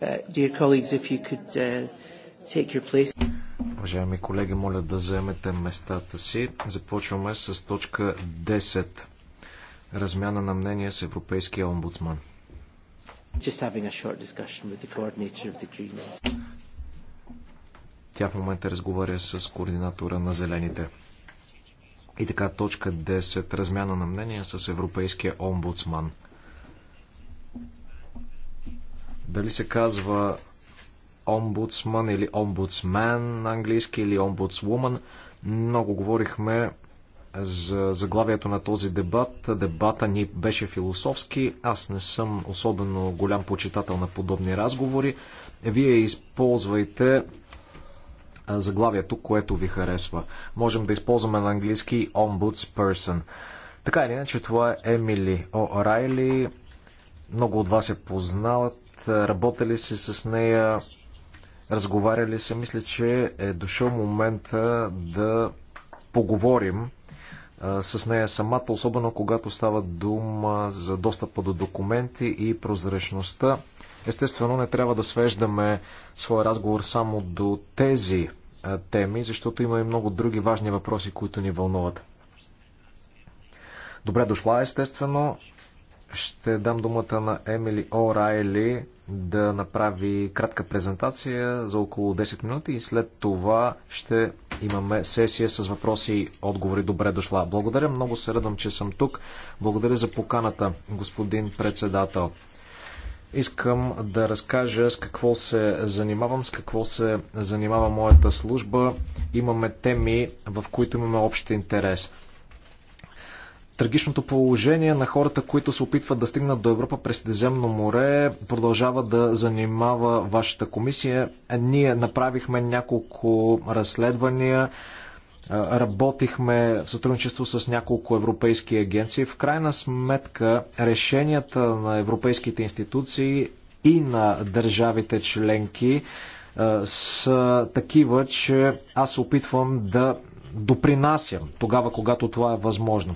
Uh, uh, Уважаеми колеги, моля да заемете местата си. Започваме с точка 10. Размяна на мнение с Европейския омбудсман. Тя в момента разговаря с координатора на Зелените. И така, точка 10. Размяна на мнение с Европейския омбудсман. Дали се казва омбудсман или омбудсмен на английски или омбудсвумен. Много говорихме за заглавието на този дебат. Дебата ни беше философски. Аз не съм особено голям почитател на подобни разговори. Вие използвайте заглавието, което ви харесва. Можем да използваме на английски омбудсперсон. Така или иначе, това е Емили О'Райли. Много от вас я познават работили си с нея, разговаряли се, мисля, че е дошъл момента да поговорим с нея самата, особено когато става дума за достъпа до документи и прозрачността. Естествено, не трябва да свеждаме своя разговор само до тези теми, защото има и много други важни въпроси, които ни вълнуват. Добре дошла, естествено ще дам думата на Емили Орайли да направи кратка презентация за около 10 минути и след това ще имаме сесия с въпроси и отговори. Добре дошла. Благодаря, много се радвам, че съм тук. Благодаря за поканата, господин председател. Искам да разкажа с какво се занимавам, с какво се занимава моята служба. Имаме теми, в които имаме общ интерес трагичното положение на хората, които се опитват да стигнат до Европа през Средиземно море, продължава да занимава вашата комисия. Ние направихме няколко разследвания, работихме в сътрудничество с няколко европейски агенции. В крайна сметка, решенията на европейските институции и на държавите членки са такива, че аз опитвам да допринасям тогава, когато това е възможно.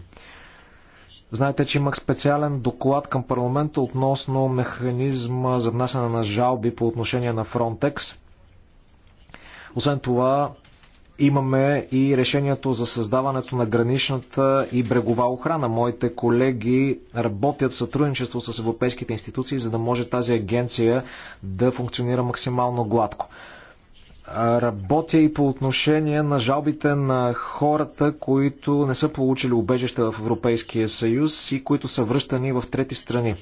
Знаете, че имах специален доклад към парламента относно механизма за внасяне на жалби по отношение на Frontex. Освен това, имаме и решението за създаването на граничната и брегова охрана. Моите колеги работят в сътрудничество с европейските институции, за да може тази агенция да функционира максимално гладко. Работя и по отношение на жалбите на хората, които не са получили убежище в Европейския съюз и които са връщани в трети страни.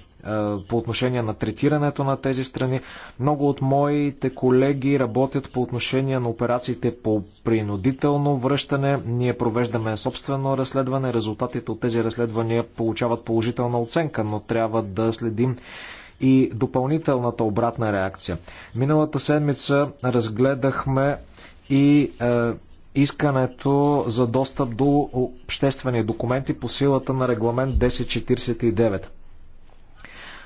По отношение на третирането на тези страни, много от моите колеги работят по отношение на операциите по принудително връщане. Ние провеждаме собствено разследване. Резултатите от тези разследвания получават положителна оценка, но трябва да следим и допълнителната обратна реакция. Миналата седмица разгледахме и е, искането за достъп до обществени документи по силата на регламент 1049.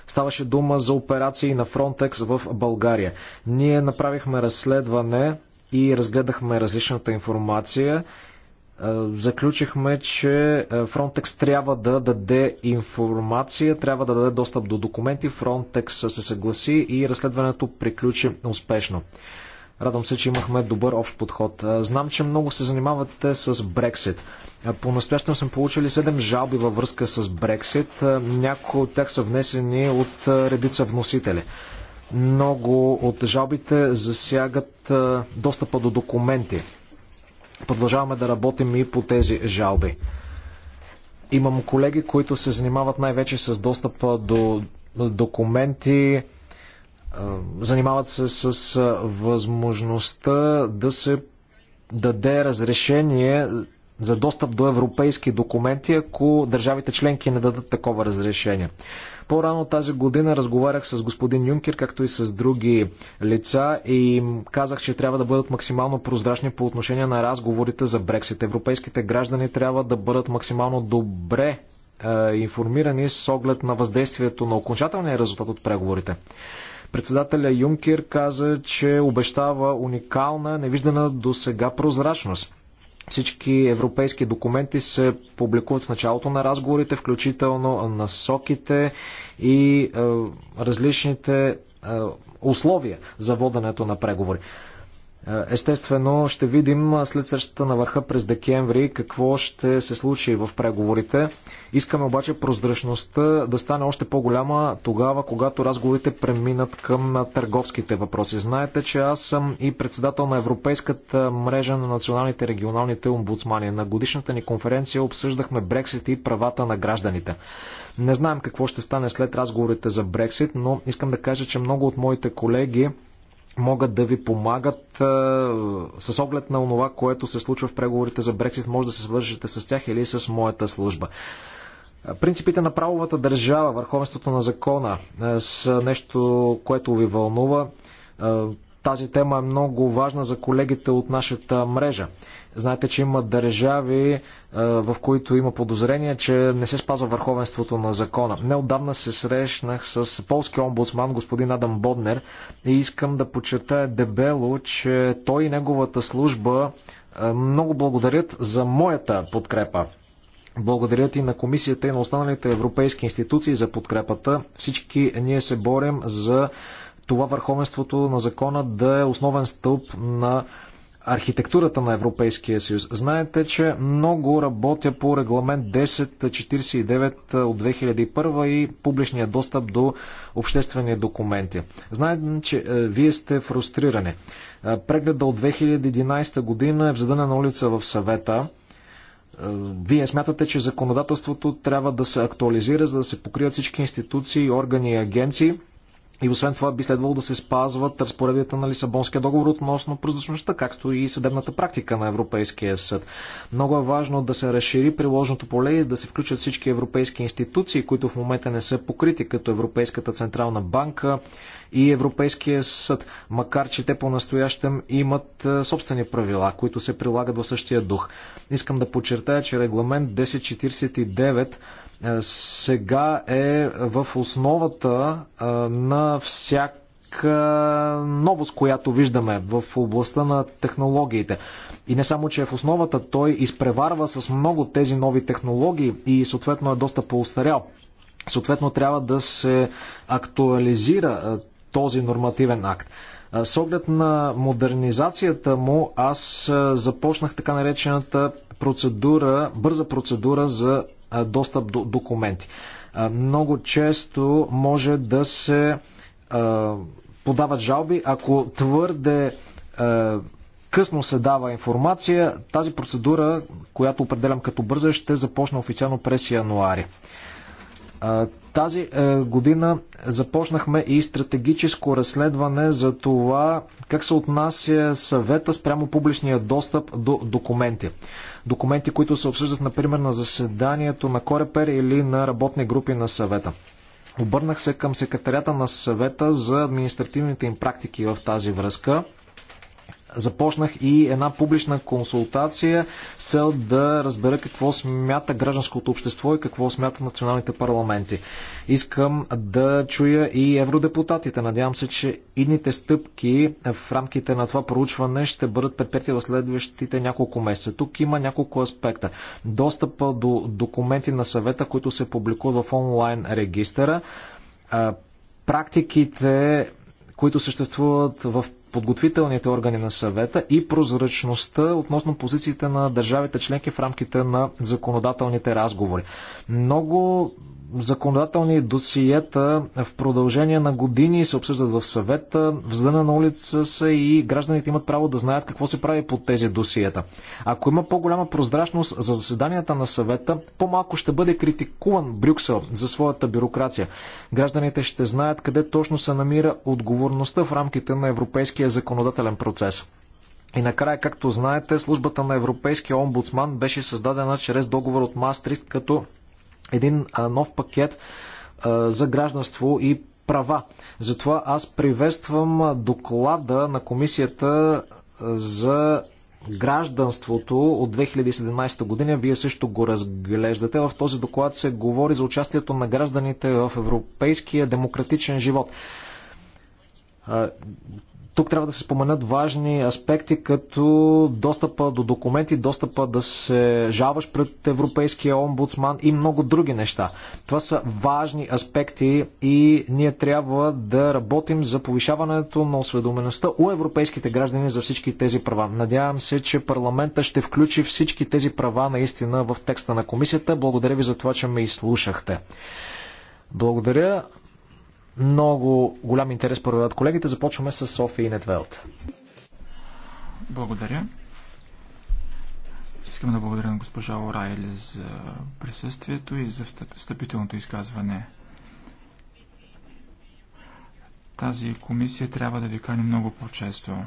Ставаше дума за операции на Фронтекс в България. Ние направихме разследване и разгледахме различната информация е, заключихме, че е, Frontex трябва да даде информация, трябва да даде достъп до документи. Frontex се съгласи и разследването приключи успешно. Радвам се, че имахме добър общ подход. Е, знам, че много се занимавате с Брексит. По-настоящем съм получили 7 жалби във връзка с Брексит. Някои от тях са внесени от редица вносители. Много от жалбите засягат достъпа до документи Продължаваме да работим и по тези жалби. Имам колеги, които се занимават най-вече с достъпа до документи, занимават се с възможността да се даде разрешение за достъп до европейски документи, ако държавите членки не дадат такова разрешение. По-рано тази година разговарях с господин Юнкер, както и с други лица и им казах, че трябва да бъдат максимално прозрачни по отношение на разговорите за Брексит. Европейските граждани трябва да бъдат максимално добре е, информирани с оглед на въздействието на окончателния резултат от преговорите. Председателя Юнкер каза, че обещава уникална, невиждана до сега прозрачност. Всички европейски документи се публикуват в началото на разговорите, включително насоките и е, различните е, условия за воденето на преговори. Е, естествено, ще видим след срещата на върха през декември какво ще се случи в преговорите. Искаме обаче прозрачността да стане още по-голяма тогава, когато разговорите преминат към търговските въпроси. Знаете, че аз съм и председател на Европейската мрежа на националните и регионалните омбудсмани. На годишната ни конференция обсъждахме Брексит и правата на гражданите. Не знаем какво ще стане след разговорите за Брексит, но искам да кажа, че много от моите колеги могат да ви помагат е, с оглед на това, което се случва в преговорите за Брексит, може да се свържете с тях или с моята служба. Принципите на правовата държава, върховенството на закона е, са нещо, което ви вълнува. Е, тази тема е много важна за колегите от нашата мрежа. Знаете, че има държави, е, в които има подозрение, че не се спазва върховенството на закона. Неодавна се срещнах с полски омбудсман господин Адам Боднер и искам да почетая дебело, че той и неговата служба много благодарят за моята подкрепа благодаря ти на комисията и на останалите европейски институции за подкрепата. Всички ние се борим за това върховенството на закона да е основен стълб на архитектурата на Европейския съюз. Знаете, че много работя по регламент 1049 от 2001 и публичния достъп до обществени документи. Знаете, че е, вие сте фрустрирани. Е, прегледа от 2011 година е в на улица в съвета. Е, вие смятате, че законодателството трябва да се актуализира, за да се покрият всички институции, органи и агенции. И освен това би следвало да се спазват разпоредбите на Лисабонския договор относно прозрачността, както и съдебната практика на Европейския съд. Много е важно да се разшири приложното поле и да се включат всички европейски институции, които в момента не са покрити, като Европейската централна банка и Европейския съд, макар че те по-настоящем имат е, собствени правила, които се прилагат в същия дух. Искам да подчертая, че регламент 1049 е, сега е в основата е, на всяка новост, която виждаме в областта на технологиите. И не само, че е в основата, той изпреварва с много тези нови технологии и съответно е доста поустарял. Съответно трябва да се актуализира е, този нормативен акт. С оглед на модернизацията му, аз започнах така наречената процедура, бърза процедура за достъп до документи. Много често може да се подават жалби, ако твърде късно се дава информация, тази процедура, която определям като бърза, ще започне официално през януари. Тази е, година започнахме и стратегическо разследване за това как се отнася съвета спрямо публичния достъп до документи. Документи, които се обсъждат, например, на заседанието на Корепер или на работни групи на съвета. Обърнах се към секретарята на съвета за административните им практики в тази връзка. Започнах и една публична консултация с цел да разбера какво смята гражданското общество и какво смята националните парламенти. Искам да чуя и евродепутатите. Надявам се, че идните стъпки в рамките на това проучване ще бъдат предприяти в следващите няколко месеца. Тук има няколко аспекта. Достъпа до документи на съвета, които се публикуват в онлайн регистъра, практиките които съществуват в подготвителните органи на съвета и прозрачността относно позициите на държавите членки в рамките на законодателните разговори. Много законодателни досиета в продължение на години се обсъждат в съвета, в здъна на улица са и гражданите имат право да знаят какво се прави под тези досиета. Ако има по-голяма прозрачност за заседанията на съвета, по-малко ще бъде критикуван Брюксел за своята бюрокрация. Гражданите ще знаят къде точно се намира отговорността в рамките на европейския законодателен процес. И накрая, както знаете, службата на Европейския омбудсман беше създадена чрез договор от Мастрит като един нов пакет за гражданство и права. Затова аз приветствам доклада на комисията за гражданството от 2017 година. Вие също го разглеждате. В този доклад се говори за участието на гражданите в европейския демократичен живот. Тук трябва да се споменат важни аспекти, като достъпа до документи, достъпа да се жалваш пред Европейския омбудсман и много други неща. Това са важни аспекти и ние трябва да работим за повишаването на осведомеността у европейските граждани за всички тези права. Надявам се, че парламента ще включи всички тези права наистина в текста на комисията. Благодаря ви за това, че ме изслушахте. Благодаря. Много голям интерес проявяват колегите. Започваме с София и Недвелт. Благодаря. Искам да благодаря на госпожа Орайли за присъствието и за встъпителното изказване. Тази комисия трябва да ви кани много по-често.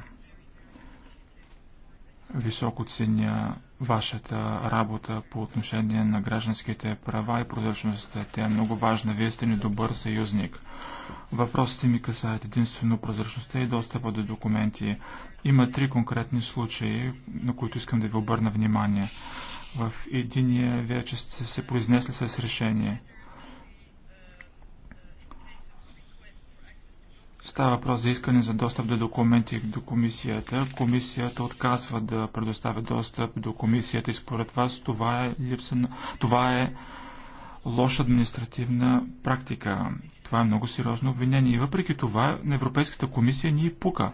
Високо ценя вашата работа по отношение на гражданските права и прозрачността. Тя е много важна. Вие сте ни добър съюзник. Въпросите ми касаят единствено прозрачността и достъпа до документи. Има три конкретни случаи, на които искам да ви обърна внимание. В единия вече сте се произнесли с решение – Става въпрос за искане за достъп до документи до комисията. Комисията отказва да предоставя достъп до комисията и според вас това е, липса това е лоша административна практика. Това е много сериозно обвинение. И въпреки това на Европейската комисия ни пука.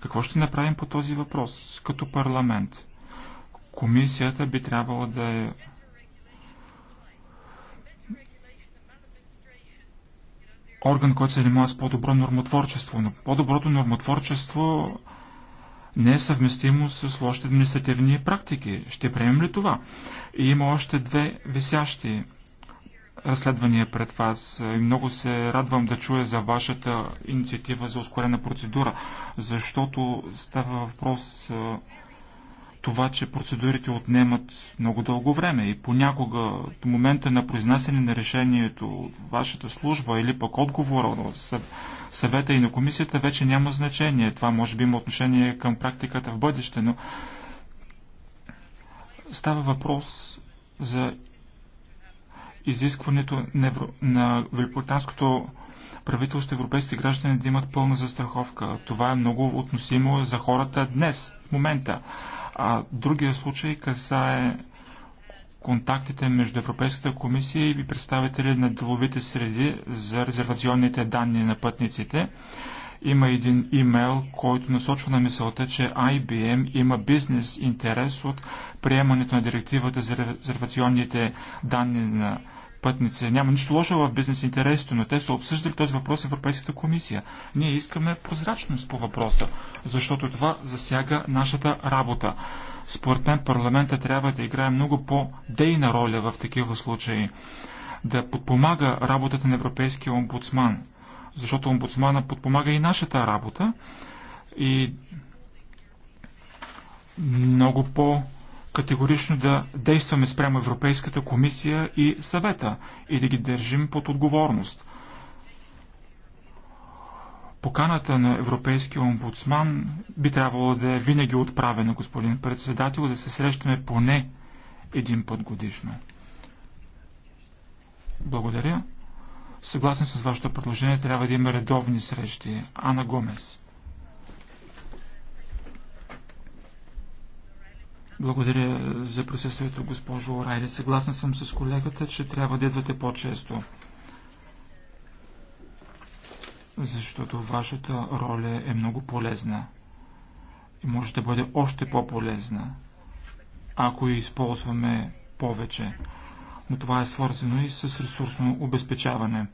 Какво ще направим по този въпрос като парламент? Комисията би трябвало да е орган, който се занимава с по-добро нормотворчество. Но по-доброто нормотворчество не е съвместимо с лошите административни практики. Ще приемем ли това? И има още две висящи разследвания пред вас. И много се радвам да чуя за вашата инициатива за ускорена процедура, защото става въпрос това, че процедурите отнемат много дълго време и понякога до момента на произнасяне на решението от вашата служба или пък отговора от съвета и на комисията вече няма значение. Това може би има отношение към практиката в бъдеще, но става въпрос за изискването на, Евро... на великобританското правителство европейски граждани да имат пълна застраховка. Това е много относимо за хората днес, в момента. А другия случай касае контактите между Европейската комисия и представители на деловите среди за резервационните данни на пътниците. Има един имейл, който насочва на мисълта, че IBM има бизнес интерес от приемането на директивата за резервационните данни на пътниците пътници. Няма нищо лошо в бизнес интересите, но те са обсъждали този въпрос в Европейската комисия. Ние искаме прозрачност по въпроса, защото това засяга нашата работа. Според мен парламента трябва да играе много по-дейна роля в такива случаи. Да подпомага работата на Европейския омбудсман, защото омбудсмана подпомага и нашата работа и много по- категорично да действаме спрямо Европейската комисия и съвета и да ги държим под отговорност. Поканата на Европейския омбудсман би трябвало да е винаги отправена, господин председател, да се срещаме поне един път годишно. Благодаря. Съгласен с вашето предложение, трябва да има редовни срещи. Ана Гомес. Благодаря за присъствието, госпожо Райде. Съгласен съм с колегата, че трябва да идвате по-често. Защото вашата роля е много полезна. И може да бъде още по-полезна, ако я използваме повече. Но това е свързано и с ресурсно обезпечаване.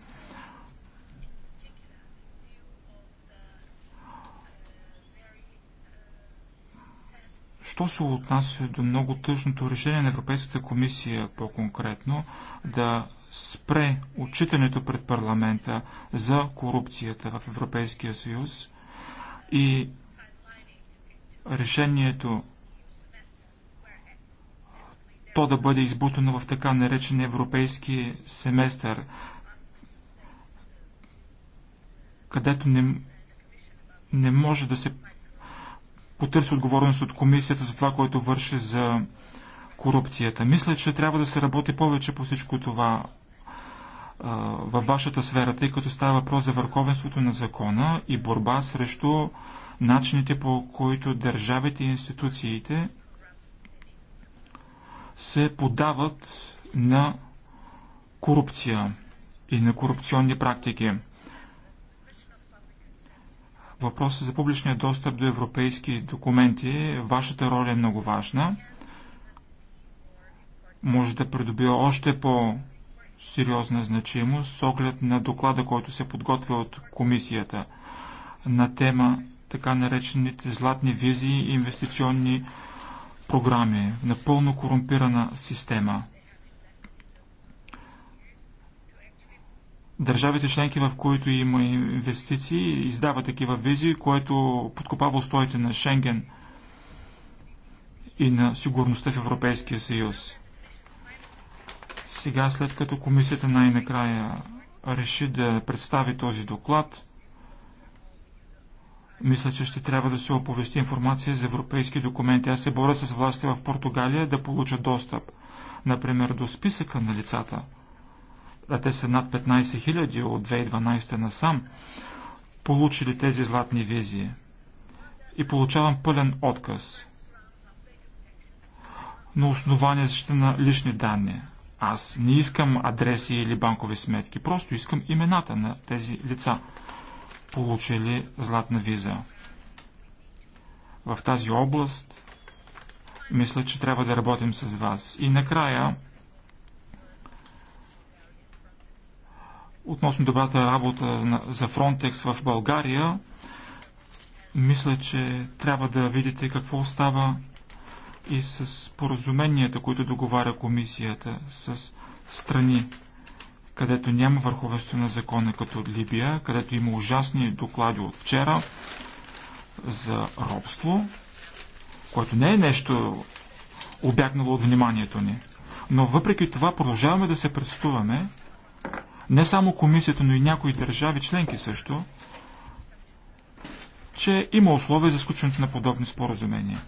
Що се отнася до много тъжното решение на Европейската комисия по-конкретно да спре отчитането пред парламента за корупцията в Европейския съюз и решението то да бъде избутано в така наречен европейски семестър, където не, не може да се потърси отговорност от комисията за това, което върши за корупцията. Мисля, че трябва да се работи повече по всичко това а, във вашата сфера, тъй като става въпрос за върховенството на закона и борба срещу начините по които държавите и институциите се подават на корупция и на корупционни практики въпроса за публичния достъп до европейски документи, вашата роля е много важна. Може да придобива още по-сериозна значимост с оглед на доклада, който се подготвя от комисията на тема така наречените златни визии и инвестиционни програми. Напълно корумпирана система – Държавите членки, в които има инвестиции, издават такива визи, което подкопава устоите на Шенген и на сигурността в Европейския съюз. Сега, след като комисията най-накрая реши да представи този доклад, мисля, че ще трябва да се оповести информация за европейски документи. Аз се боря с властите в Португалия да получа достъп, например, до списъка на лицата – а те са над 15 000 от 2012 насам, получили тези златни визии. И получавам пълен отказ на основание защита на лични данни. Аз не искам адреси или банкови сметки, просто искам имената на тези лица, получили златна виза. В тази област мисля, че трябва да работим с вас. И накрая Относно добрата работа за Фронтекс в България, мисля, че трябва да видите какво остава и с поразуменията, които договаря комисията с страни, където няма върховенство на закона, като Либия, където има ужасни доклади от вчера за робство, което не е нещо обягнало от вниманието ни. Но въпреки това продължаваме да се представяме не само комисията, но и някои държави членки също, че има условия за сключването на подобни споразумения.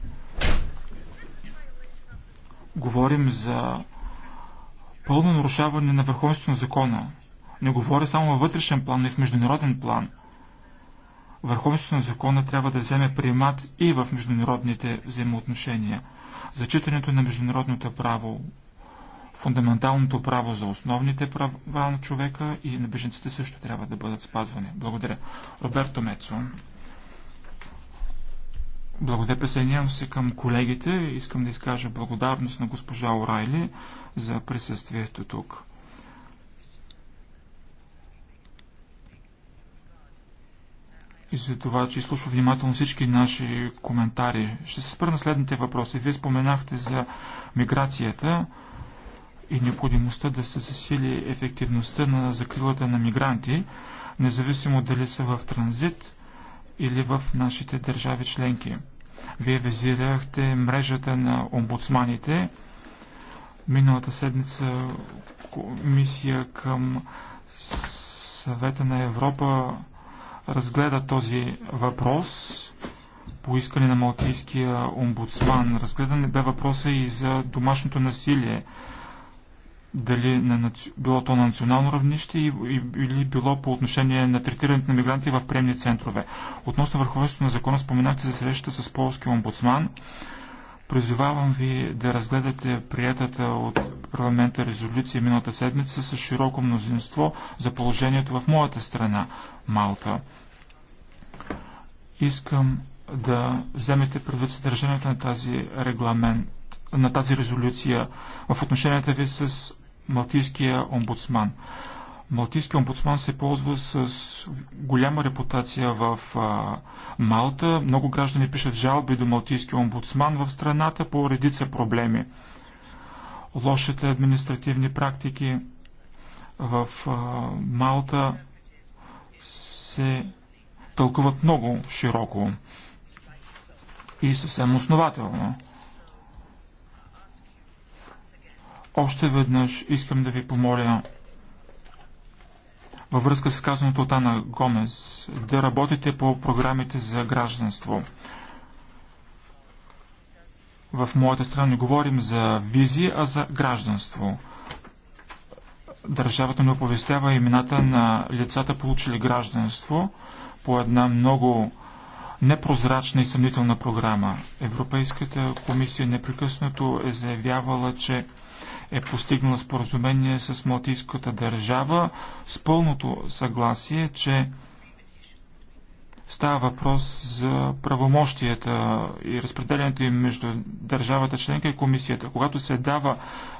Говорим за пълно нарушаване на върховенството на закона. Не говоря само във вътрешен план, но и в международен план. Върховенството на закона трябва да вземе примат и в международните взаимоотношения. Зачитането на международното право, фундаменталното право за основните права на човека и на беженците също трябва да бъдат спазвани. Благодаря. Роберто Мецо. Благодаря, присъединявам се към колегите. Искам да изкажа благодарност на госпожа Орайли за присъствието тук. и за това, че изслушва внимателно всички наши коментари. Ще се спра на следните въпроси. Вие споменахте за миграцията и необходимостта да се засили ефективността на закрилата на мигранти, независимо дали са в транзит или в нашите държави членки. Вие визирахте мрежата на омбудсманите. Миналата седмица комисия към съвета на Европа разгледа този въпрос по искане на малтийския омбудсман. Разгледан бе въпроса и за домашното насилие дали на, било то на национално равнище или било по отношение на третирането на мигранти в приемни центрове. Относно върховенството на закона споменахте за срещата с полски омбудсман. Призовавам ви да разгледате приятата от парламента резолюция миналата седмица с широко мнозинство за положението в моята страна, Малта. Искам да вземете предвид съдържанието на тази регламент, на тази резолюция в отношенията ви с Малтийския омбудсман. Малтийския омбудсман се ползва с голяма репутация в а, Малта. Много граждани пишат жалби до Малтийския омбудсман в страната по редица проблеми. Лошите административни практики в а, Малта се тълкуват много широко и съвсем основателно. Още веднъж искам да ви помоля във връзка с казаното от Ана Гомес да работите по програмите за гражданство. В моята страна не говорим за визи, а за гражданство. Държавата не оповестява имената на лицата, получили гражданство по една много непрозрачна и съмнителна програма. Европейската комисия непрекъснато е заявявала, че е постигнала споразумение с Малтийската държава с пълното съгласие, че става въпрос за правомощията и разпределянето им между държавата членка и комисията. Когато се дава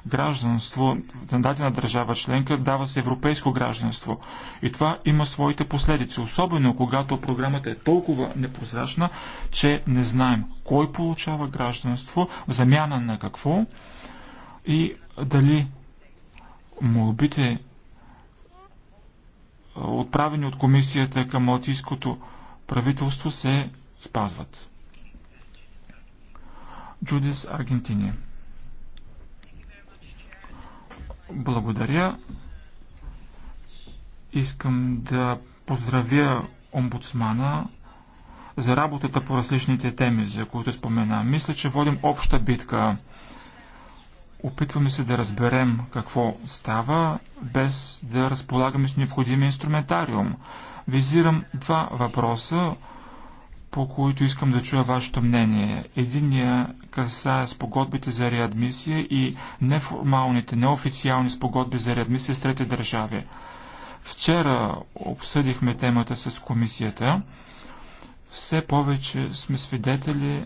гражданство на дадена държава членка, дава се европейско гражданство. И това има своите последици, особено когато програмата е толкова непрозрачна, че не знаем кой получава гражданство, в замяна на какво и дали молбите е, отправени от комисията към малтийското правителство се спазват. Джудис Аргентини Благодаря. Искам да поздравя омбудсмана за работата по различните теми, за които спомена. Мисля, че водим обща битка. Опитваме се да разберем какво става, без да разполагаме с необходимия инструментариум. Визирам два въпроса, по които искам да чуя вашето мнение. Единия касае спогодбите за реадмисия и неформалните, неофициални спогодби за реадмисия с трети държави. Вчера обсъдихме темата с комисията. Все повече сме свидетели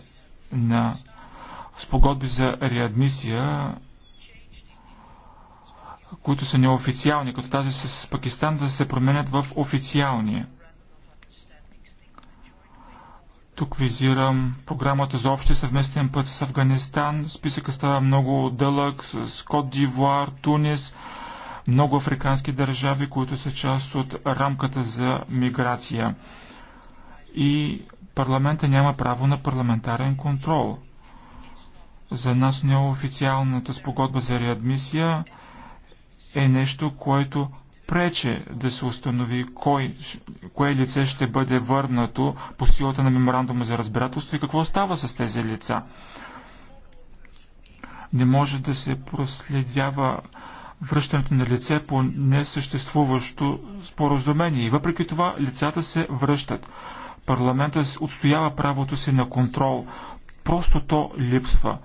на спогодби за реадмисия които са неофициални, като тази с Пакистан, да се променят в официални. Тук визирам програмата за общия съвместен път с Афганистан. Списъка става много дълъг с Кот Дивуар, Тунис, много африкански държави, които са част от рамката за миграция. И парламента няма право на парламентарен контрол. За нас неофициалната спогодба за реадмисия е нещо, което прече да се установи кой, кое лице ще бъде върнато по силата на меморандума за разбирателство и какво става с тези лица. Не може да се проследява връщането на лице по несъществуващо споразумение. И въпреки това лицата се връщат. Парламентът отстоява правото си на контрол. Просто то липсва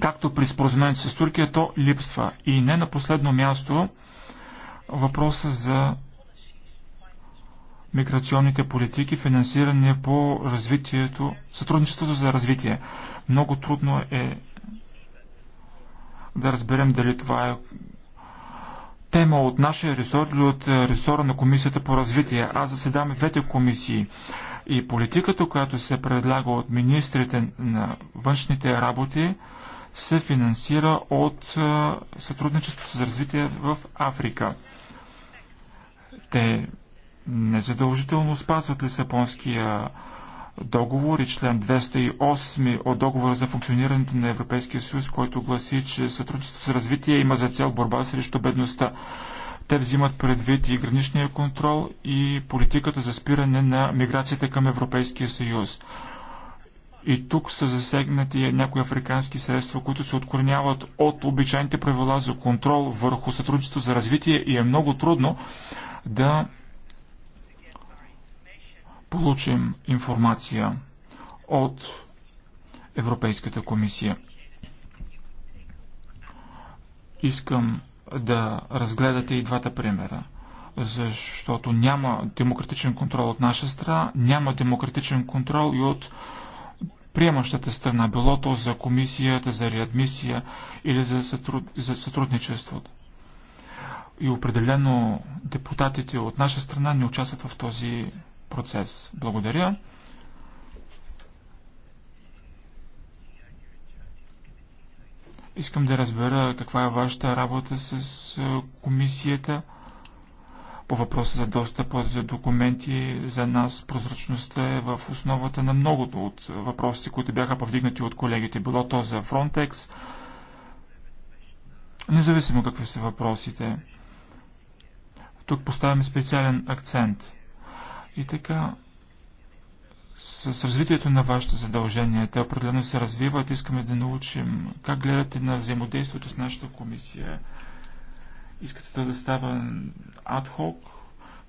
както при споразумението с Турция, то липсва. И не на последно място въпроса за миграционните политики, финансиране по развитието, сътрудничеството за развитие. Много трудно е да разберем дали това е тема от нашия ресор или от е, ресора на Комисията по развитие. Аз заседам двете комисии. И политиката, която се предлага от министрите на външните работи, се финансира от сътрудничеството за развитие в Африка. Те незадължително спазват ли сапонския договор и член 208 от договора за функционирането на Европейския съюз, който гласи, че сътрудничеството с развитие има за цел борба срещу бедността. Те взимат предвид и граничния контрол и политиката за спиране на миграцията към Европейския съюз. И тук са засегнати някои африкански средства, които се откореняват от обичайните правила за контрол върху сътрудничество за развитие и е много трудно да получим информация от Европейската комисия. Искам да разгледате и двата примера, защото няма демократичен контрол от наша страна, няма демократичен контрол и от приемащата страна, било то за комисията, за реадмисия или за, сътруд... за сътрудничеството. И определено депутатите от наша страна не участват в този процес. Благодаря. Искам да разбера каква е вашата работа с комисията – по въпроса за достъпа за документи, за нас прозрачността е в основата на многото от въпросите, които бяха повдигнати от колегите. Било то за Frontex, независимо какви са въпросите. Тук поставяме специален акцент. И така, с развитието на вашите задължения, те определено се развиват, искаме да научим как гледате на взаимодействието с нашата комисия Искате да, става адхок?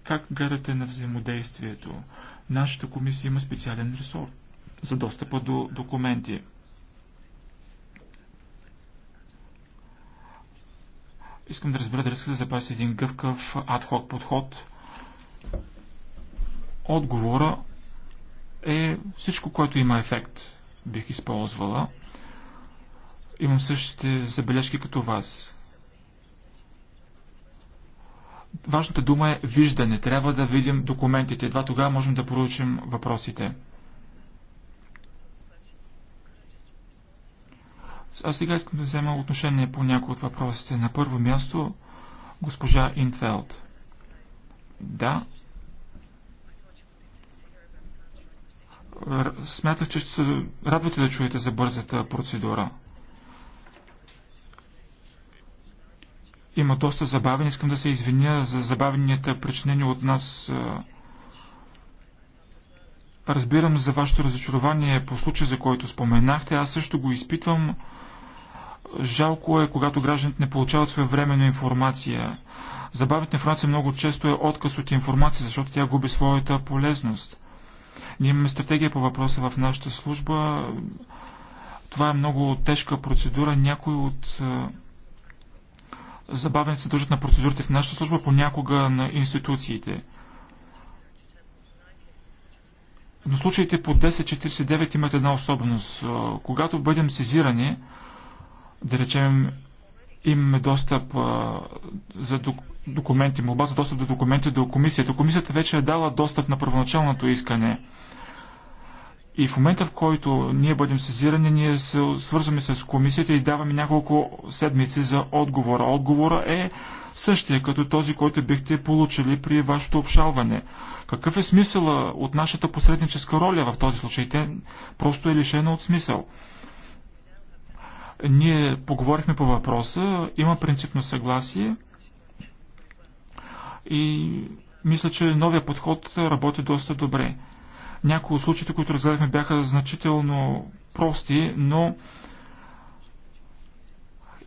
Как гледате на взаимодействието? Нашата комисия има специален ресор за достъпа до документи. Искам да разбера дали искате да запаси един гъвкав адхок подход. Отговора е всичко, което има ефект, бих използвала. Имам същите забележки като вас. Важната дума е виждане. Трябва да видим документите. Едва тогава можем да проучим въпросите. Аз сега искам да взема отношение по някои от въпросите. На първо място, госпожа Интфелд. Да. Смятах, че ще се радвате да чуете за бързата процедура. Има доста забавен. Искам да се извиня за забавенията, причинени от нас. Разбирам за вашето разочарование по случая, за който споменахте. Аз също го изпитвам. Жалко е, когато гражданите не получават своевременно информация. Забавната информация много често е отказ от информация, защото тя губи своята полезност. Ние имаме стратегия по въпроса в нашата служба. Това е много тежка процедура. Някой от Забавени се дължат на процедурите в нашата служба, понякога на институциите. Но случаите по 1049 имат една особеност. Когато бъдем сезирани, да речем, имаме достъп за документи, молба за достъп до документи до комисията. Комисията вече е дала достъп на първоначалното искане. И в момента, в който ние бъдем сезирани, ние се свързваме с комисията и даваме няколко седмици за отговора. Отговора е същия като този, който бихте получили при вашето обшалване. Какъв е смисъла от нашата посредническа роля в този случай? Те просто е лишена от смисъл. Ние поговорихме по въпроса, има принципно съгласие и мисля, че новия подход работи доста добре. Някои от случаите, които разгледахме, бяха значително прости, но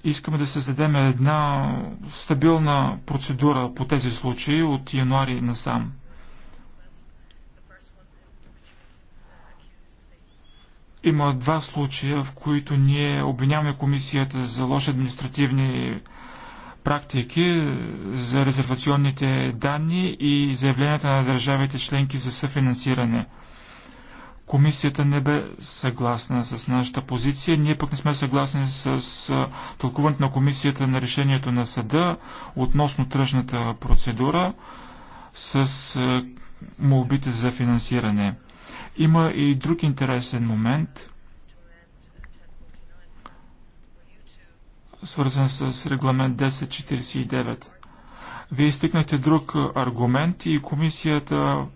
искаме да създадем една стабилна процедура по тези случаи от януари насам. Има два случая, в които ние обвиняваме комисията за лоши административни практики за резервационните данни и заявленията на държавите членки за съфинансиране. Комисията не бе съгласна с нашата позиция. Ние пък не сме съгласни с тълкуването на комисията на решението на съда относно тръжната процедура с молбите за финансиране. Има и друг интересен момент – свързан с регламент 1049. Вие изтъкнахте друг аргумент и комисията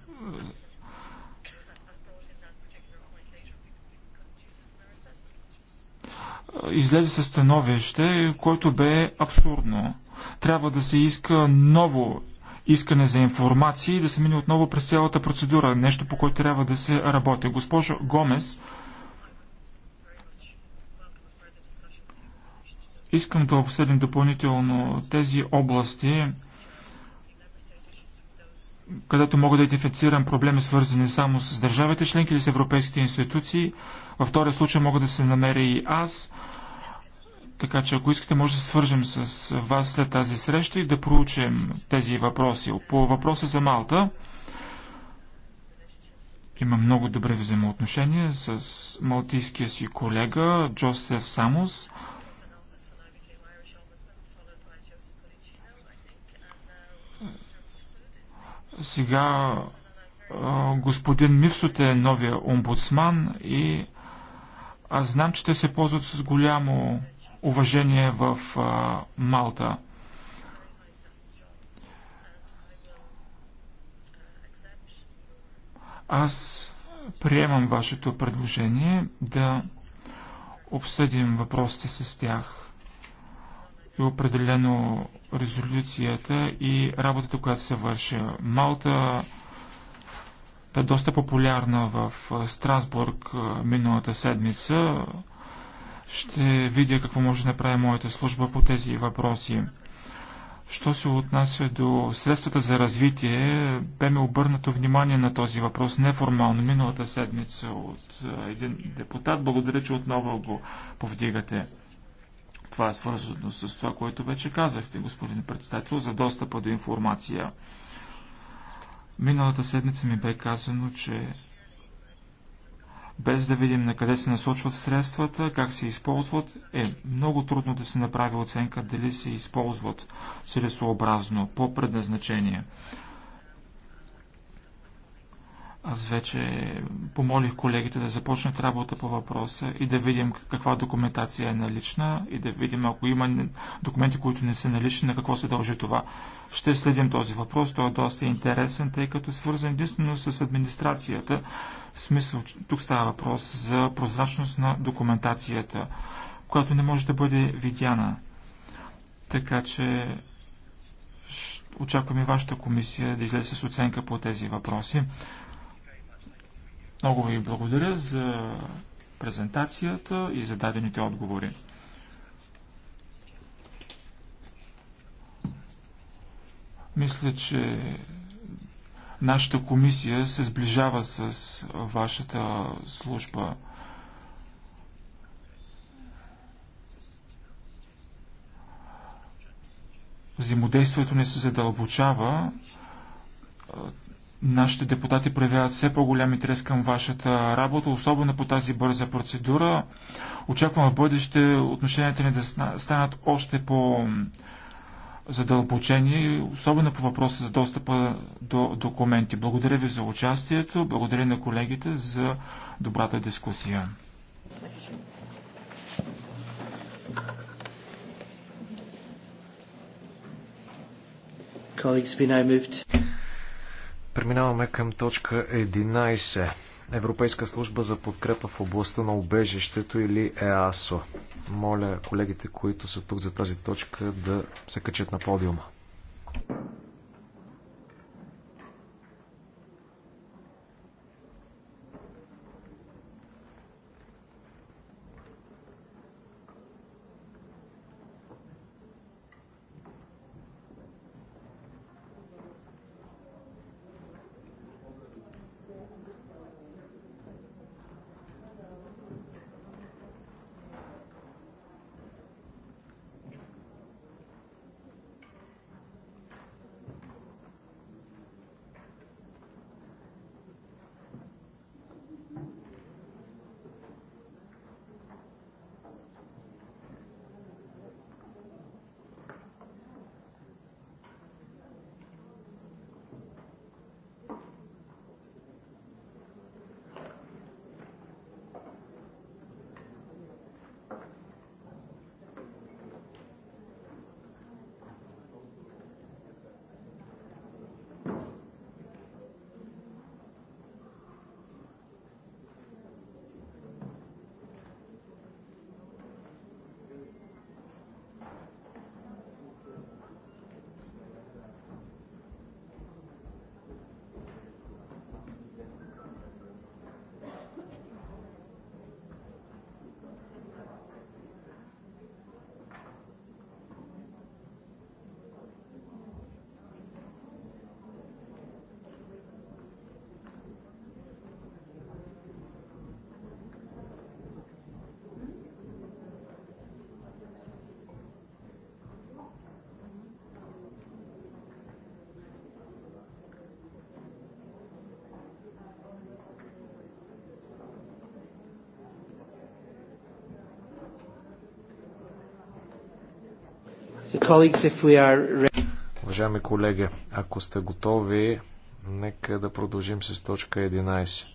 излезе със становище, което бе абсурдно. Трябва да се иска ново искане за информация и да се мине отново през цялата процедура. Нещо по което трябва да се работи. Госпожо Гомес, Искам да обсъдим допълнително тези области, където мога да идентифицирам проблеми, свързани само с държавите членки или с европейските институции. Във втория случай мога да се намеря и аз. Така че, ако искате, може да свържем с вас след тази среща и да проучим тези въпроси. По въпроса за Малта, има много добре взаимоотношения с малтийския си колега Джосеф Самос. Сега господин Мивсот е новия омбудсман и аз знам, че те се ползват с голямо уважение в Малта. Аз приемам вашето предложение да обсъдим въпросите с тях е определено резолюцията и работата, която се върши. Малта е доста популярна в Страсбург миналата седмица. Ще видя какво може да направи моята служба по тези въпроси. Що се отнася до средствата за развитие, бе ми обърнато внимание на този въпрос неформално миналата седмица от един депутат. Благодаря, че отново го повдигате. Това е свързано с това, което вече казахте, господин председател, за достъпа до информация. Миналата седмица ми бе казано, че без да видим на къде се насочват средствата, как се използват, е много трудно да се направи оценка дали се използват целесообразно по предназначение. Аз вече помолих колегите да започнат работа по въпроса и да видим каква документация е налична и да видим ако има документи, които не са налични, на какво се дължи това. Ще следим този въпрос, той е доста интересен, тъй като е свързан единствено с администрацията. В смисъл, тук става въпрос за прозрачност на документацията, която не може да бъде видяна. Така че очакваме вашата комисия да излезе с оценка по тези въпроси. Много ви благодаря за презентацията и за дадените отговори. Мисля, че нашата комисия се сближава с вашата служба. Взаимодействието ни се задълбочава. Нашите депутати проявяват все по-голям интерес към вашата работа, особено по тази бърза процедура. Очаквам в бъдеще отношенията ни да станат още по задълбочени, особено по въпроса за достъпа до документи. Благодаря ви за участието, благодаря на колегите за добрата дискусия. Colleagues, we now moved. Преминаваме към точка 11. Европейска служба за подкрепа в областта на убежището или ЕАСО. Моля колегите, които са тук за тази точка, да се качат на подиума. Уважаеми колеги, ако сте готови, нека да продължим с точка 11.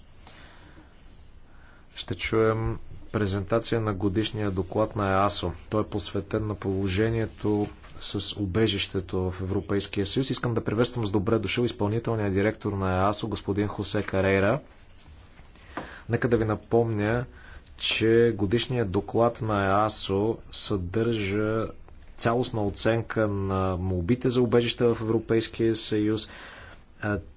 Ще чуем презентация на годишния доклад на ЕАСО. Той е посветен на положението с убежището в Европейския съюз. Искам да приветствам с добре дошъл изпълнителния директор на ЕАСО, господин Хосе Карейра. Нека да ви напомня, че годишният доклад на ЕАСО съдържа цялостна оценка на молбите за убежища в Европейския съюз,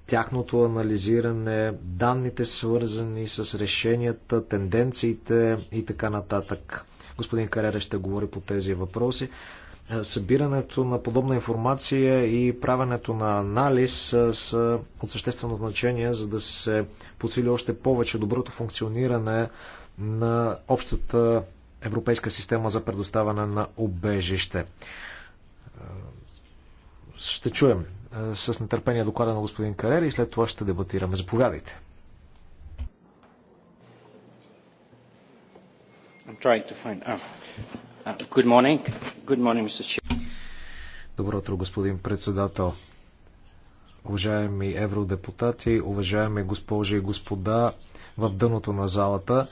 тяхното анализиране, данните свързани с решенията, тенденциите и така нататък. Господин Карера ще говори по тези въпроси. Събирането на подобна информация и правенето на анализ са от съществено значение, за да се подсили още повече доброто функциониране на общата европейска система за предоставяне на обежище. Е, ще чуем е, с нетърпение доклада на господин Карер и след това ще дебатираме. Заповядайте. Oh, uh, Добро утро, господин председател. Уважаеми евродепутати, уважаеми госпожи и господа в дъното на залата.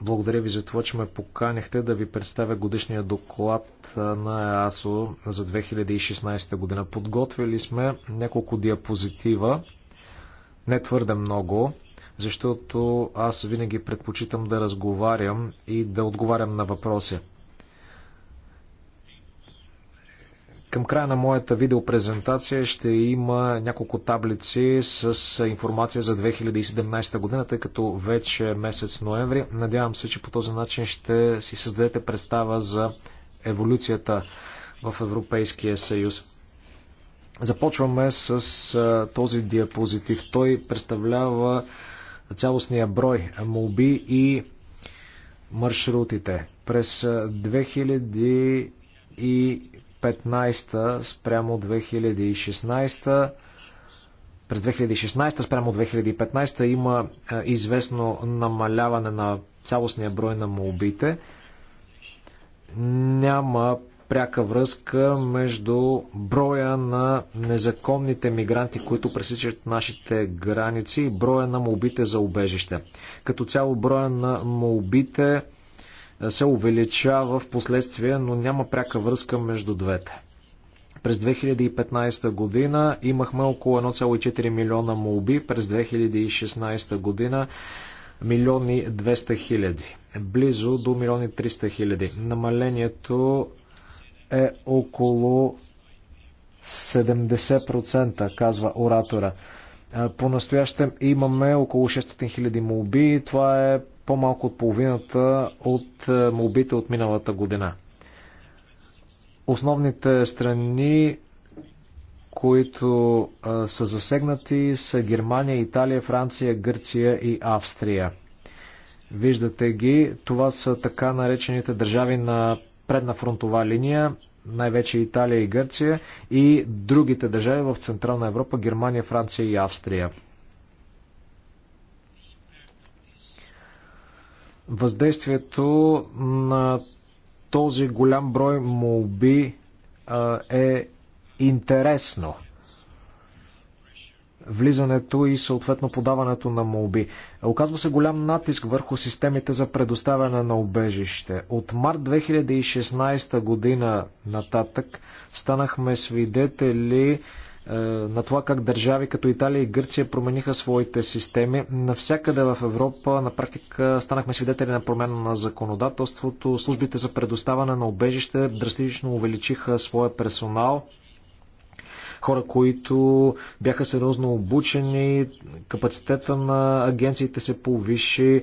Благодаря ви за това, че ме поканихте да ви представя годишния доклад на ЕАСО за 2016 година. Подготвили сме няколко диапозитива, не твърде много, защото аз винаги предпочитам да разговарям и да отговарям на въпроси. Към края на моята видеопрезентация ще има няколко таблици с информация за 2017 година, тъй като вече е месец ноември. Надявам се, че по този начин ще си създадете представа за еволюцията в Европейския съюз. Започваме с този диапозитив. Той представлява цялостния брой молби и маршрутите. През 2000 и 2015 спрямо 2016 през 2016 спрямо 2015 има е, известно намаляване на цялостния брой на молбите. Няма пряка връзка между броя на незаконните мигранти, които пресичат нашите граници и броя на молбите за убежище. Като цяло броя на молбите се увеличава в последствие, но няма пряка връзка между двете. През 2015 година имахме около 1,4 милиона молби, през 2016 година милиони 200 хиляди. Близо до милиони 300 хиляди. Намалението е около 70%, казва оратора. По-настоящем имаме около 600 хиляди молби. Това е по-малко от половината от е, молбите от миналата година. Основните страни, които е, са засегнати, са Германия, Италия, Франция, Гърция и Австрия. Виждате ги, това са така наречените държави на предна фронтова линия, най-вече Италия и Гърция и другите държави в Централна Европа, Германия, Франция и Австрия. Въздействието на този голям брой молби е интересно. Влизането и съответно подаването на молби. Оказва се голям натиск върху системите за предоставяне на обежище. От март 2016 година нататък станахме свидетели е, на това как държави като Италия и Гърция промениха своите системи. Навсякъде в Европа на практика станахме свидетели на промяна на законодателството. Службите за предоставане на обежище драстично увеличиха своя персонал хора, които бяха сериозно обучени, капацитета на агенциите се повиши, е,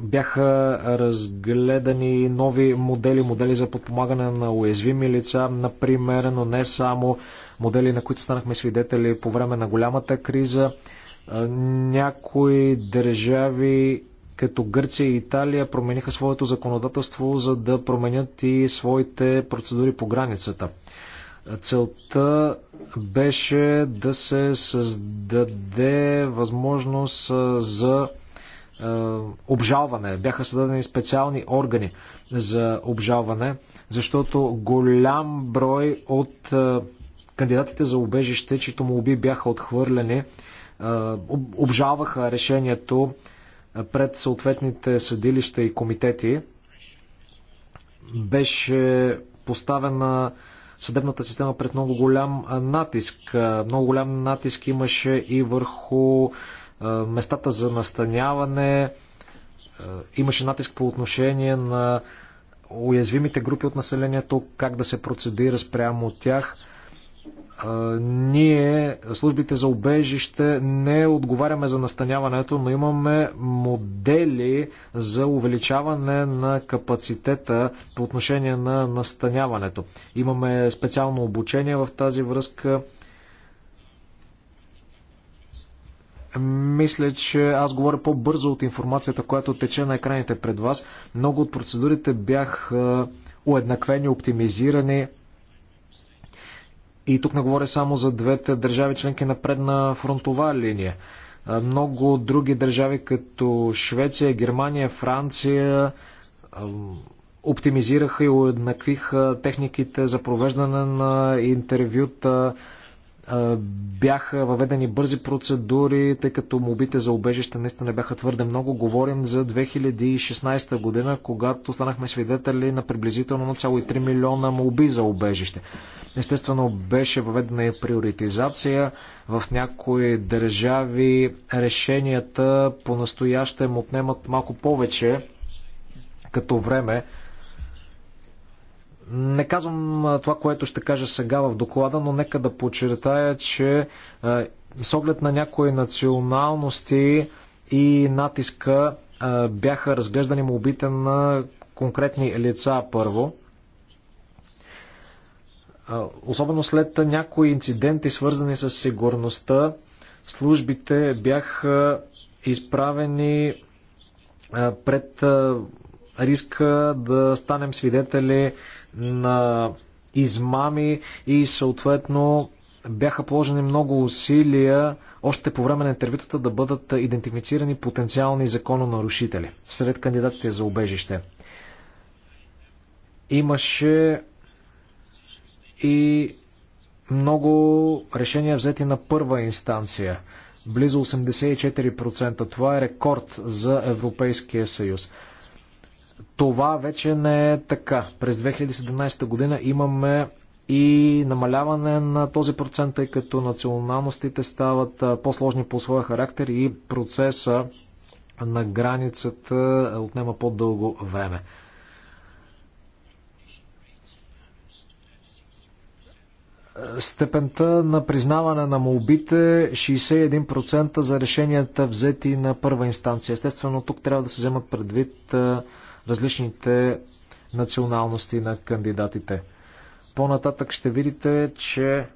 бяха разгледани нови модели, модели за подпомагане на уязвими лица, например, но не само модели, на които станахме свидетели по време на голямата криза. Някои държави като Гърция и Италия промениха своето законодателство, за да променят и своите процедури по границата. Целта беше да се създаде възможност за е, обжалване. Бяха създадени специални органи за обжалване, защото голям брой от е, кандидатите за убежище, чието молби бяха отхвърлени, е, обжалваха решението пред съответните съдилища и комитети. Беше поставена съдебната система пред много голям натиск. Много голям натиск имаше и върху местата за настаняване, имаше натиск по отношение на уязвимите групи от населението, как да се процедира спрямо от тях. Ние, службите за обежище, не отговаряме за настаняването, но имаме модели за увеличаване на капацитета по отношение на настаняването. Имаме специално обучение в тази връзка. Мисля, че аз говоря по-бързо от информацията, която тече на екраните пред вас. Много от процедурите бях е, уеднаквени, оптимизирани. И тук не говоря само за двете държави членки на предна фронтова линия. Много други държави, като Швеция, Германия, Франция, оптимизираха и уеднаквиха техниките за провеждане на интервюта, бяха въведени бързи процедури, тъй като мобите за убежище наистина бяха твърде много. Говорим за 2016 година, когато станахме свидетели на приблизително 1,3 милиона моби за убежище. Естествено беше въведена и приоритизация. В някои държави решенията по-настоящем отнемат малко повече като време не казвам това, което ще кажа сега в доклада, но нека да подчертая, че с оглед на някои националности и натиска бяха разглеждани молбите на конкретни лица първо. Особено след някои инциденти, свързани с сигурността, службите бяха изправени пред риска да станем свидетели на измами и съответно бяха положени много усилия още по време на интервютата да бъдат идентифицирани потенциални закононарушители сред кандидатите за убежище. Имаше и много решения взети на първа инстанция. Близо 84%. Това е рекорд за Европейския съюз това вече не е така. През 2017 година имаме и намаляване на този процент, тъй като националностите стават по-сложни по своя характер и процеса на границата отнема по-дълго време. Степента на признаване на молбите 61% е за решенията взети на първа инстанция. Естествено, тук трябва да се вземат предвид различните националности на кандидатите. По-нататък ще видите, че е,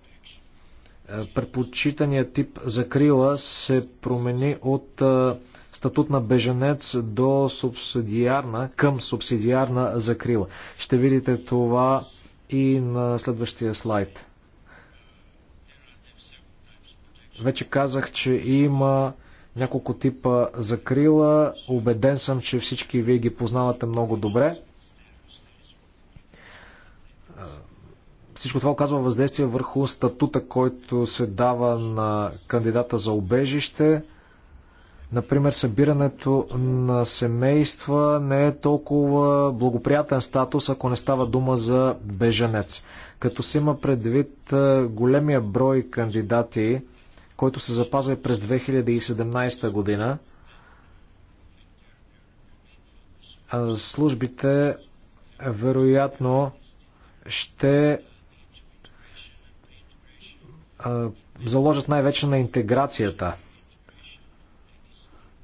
предпочитания тип закрила се промени от е, статут на беженец до субсидиарна, към субсидиарна закрила. Ще видите това и на следващия слайд. Вече казах, че има няколко типа закрила. Обеден съм, че всички вие ги познавате много добре. Всичко това оказва въздействие върху статута, който се дава на кандидата за обежище. Например, събирането на семейства не е толкова благоприятен статус, ако не става дума за беженец. Като се има предвид големия брой кандидати, който се запазва през 2017 година. Службите вероятно ще заложат най-вече на интеграцията.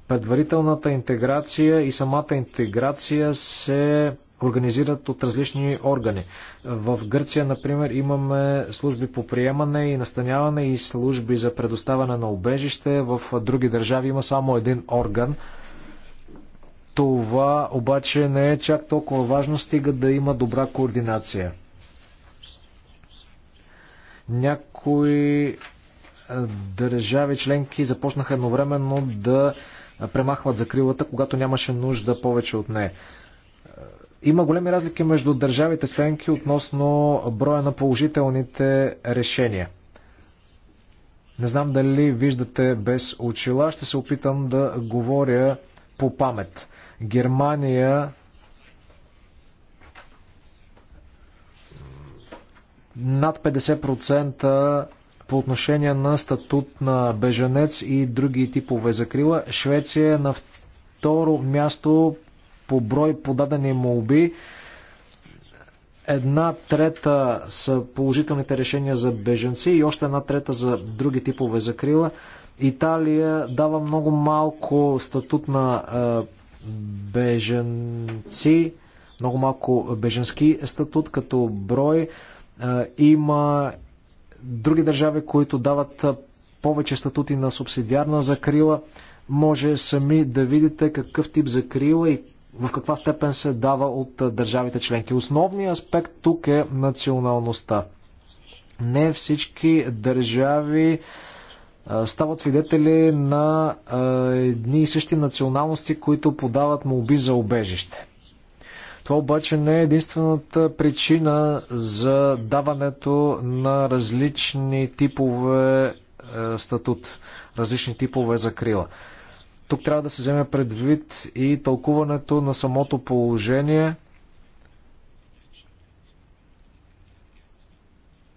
Предварителната интеграция и самата интеграция се организират от различни органи. В Гърция, например, имаме служби по приемане и настаняване и служби за предоставяне на убежище. В други държави има само един орган. Това обаче не е чак толкова важно, стига да има добра координация. Някои държави членки започнаха едновременно да премахват закрилата, когато нямаше нужда повече от нея. Има големи разлики между държавите членки относно броя на положителните решения. Не знам дали виждате без очила. Ще се опитам да говоря по памет. Германия над 50% по отношение на статут на беженец и други типове закрила. Швеция е на второ място по брой подадени молби. Една трета са положителните решения за беженци и още една трета за други типове закрила. Италия дава много малко статут на е, беженци, много малко беженски статут като брой. Е, има други държави, които дават е, повече статути на субсидиарна закрила. Може сами да видите какъв тип закрила и в каква степен се дава от държавите членки. Основният аспект тук е националността. Не всички държави стават свидетели на едни и същи националности, които подават молби за обежище. Това обаче не е единствената причина за даването на различни типове статут, различни типове закрила. Тук трябва да се вземе предвид и тълкуването на самото положение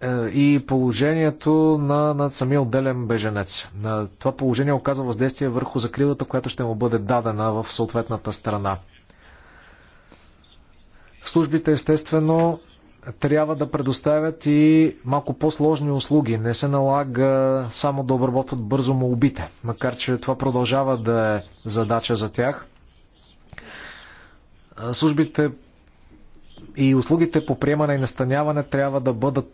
е, и положението на, на самия отделен беженец. Това положение оказва въздействие върху закрилата, която ще му бъде дадена в съответната страна. Службите естествено трябва да предоставят и малко по-сложни услуги. Не се налага само да обработват бързо молбите, макар че това продължава да е задача за тях. Службите и услугите по приемане и настаняване трябва да бъдат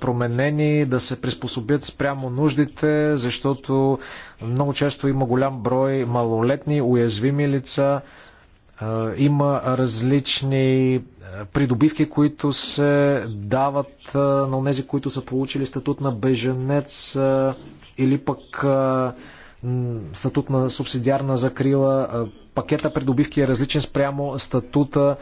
променени, да се приспособят спрямо нуждите, защото много често има голям брой малолетни, уязвими лица, има различни придобивки, които се дават на тези, които са получили статут на беженец или пък статут на субсидиарна закрила. Пакета придобивки е различен спрямо статута.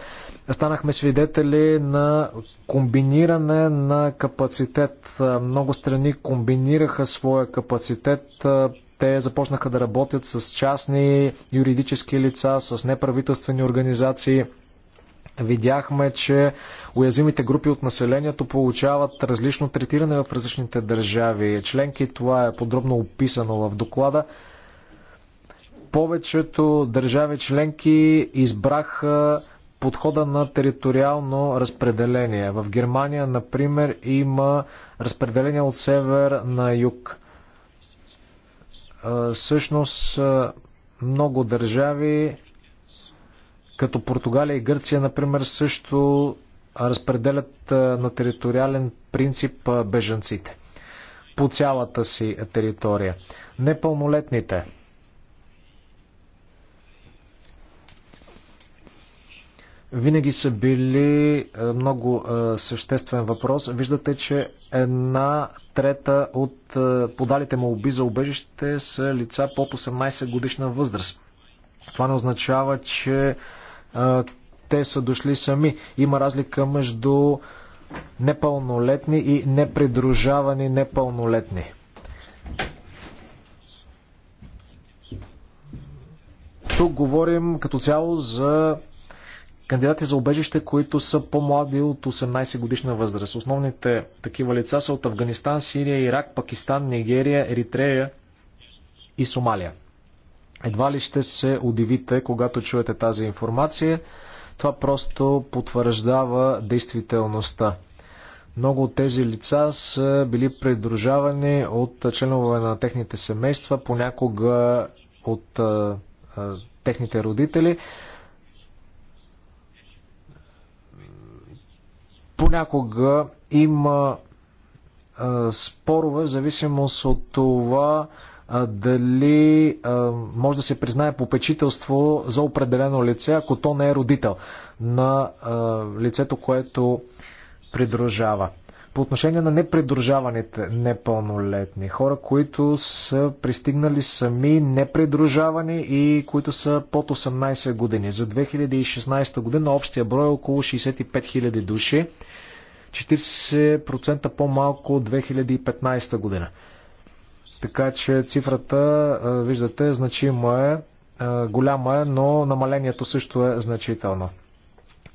Станахме свидетели на комбиниране на капацитет. Много страни комбинираха своя капацитет те започнаха да работят с частни юридически лица, с неправителствени организации. Видяхме, че уязвимите групи от населението получават различно третиране в различните държави. Членки, това е подробно описано в доклада повечето държави членки избраха подхода на териториално разпределение. В Германия, например, има разпределение от север на юг. Всъщност много държави, като Португалия и Гърция, например, също разпределят на териториален принцип бежанците по цялата си територия. Непълнолетните винаги са били е, много е, съществен въпрос. Виждате, че една трета от е, подалите му оби за убежище са лица под 18 годишна възраст. Това не означава, че те са дошли сами. Има разлика между непълнолетни и непридружавани непълнолетни. Тук говорим като цяло за кандидати за убежище, които са по-млади от 18 годишна възраст. Основните такива лица са от Афганистан, Сирия, Ирак, Пакистан, Нигерия, Еритрея и Сомалия. Едва ли ще се удивите, когато чуете тази информация. Това просто потвърждава действителността. Много от тези лица са били придружавани от членове на техните семейства, понякога от а, а, техните родители. Понякога има спорове в зависимост от това дали може да се признае попечителство за определено лице, ако то не е родител на лицето, което придружава. По отношение на непридружаваните непълнолетни хора, които са пристигнали сами непридружавани и които са под 18 години. За 2016 година общия брой е около 65 000 души, 40% по-малко от 2015 година. Така че цифрата, виждате, значима е, голяма е, но намалението също е значително.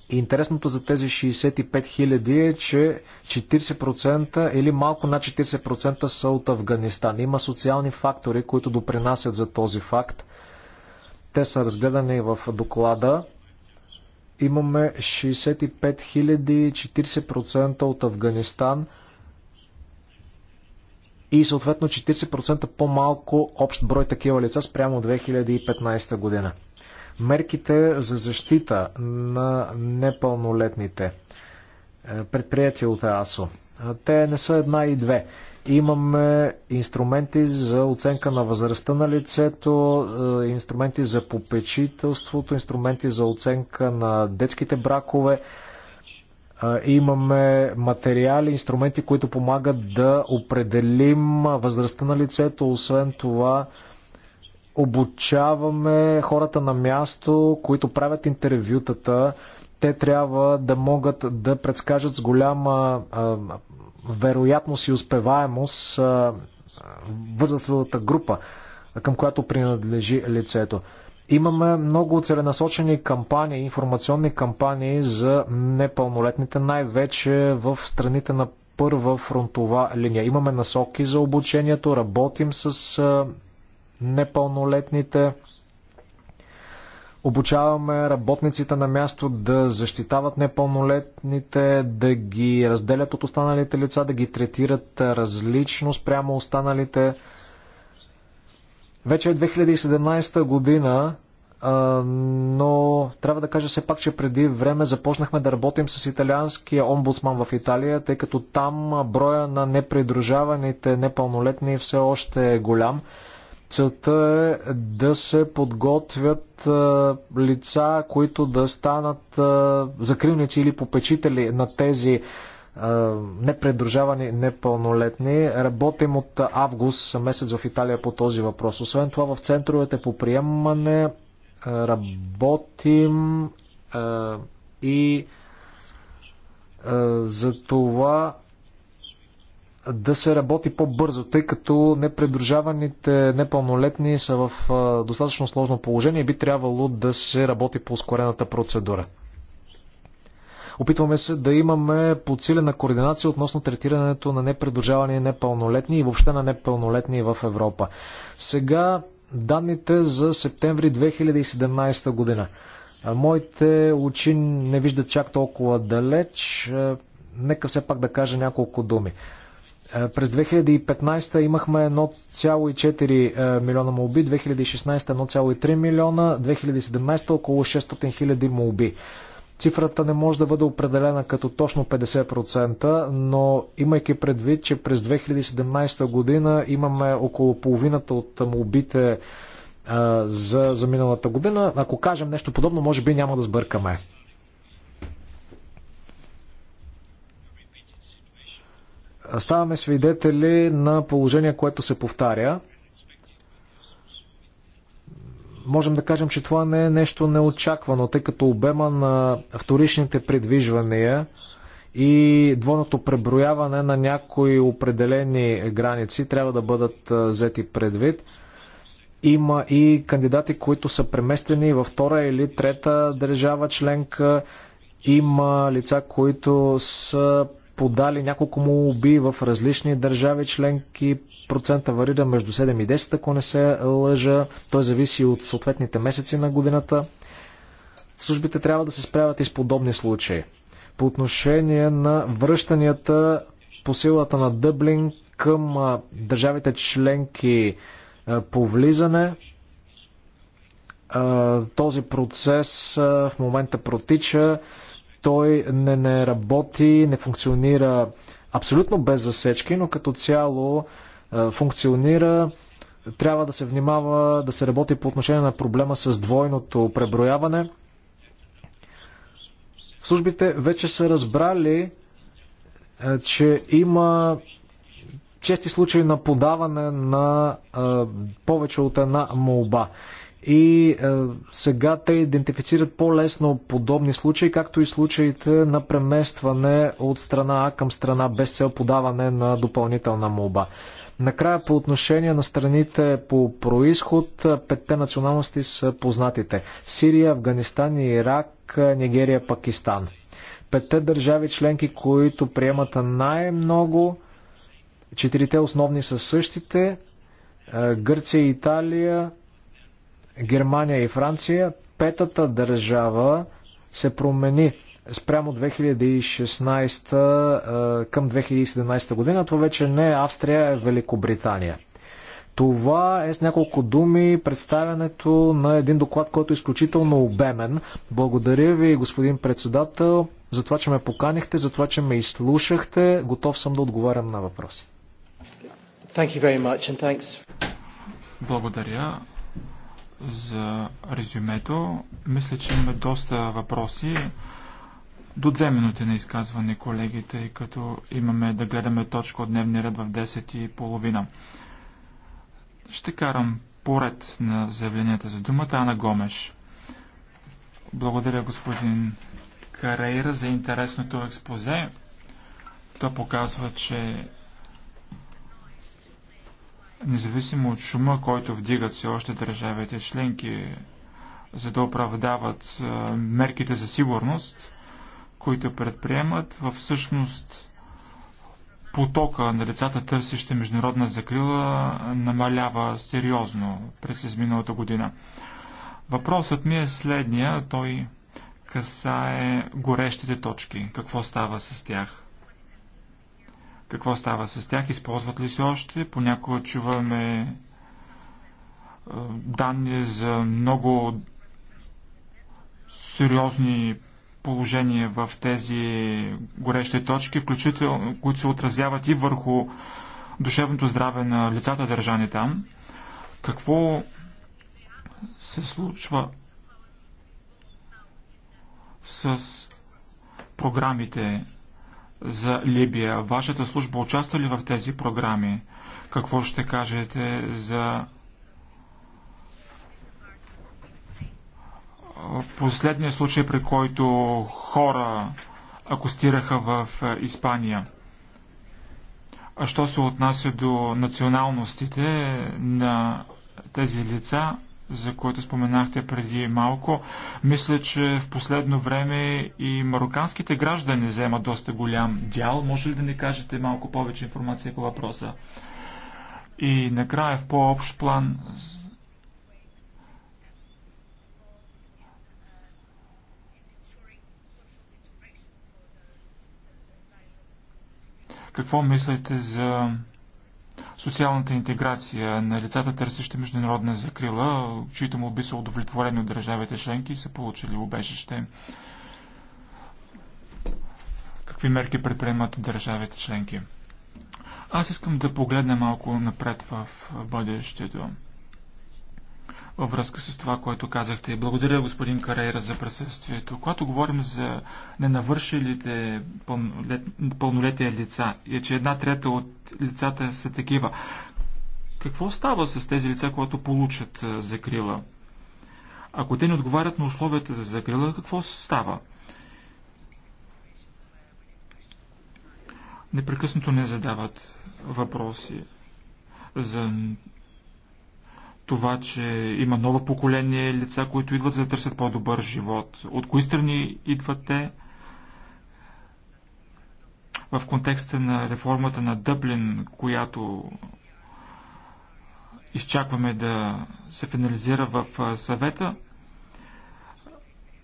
И интересното за тези 65 000 е, че 40% или малко над 40% са от Афганистан. Има социални фактори, които допринасят за този факт. Те са разгледани в доклада. Имаме 65 000, 40% от Афганистан и съответно 40% по-малко общ брой такива лица спрямо 2015 година мерките за защита на непълнолетните е, предприятия от ЕАСО. Те не са една и две. Имаме инструменти за оценка на възрастта на лицето, е, инструменти за попечителството, инструменти за оценка на детските бракове. Е, имаме материали, инструменти, които помагат да определим възрастта на лицето. Освен това, обучаваме хората на място, които правят интервютата. Те трябва да могат да предскажат с голяма а, вероятност и успеваемост а, възрастовата група, към която принадлежи лицето. Имаме много целенасочени кампании, информационни кампании за непълнолетните, най-вече в страните на първа фронтова линия. Имаме насоки за обучението, работим с непълнолетните. Обучаваме работниците на място да защитават непълнолетните, да ги разделят от останалите лица, да ги третират различно спрямо останалите. Вече е 2017 година, но трябва да кажа все пак, че преди време започнахме да работим с италианския омбудсман в Италия, тъй като там броя на непридружаваните непълнолетни все още е голям. Целта е да се подготвят лица, които да станат закривници или попечители на тези непредружавани непълнолетни. Работим от август месец в Италия по този въпрос. Освен това в центровете по приемане работим и за това да се работи по-бързо, тъй като непредружаваните непълнолетни са в достатъчно сложно положение и би трябвало да се работи по ускорената процедура. Опитваме се да имаме подсилена координация относно третирането на непредружавани непълнолетни и въобще на непълнолетни в Европа. Сега данните за септември 2017 година. Моите очи не виждат чак толкова далеч. Нека все пак да кажа няколко думи. Е, през 2015 имахме 1,4 е, милиона молби, 2016 1,3 милиона, 2017 около 600 хиляди молби. Цифрата не може да бъде определена като точно 50%, но имайки предвид, че през 2017 година имаме около половината от молбите е, за, за миналата година, ако кажем нещо подобно, може би няма да сбъркаме. Ставаме свидетели на положение, което се повтаря. Можем да кажем, че това не е нещо неочаквано, тъй като обема на вторичните предвижвания и двойното преброяване на някои определени граници трябва да бъдат взети предвид. Има и кандидати, които са преместени във втора или трета държава членка. Има лица, които са подали няколко му уби в различни държави членки. Процента варира между 7 и 10, ако не се лъжа. Той зависи от съответните месеци на годината. Службите трябва да се справят и с подобни случаи. По отношение на връщанията по силата на Дъблин към държавите членки по влизане, този процес в момента протича. Той не, не работи, не функционира абсолютно без засечки, но като цяло е, функционира. Трябва да се внимава, да се работи по отношение на проблема с двойното преброяване. Службите вече са разбрали, е, че има чести случаи на подаване на е, повече от една молба и е, сега те идентифицират по-лесно подобни случаи, както и случаите на преместване от страна А към страна без цел подаване на допълнителна молба. Накрая по отношение на страните по происход, петте националности са познатите. Сирия, Афганистан, Ирак, Нигерия, Пакистан. Петте държави членки, които приемат най-много, четирите основни са същите. Е, Гърция, Италия, Германия и Франция, петата държава се промени спрямо 2016 към 2017 година. Това вече не е Австрия, е Великобритания. Това е с няколко думи представянето на един доклад, който е изключително обемен. Благодаря ви, господин председател, за това, че ме поканихте, за това, че ме изслушахте. Готов съм да отговарям на въпроси. Благодаря за резюмето. Мисля, че имаме доста въпроси. До две минути на изказване, колегите, тъй като имаме да гледаме точка от дневния ред в 10 и половина. Ще карам поред на заявленията за думата Ана Гомеш. Благодаря господин Карейра за интересното експозе. То показва, че независимо от шума, който вдигат все още държавите членки, за да оправдават мерките за сигурност, които предприемат, в всъщност потока на децата, търсещи международна закрила, намалява сериозно през изминалата година. Въпросът ми е следния, той касае горещите точки. Какво става с тях? Какво става с тях? Използват ли се още? Понякога чуваме е, данни за много сериозни положения в тези горещи точки, включително, които се отразяват и върху душевното здраве на лицата държани там. Какво се случва с програмите за Либия. Вашата служба участва ли в тези програми? Какво ще кажете за последния случай, при който хора акустираха в Испания? А що се отнася до националностите на тези лица, за което споменахте преди малко. Мисля, че в последно време и мароканските граждани вземат доста голям дял. Може ли да ни кажете малко повече информация по въпроса? И накрая в по-общ план Какво мислите за социалната интеграция на лицата, търсещи международна закрила, чието му би са удовлетворени от държавите членки и са получили убежище. Какви мерки предприемат държавите членки? Аз искам да погледна малко напред в бъдещето във връзка с това, което казахте. Благодаря, господин Карейра, за присъствието. Когато говорим за ненавършилите пълнолетия лица и е, че една трета от лицата са такива, какво става с тези лица, когато получат закрила? Ако те не отговарят на условията за закрила, какво става? Непрекъснато не задават въпроси за това, че има ново поколение лица, които идват за да търсят по-добър живот. От кои страни идват те? В контекста на реформата на Дъблин, която изчакваме да се финализира в съвета,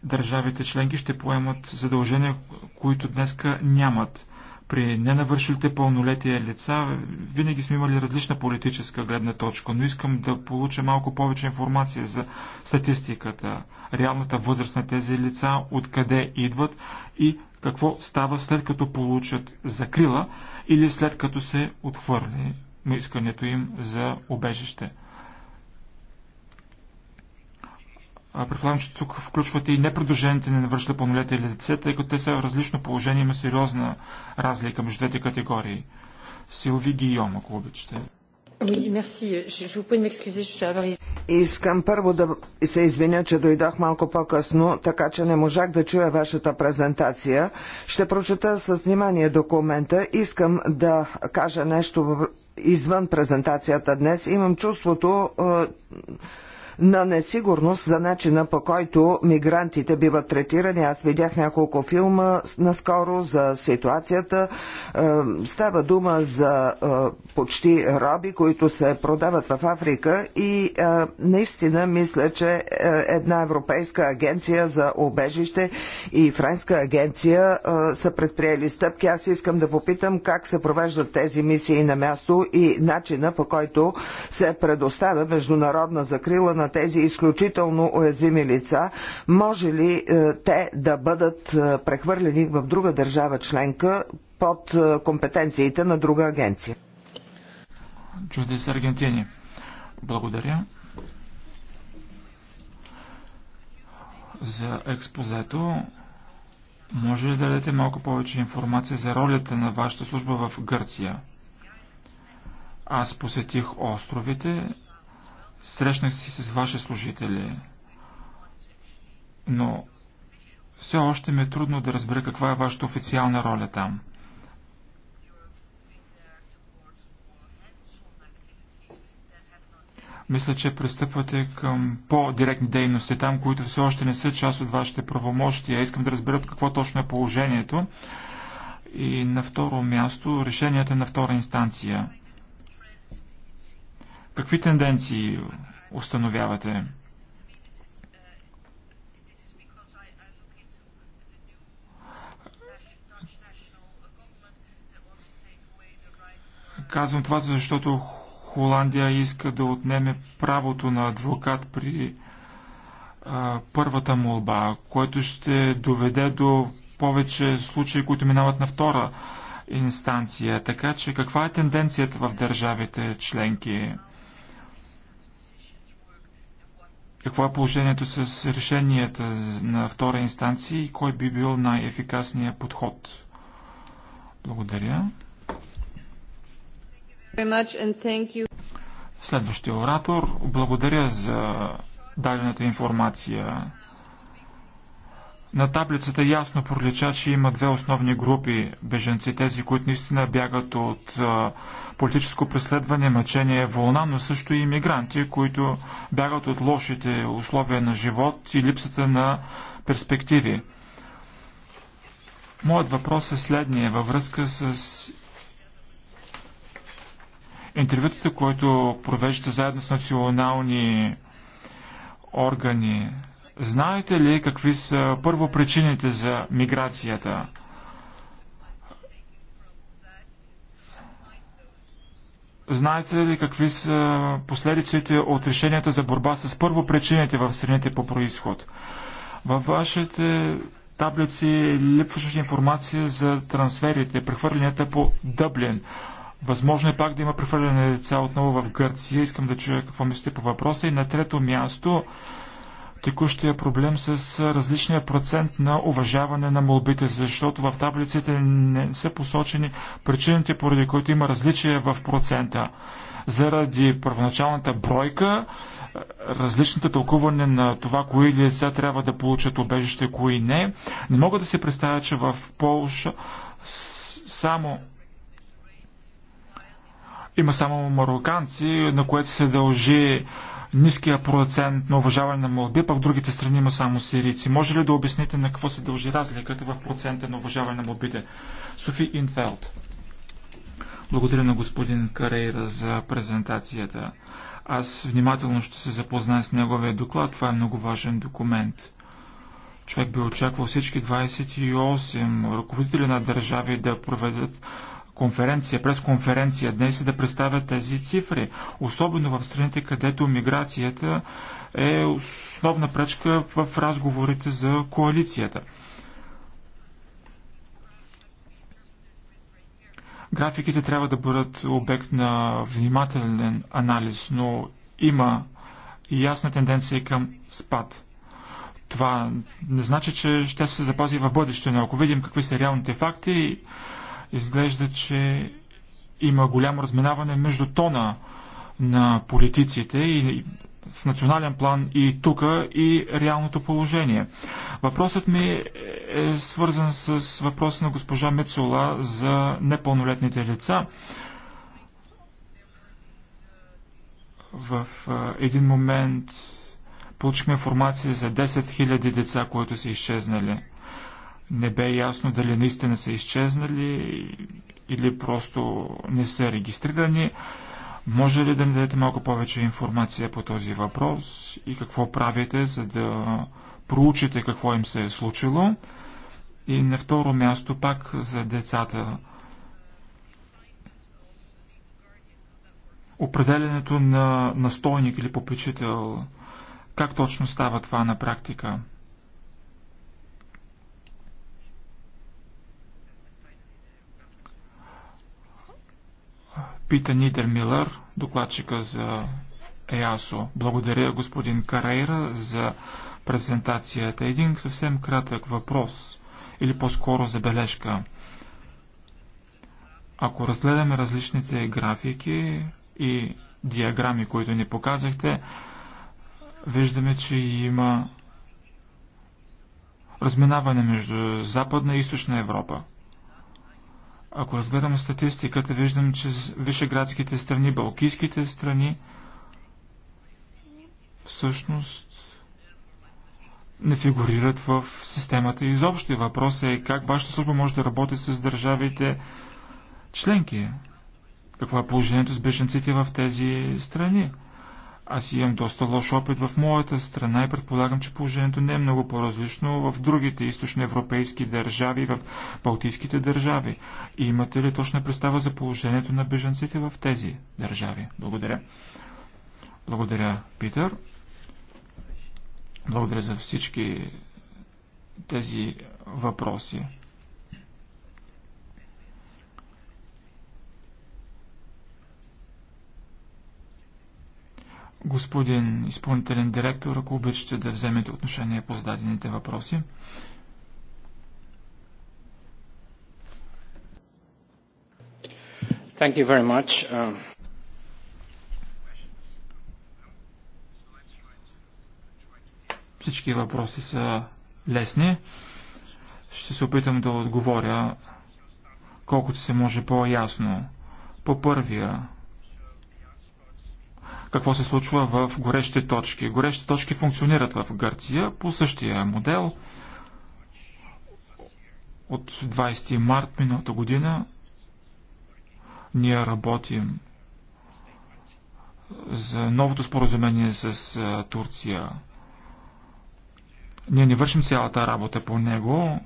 държавите членки ще поемат задължения, които днеска нямат при ненавършилите пълнолетие лица винаги сме имали различна политическа гледна точка, но искам да получа малко повече информация за статистиката, реалната възраст на тези лица, откъде идват и какво става след като получат закрила или след като се отхвърли искането им за обежище. А предполагам, че тук включвате и непредложените на навършили пълнолетие или деца, тъй като те са в различно положение, има сериозна разлика между двете категории. Силви Гийом, ако обичате. Искам първо да се извиня, че дойдох малко по-късно, така че не можах да чуя вашата презентация. Ще прочета с внимание документа. Искам да кажа нещо извън презентацията днес. Имам чувството, е, на несигурност за начина по който мигрантите биват третирани. Аз видях няколко филма наскоро за ситуацията. Е, става дума за е, почти роби, които се продават в Африка и е, наистина мисля, че една европейска агенция за обежище и френска агенция са предприели стъпки. Аз искам да попитам как се провеждат тези мисии на място и начина по който се предоставя международна закрила на тези изключително уязвими лица, може ли е, те да бъдат е, прехвърлени в друга държава членка под е, компетенциите на друга агенция? Чуде с Аргентини. Благодаря. За експозето може ли да дадете малко повече информация за ролята на вашата служба в Гърция? Аз посетих островите Срещнах си с ваши служители, но все още ми е трудно да разбера каква е вашата официална роля там. Мисля, че пристъпвате към по-директни дейности там, които все още не са част от вашите правомощия. Искам да разберат какво точно е положението. И на второ място, решенията на втора инстанция. Какви тенденции установявате? Казвам това, защото Холандия иска да отнеме правото на адвокат при а, първата молба, което ще доведе до повече случаи, които минават на втора инстанция. Така че каква е тенденцията в държавите членки? какво е положението с решенията на втора инстанция и кой би бил най-ефикасният подход. Благодаря. Следващия оратор. Благодаря за дадената информация. На таблицата ясно пролича, че има две основни групи беженци. Тези, които наистина бягат от политическо преследване, мъчение, вълна, но също и мигранти, които бягат от лошите условия на живот и липсата на перспективи. Моят въпрос е следния във връзка с интервютата, които провеждате заедно с национални органи. Знаете ли какви са първо причините за миграцията? Знаете ли какви са последиците от решенията за борба с първо причините в страните по происход? Във вашите таблици липсваше информация за трансферите, прехвърлянията по Дъблин. Възможно е пак да има прехвърляне на деца отново в Гърция. Искам да чуя какво мислите по въпроса. И на трето място, текущия проблем с различния процент на уважаване на молбите, защото в таблиците не са посочени причините, поради които има различия в процента. Заради първоначалната бройка, е, различното тълкуване на това, кои лица трябва да получат обежище, кои не, не мога да се представя, че в Полша само има само марокканци, на което се дължи ниския процент на уважаване на молби, пък в другите страни има само сирийци. Може ли да обясните на какво се дължи разликата в процента на уважаване на молбите? Софи Инфелд. Благодаря на господин Карейра за презентацията. Аз внимателно ще се запозная с неговия доклад. Това е много важен документ. Човек би очаквал всички 28 ръководители на държави да проведат конференция, пресконференция днес и да представят тези цифри, особено в страните, където миграцията е основна пречка в разговорите за коалицията. Графиките трябва да бъдат обект на внимателен анализ, но има ясна тенденция към спад. Това не значи, че ще се запази в бъдеще, но ако видим какви са реалните факти, Изглежда, че има голямо разминаване между тона на политиците и в национален план и тук и реалното положение. Въпросът ми е свързан с въпроса на госпожа Мецола за непълнолетните лица. В един момент получихме информация за 10 000 деца, които са изчезнали. Не бе ясно дали наистина са изчезнали или просто не са регистрирани. Може ли да ни дадете малко повече информация по този въпрос и какво правите, за да проучите какво им се е случило? И на второ място пак за децата. Определенето на настойник или попечител. Как точно става това на практика? Пита Нидер Милър, докладчика за ЕАСО. Благодаря господин Карейра за презентацията. Един съвсем кратък въпрос или по-скоро забележка. Ако разгледаме различните графики и диаграми, които ни показахте, виждаме, че има разминаване между Западна и Източна Европа. Ако разгледаме статистиката, виждам, че вишеградските страни, балкийските страни, всъщност не фигурират в системата изобщо. Е въпросът е как вашата служба може да работи с държавите членки. Какво е положението с беженците в тези страни? Аз имам доста лош опит в моята страна и предполагам, че положението не е много по-различно в другите източноевропейски държави, в балтийските държави. И имате ли точна представа за положението на беженците в тези държави? Благодаря. Благодаря, Питър. Благодаря за всички тези въпроси. Господин изпълнителен директор, ако обичате да вземете отношение по зададените въпроси. Thank you very much. Uh, всички въпроси са лесни. Ще се опитам да отговоря колкото се може по-ясно. По първия какво се случва в горещи точки. Горещи точки функционират в Гърция по същия модел. От 20 март миналата година ние работим за новото споразумение с Турция. Ние не вършим цялата работа по него,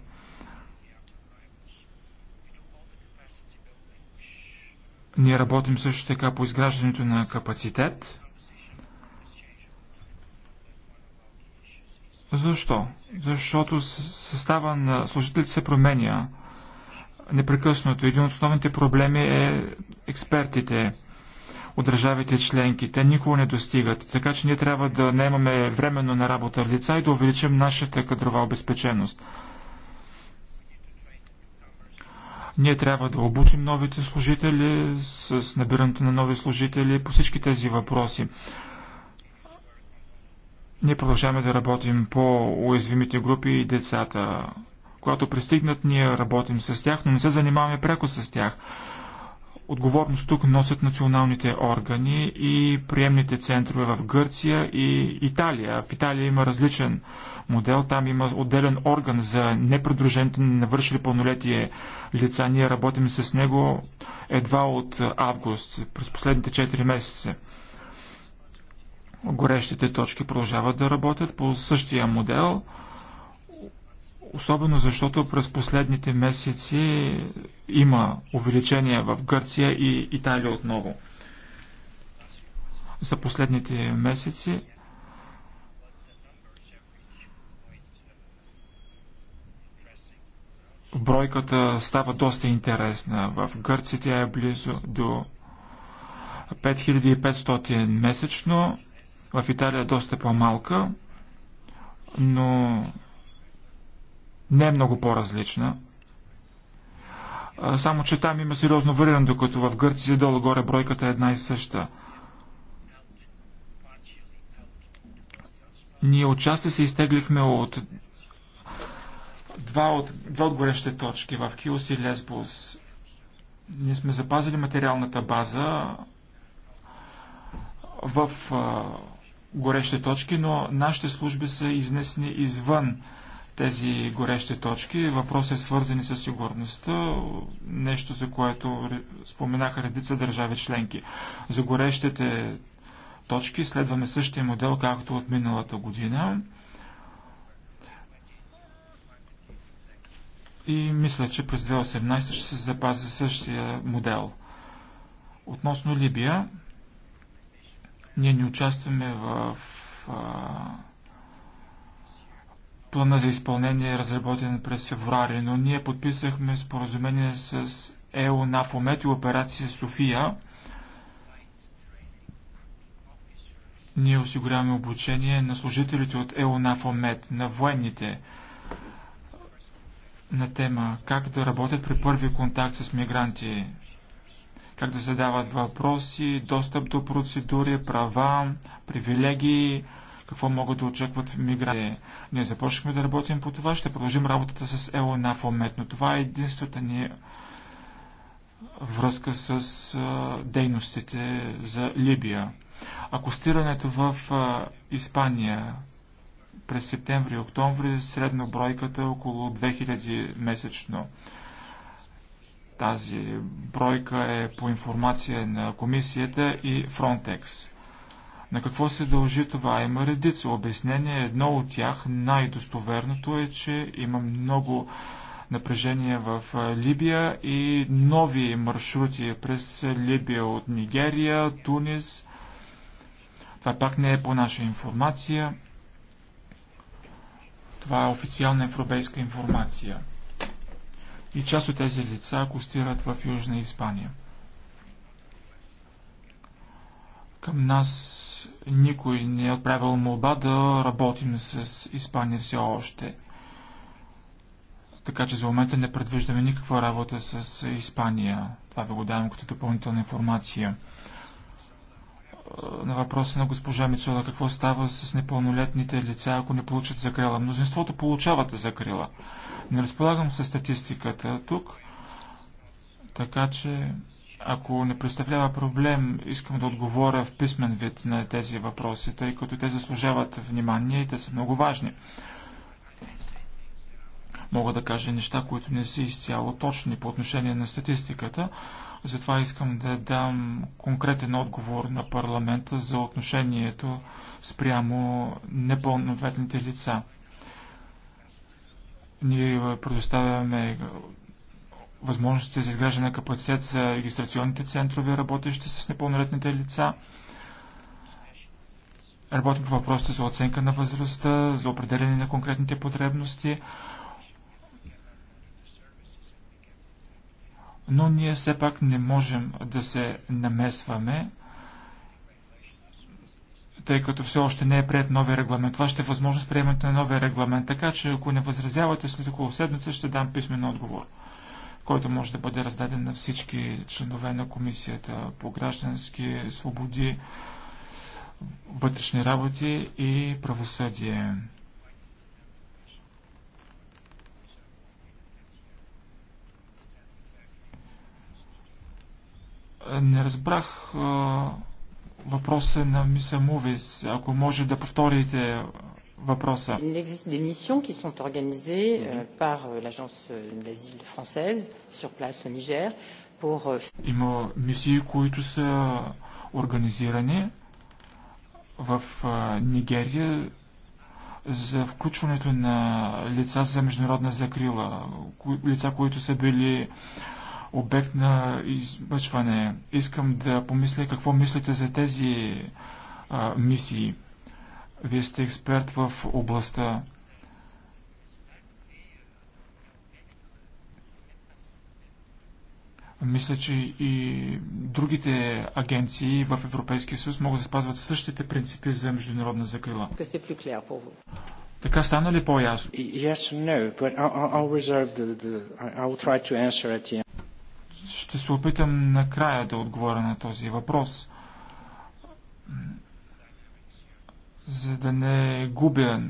Ние работим също така по изграждането на капацитет. Защо? Защото състава на служителите се променя непрекъснато. Един от основните проблеми е експертите от държавите членки. Те никога не достигат. Така че ние трябва да наемаме временно на работа лица и да увеличим нашата кадрова обезпеченост. Ние трябва да обучим новите служители с набирането на нови служители по всички тези въпроси. Ние продължаваме да работим по уязвимите групи и децата. Когато пристигнат, ние работим с тях, но не се занимаваме пряко с тях. Отговорност тук носят националните органи и приемните центрове в Гърция и Италия. В Италия има различен модел. Там има отделен орган за непредружените, навършили пълнолетие лица. Ние работим с него едва от август, през последните 4 месеца. Горещите точки продължават да работят по същия модел, особено защото през последните месеци има увеличение в Гърция и Италия отново. За последните месеци бройката става доста интересна. В Гърция тя е близо до 5500 месечно, в Италия е доста по-малка, но не е много по-различна. Само, че там има сериозно вариран, докато в Гърция долу-горе бройката е една и съща. Ние отчасти се изтеглихме от два от, два от горещите точки в Киос и Лесбус. Ние сме запазили материалната база в а, горещите точки, но нашите служби са изнесени извън тези горещи точки. Въпросът е свързани с сигурността, нещо за което споменаха редица държави членки. За горещите точки следваме същия модел, както от миналата година. и мисля, че през 2018 ще се запази същия модел. Относно Либия, ние не участваме в а, плана за изпълнение, разработен през феврари, но ние подписахме споразумение с ЕО на ФОМЕТ и операция София. Ние осигуряваме обучение на служителите от ЕО на ФОМЕТ, на военните, на тема как да работят при първи контакт с мигранти, как да задават въпроси, достъп до процедури, права, привилегии, какво могат да очакват мигранти. Ние започнахме да работим по това, ще продължим работата с ЕЛНА в момент, но това е единствената ни връзка с а, дейностите за Либия. Акустирането в а, Испания, през септември и октомври средно бройката е около 2000 месечно. Тази бройка е по информация на комисията и Frontex. На какво се дължи това? Има редица обяснения. Едно от тях, най-достоверното е, че има много напрежение в Либия и нови маршрути е през Либия от Нигерия, Тунис. Това пак не е по наша информация. Това е официална европейска информация. И част от тези лица костират в Южна Испания. Към нас никой не е отправил молба да работим с Испания все още. Така че за момента не предвиждаме никаква работа с Испания. Това ви го давам като допълнителна информация на въпроса на госпожа Мицола, какво става с непълнолетните лица, ако не получат закрила. Мнозинството получават закрила. Не разполагам със статистиката тук, така че ако не представлява проблем, искам да отговоря в писмен вид на тези въпроси, тъй като те заслужават внимание и те са много важни. Мога да кажа неща, които не са изцяло точни по отношение на статистиката, затова искам да дам конкретен отговор на парламента за отношението спрямо непълноветните лица. Ние предоставяме възможности за изграждане на капацитет за регистрационните центрове, работещи с непълнолетните лица. Работим по въпросите за оценка на възрастта, за определение на конкретните потребности. но ние все пак не можем да се намесваме, тъй като все още не е прият новия регламент. Това ще е възможност приемането на новия регламент, така че ако не възразявате след около седмица, ще дам писмен отговор, който може да бъде раздаден на всички членове на Комисията по граждански свободи, вътрешни работи и правосъдие. Не разбрах въпроса на Миса Мувис. Ако може да повторите въпроса. Il existe des missions qui sont organisées euh, par euh, l'agence euh, d'asile française sur place au Niger pour... Има мисии, които са организирани в Нигерия за включването на лица за международна закрила, лица, които са били обект на излъчване. Искам да помисля какво мислите за тези а, мисии. Вие сте експерт в областта. Мисля, че и другите агенции в Европейския съюз могат да спазват същите принципи за международна закрила. Така стана ли по-ясно? Yes, no, but I'll, I'll reserve the, the... try to answer at the end. Ще се опитам накрая да отговоря на този въпрос, за да не губя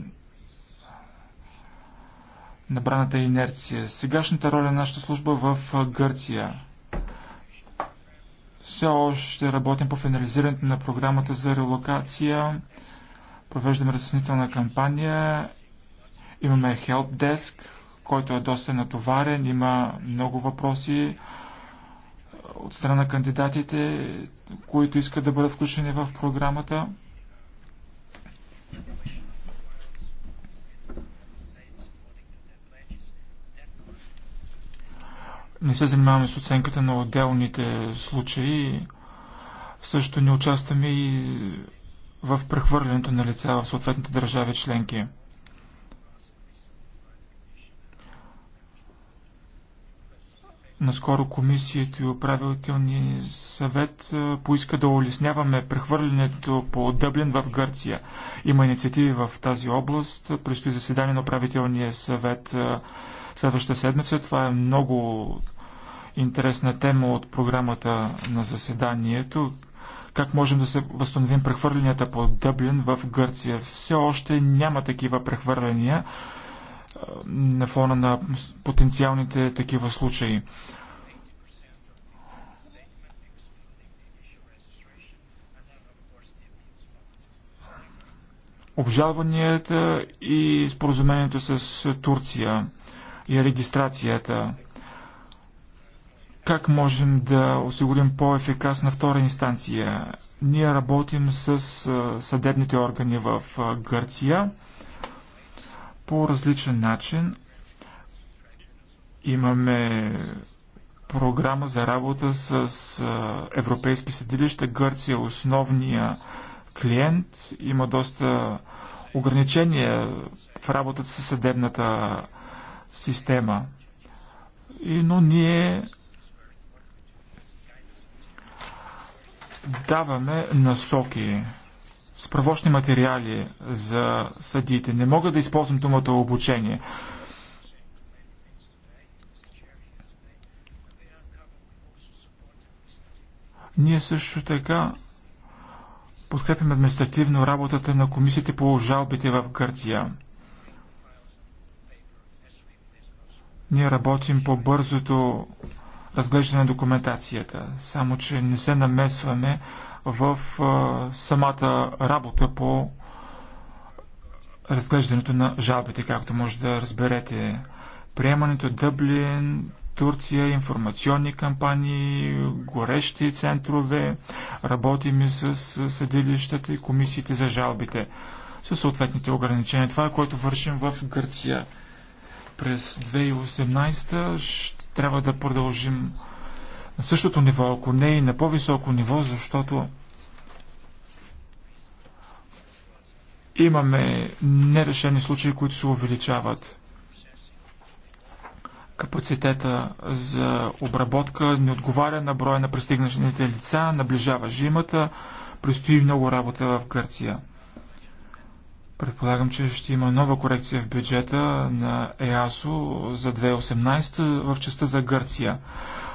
набраната инерция. Сегашната роля на нашата служба в Гърция. Все още работим по финализирането на програмата за релокация. Провеждаме разяснителна кампания. Имаме Help Desk, който е доста натоварен. Има много въпроси от страна на кандидатите, които искат да бъдат включени в програмата. Не се занимаваме с оценката на отделните случаи. Също не участваме и в прехвърлянето на лица в съответните държави членки. Наскоро комисията и управителния съвет поиска да улесняваме прехвърлянето по Дъблин в Гърция. Има инициативи в тази област. Предстои заседание на управителния съвет следващата седмица. Това е много интересна тема от програмата на заседанието. Как можем да се възстановим прехвърлянията по Дъблин в Гърция? Все още няма такива прехвърляния, на фона на потенциалните такива случаи. Обжалванията и споразумението с Турция и регистрацията. Как можем да осигурим по-ефикасна втора инстанция? Ние работим с съдебните органи в Гърция по различен начин. Имаме програма за работа с европейски съдилища. Гърция е основния клиент. Има доста ограничения в работата с съдебната система. И, но ние даваме насоки справочни материали за съдиите. Не мога да използвам думата обучение. Ние също така подкрепим административно работата на комисиите по жалбите в Гърция. Ние работим по бързото разглеждане на документацията, само че не се намесваме в самата работа по разглеждането на жалбите, както може да разберете. Приемането Дъблин, Турция, информационни кампании, горещи центрове, работим и с съдилищата и комисиите за жалбите със съответните ограничения. Това е което вършим в Гърция. През 2018 ще трябва да продължим на същото ниво, ако не и на по-високо ниво, защото имаме нерешени случаи, които се увеличават. Капацитета за обработка не отговаря на броя на пристигнащите лица, наближава жимата, предстои много работа в Гърция. Предполагам, че ще има нова корекция в бюджета на ЕАСО за 2018 в частта за Гърция.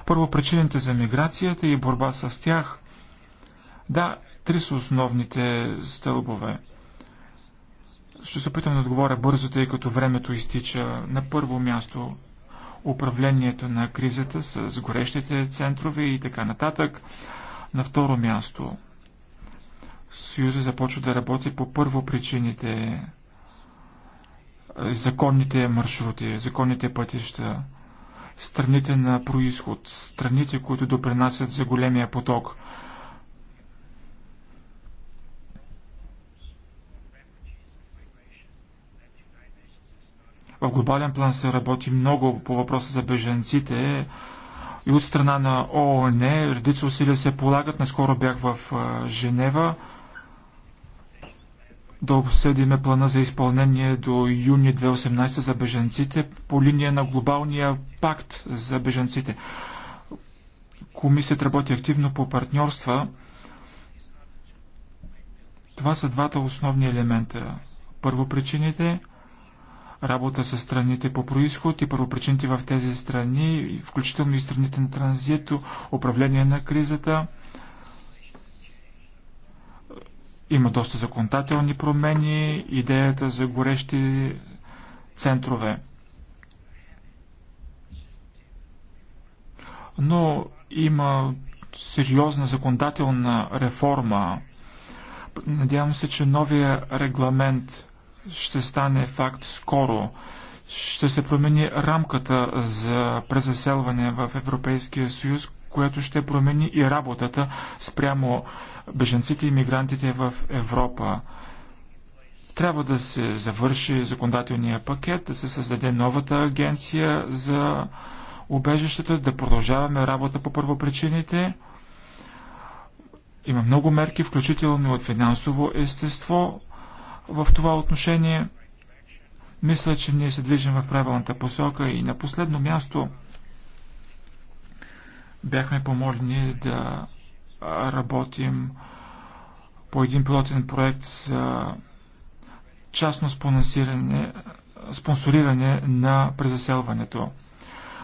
Първо причините за миграцията и борба с тях. Да, три са основните стълбове. Ще се опитам да отговоря бързо, тъй като времето изтича. На първо място управлението на кризата с горещите центрове и така нататък. На второ място Съюза започва да работи по първо причините законните маршрути, законните пътища страните на происход, страните, които допринасят за големия поток. В глобален план се работи много по въпроса за беженците и от страна на ООН редица усилия се полагат. Наскоро бях в Женева да обсъдиме плана за изпълнение до юни 2018 за беженците по линия на глобалния пакт за беженците. Комисията работи активно по партньорства. Това са двата основни елемента. Първопричините работа с страните по происход и първопричините в тези страни, включително и страните на транзит, управление на кризата – Има доста законодателни промени, идеята за горещи центрове. Но има сериозна законодателна реформа. Надявам се, че новия регламент ще стане факт скоро. Ще се промени рамката за презаселване в Европейския съюз, което ще промени и работата спрямо беженците и мигрантите в Европа. Трябва да се завърши законодателния пакет, да се създаде новата агенция за убежищата, да продължаваме работа по първопричините. Има много мерки, включително от финансово естество в това отношение. Мисля, че ние се движим в правилната посока и на последно място – бяхме помолени да работим по един пилотен проект за частно спонсориране, спонсориране на презаселването.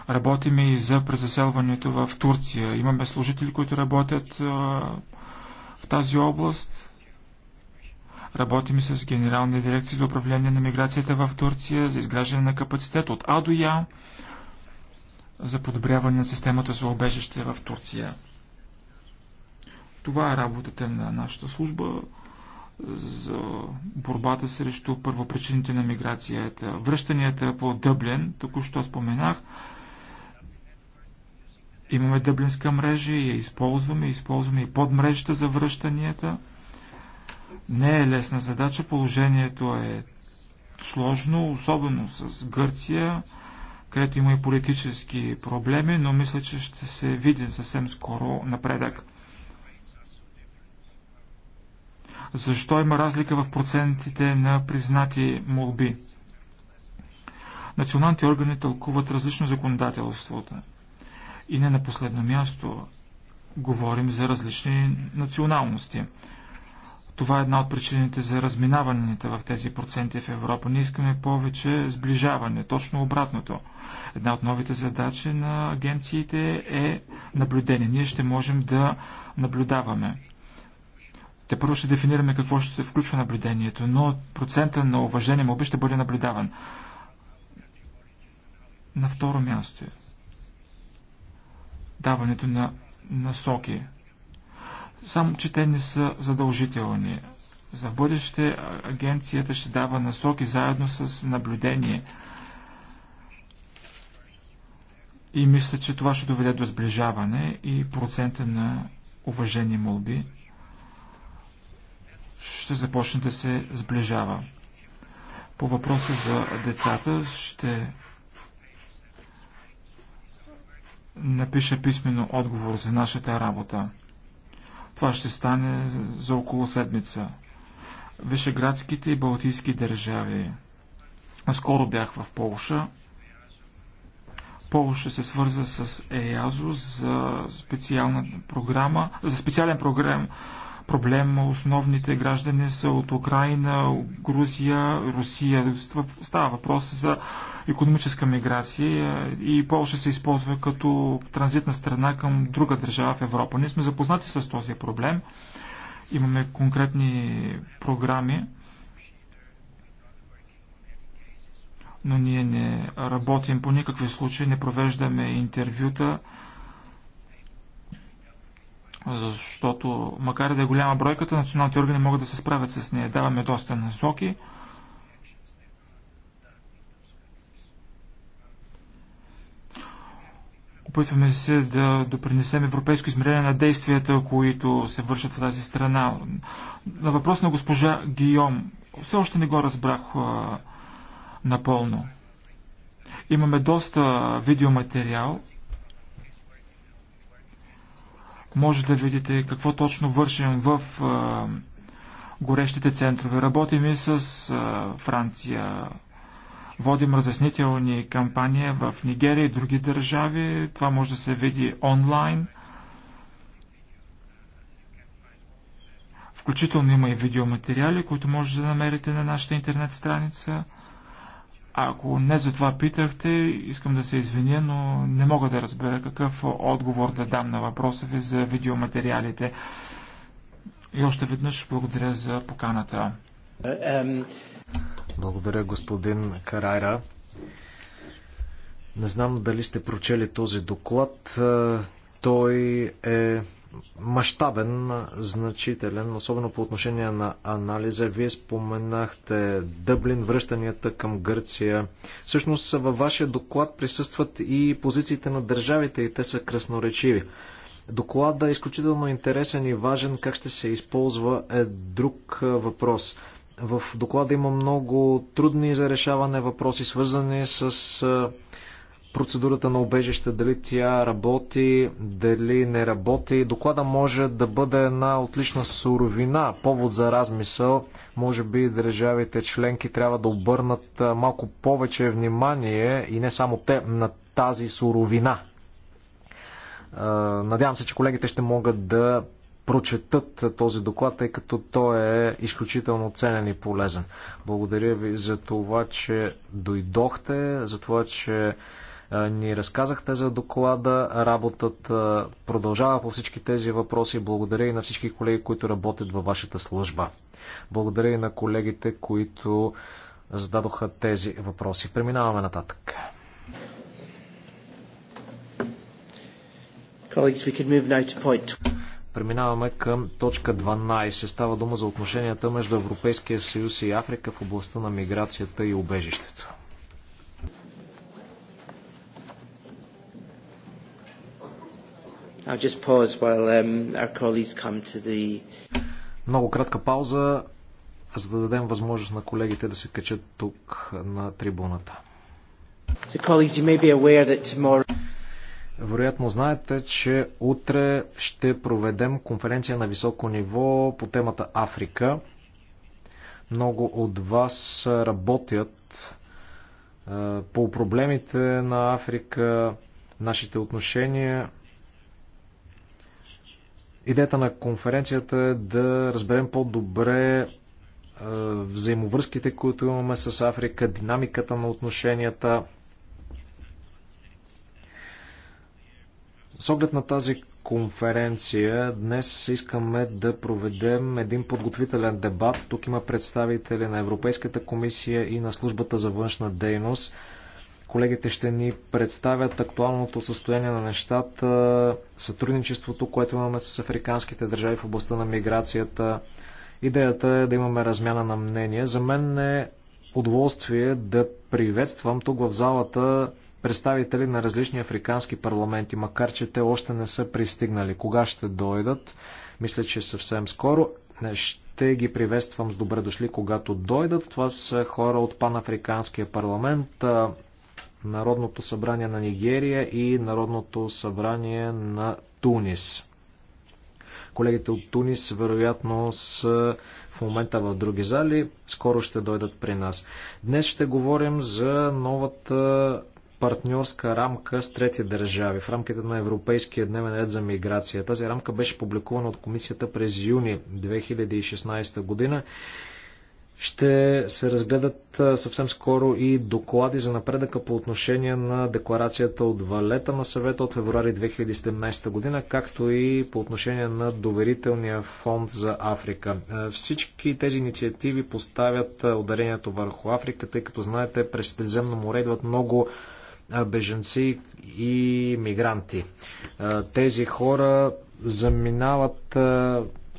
Работиме и за презаселването в Турция. Имаме служители, които работят в тази област. Работим с Генерална дирекция за управление на миграцията в Турция за изграждане на капацитет от А до Я за подобряване на системата за обежище в Турция. Това е работата на нашата служба е, за борбата срещу първопричините на миграцията. Връщанията по Дъблен, току-що споменах, имаме дъблинска мрежа и я използваме, използваме и подмрежата за връщанията. Не е лесна задача, положението е сложно, особено с Гърция където има и политически проблеми, но мисля, че ще се види съвсем скоро напредък. Защо има разлика в процентите на признати молби? Националните органи тълкуват различно законодателството. И не на последно място говорим за различни националности – това е една от причините за разминаванията в тези проценти в Европа. Ние искаме повече сближаване, точно обратното. Една от новите задачи на агенциите е наблюдение. Ние ще можем да наблюдаваме. Те първо ще дефинираме какво ще се включва наблюдението, но процента на уважение му ще бъде наблюдаван. На второ място е даването на насоки само че те не са задължителни. За бъдеще агенцията ще дава насоки заедно с наблюдение. И мисля, че това ще доведе до сближаване и процента на уважени молби ще започне да се сближава. По въпроса за децата ще напиша писменно отговор за нашата работа. Това ще стане за около седмица. Вишеградските и Балтийски държави. Скоро бях в Полша. Полша се свърза с ЕАЗО за специална програма, за специален програм, проблем. Основните граждани са от Украина, Грузия, Русия. Става въпрос за економическа миграция е, и Польша се използва като транзитна страна към друга държава в Европа. Ние сме запознати с този проблем. Имаме конкретни програми, но ние не работим по никакви случаи, не провеждаме интервюта, защото макар да е голяма бройката, националните органи могат да се справят с нея. Даваме доста насоки. Опитваме се да допринесем европейско измерение на действията, които се вършат в тази страна. На въпрос на госпожа Гийом, все още не го разбрах а, напълно. Имаме доста видеоматериал. Може да видите какво точно вършим в а, горещите центрове. Работим и с а, Франция, Водим разяснителни кампании в Нигерия и други държави. Това може да се види онлайн. Включително има и видеоматериали, които може да намерите на нашата интернет страница. Ако не за това питахте, искам да се извиня, но не мога да разбера какъв отговор да дам на въпроса ви за видеоматериалите. И още веднъж благодаря за поканата. Е, благодаря, господин Карайра. Не знам дали сте прочели този доклад. Е, той е мащабен, значителен, особено по отношение на анализа. Вие споменахте Дъблин, връщанията към Гърция. Всъщност във вашия доклад присъстват и позициите на държавите и те са красноречиви. Докладът е изключително интересен и важен. Как ще се използва е друг е, въпрос. В доклада има много трудни за решаване въпроси, свързани с процедурата на убежище, дали тя работи, дали не работи. Доклада може да бъде една отлична суровина, повод за размисъл. Може би държавите членки трябва да обърнат малко повече внимание и не само те на тази суровина. Надявам се, че колегите ще могат да прочетат този доклад, тъй като той е изключително ценен и полезен. Благодаря ви за това, че дойдохте, за това, че ни разказахте за доклада. Работата продължава по всички тези въпроси. Благодаря и на всички колеги, които работят във вашата служба. Благодаря и на колегите, които зададоха тези въпроси. Преминаваме нататък. Colleagues, we can move now to point Преминаваме към точка 12. Става дума за отношенията между Европейския съюз и Африка в областта на миграцията и убежището. While, um, the... Много кратка пауза, за да дадем възможност на колегите да се качат тук на трибуната. So, вероятно знаете, че утре ще проведем конференция на високо ниво по темата Африка. Много от вас работят по проблемите на Африка, нашите отношения. Идеята на конференцията е да разберем по-добре взаимовръзките, които имаме с Африка, динамиката на отношенията – С оглед на тази конференция днес искаме да проведем един подготвителен дебат. Тук има представители на Европейската комисия и на службата за външна дейност. Колегите ще ни представят актуалното състояние на нещата, сътрудничеството, което имаме с африканските държави в областта на миграцията. Идеята е да имаме размяна на мнения. За мен е удоволствие да приветствам тук в залата представители на различни африкански парламенти, макар че те още не са пристигнали. Кога ще дойдат? Мисля, че съвсем скоро. Е, ще ги приветствам с добре дошли, когато дойдат. Това са хора от Панафриканския парламент, Народното събрание на Нигерия и Народното събрание на Тунис. Колегите от Тунис вероятно са в момента в други зали, скоро ще дойдат при нас. Днес ще говорим за новата партньорска рамка с трети държави в рамките на Европейския дневен ред за миграция. Тази рамка беше публикувана от комисията през юни 2016 година. Ще се разгледат съвсем скоро и доклади за напредъка по отношение на декларацията от Валета на съвета от февруари 2017 година, както и по отношение на доверителния фонд за Африка. Всички тези инициативи поставят ударението върху Африка, тъй като знаете през Средиземно море идват много беженци и мигранти. Тези хора заминават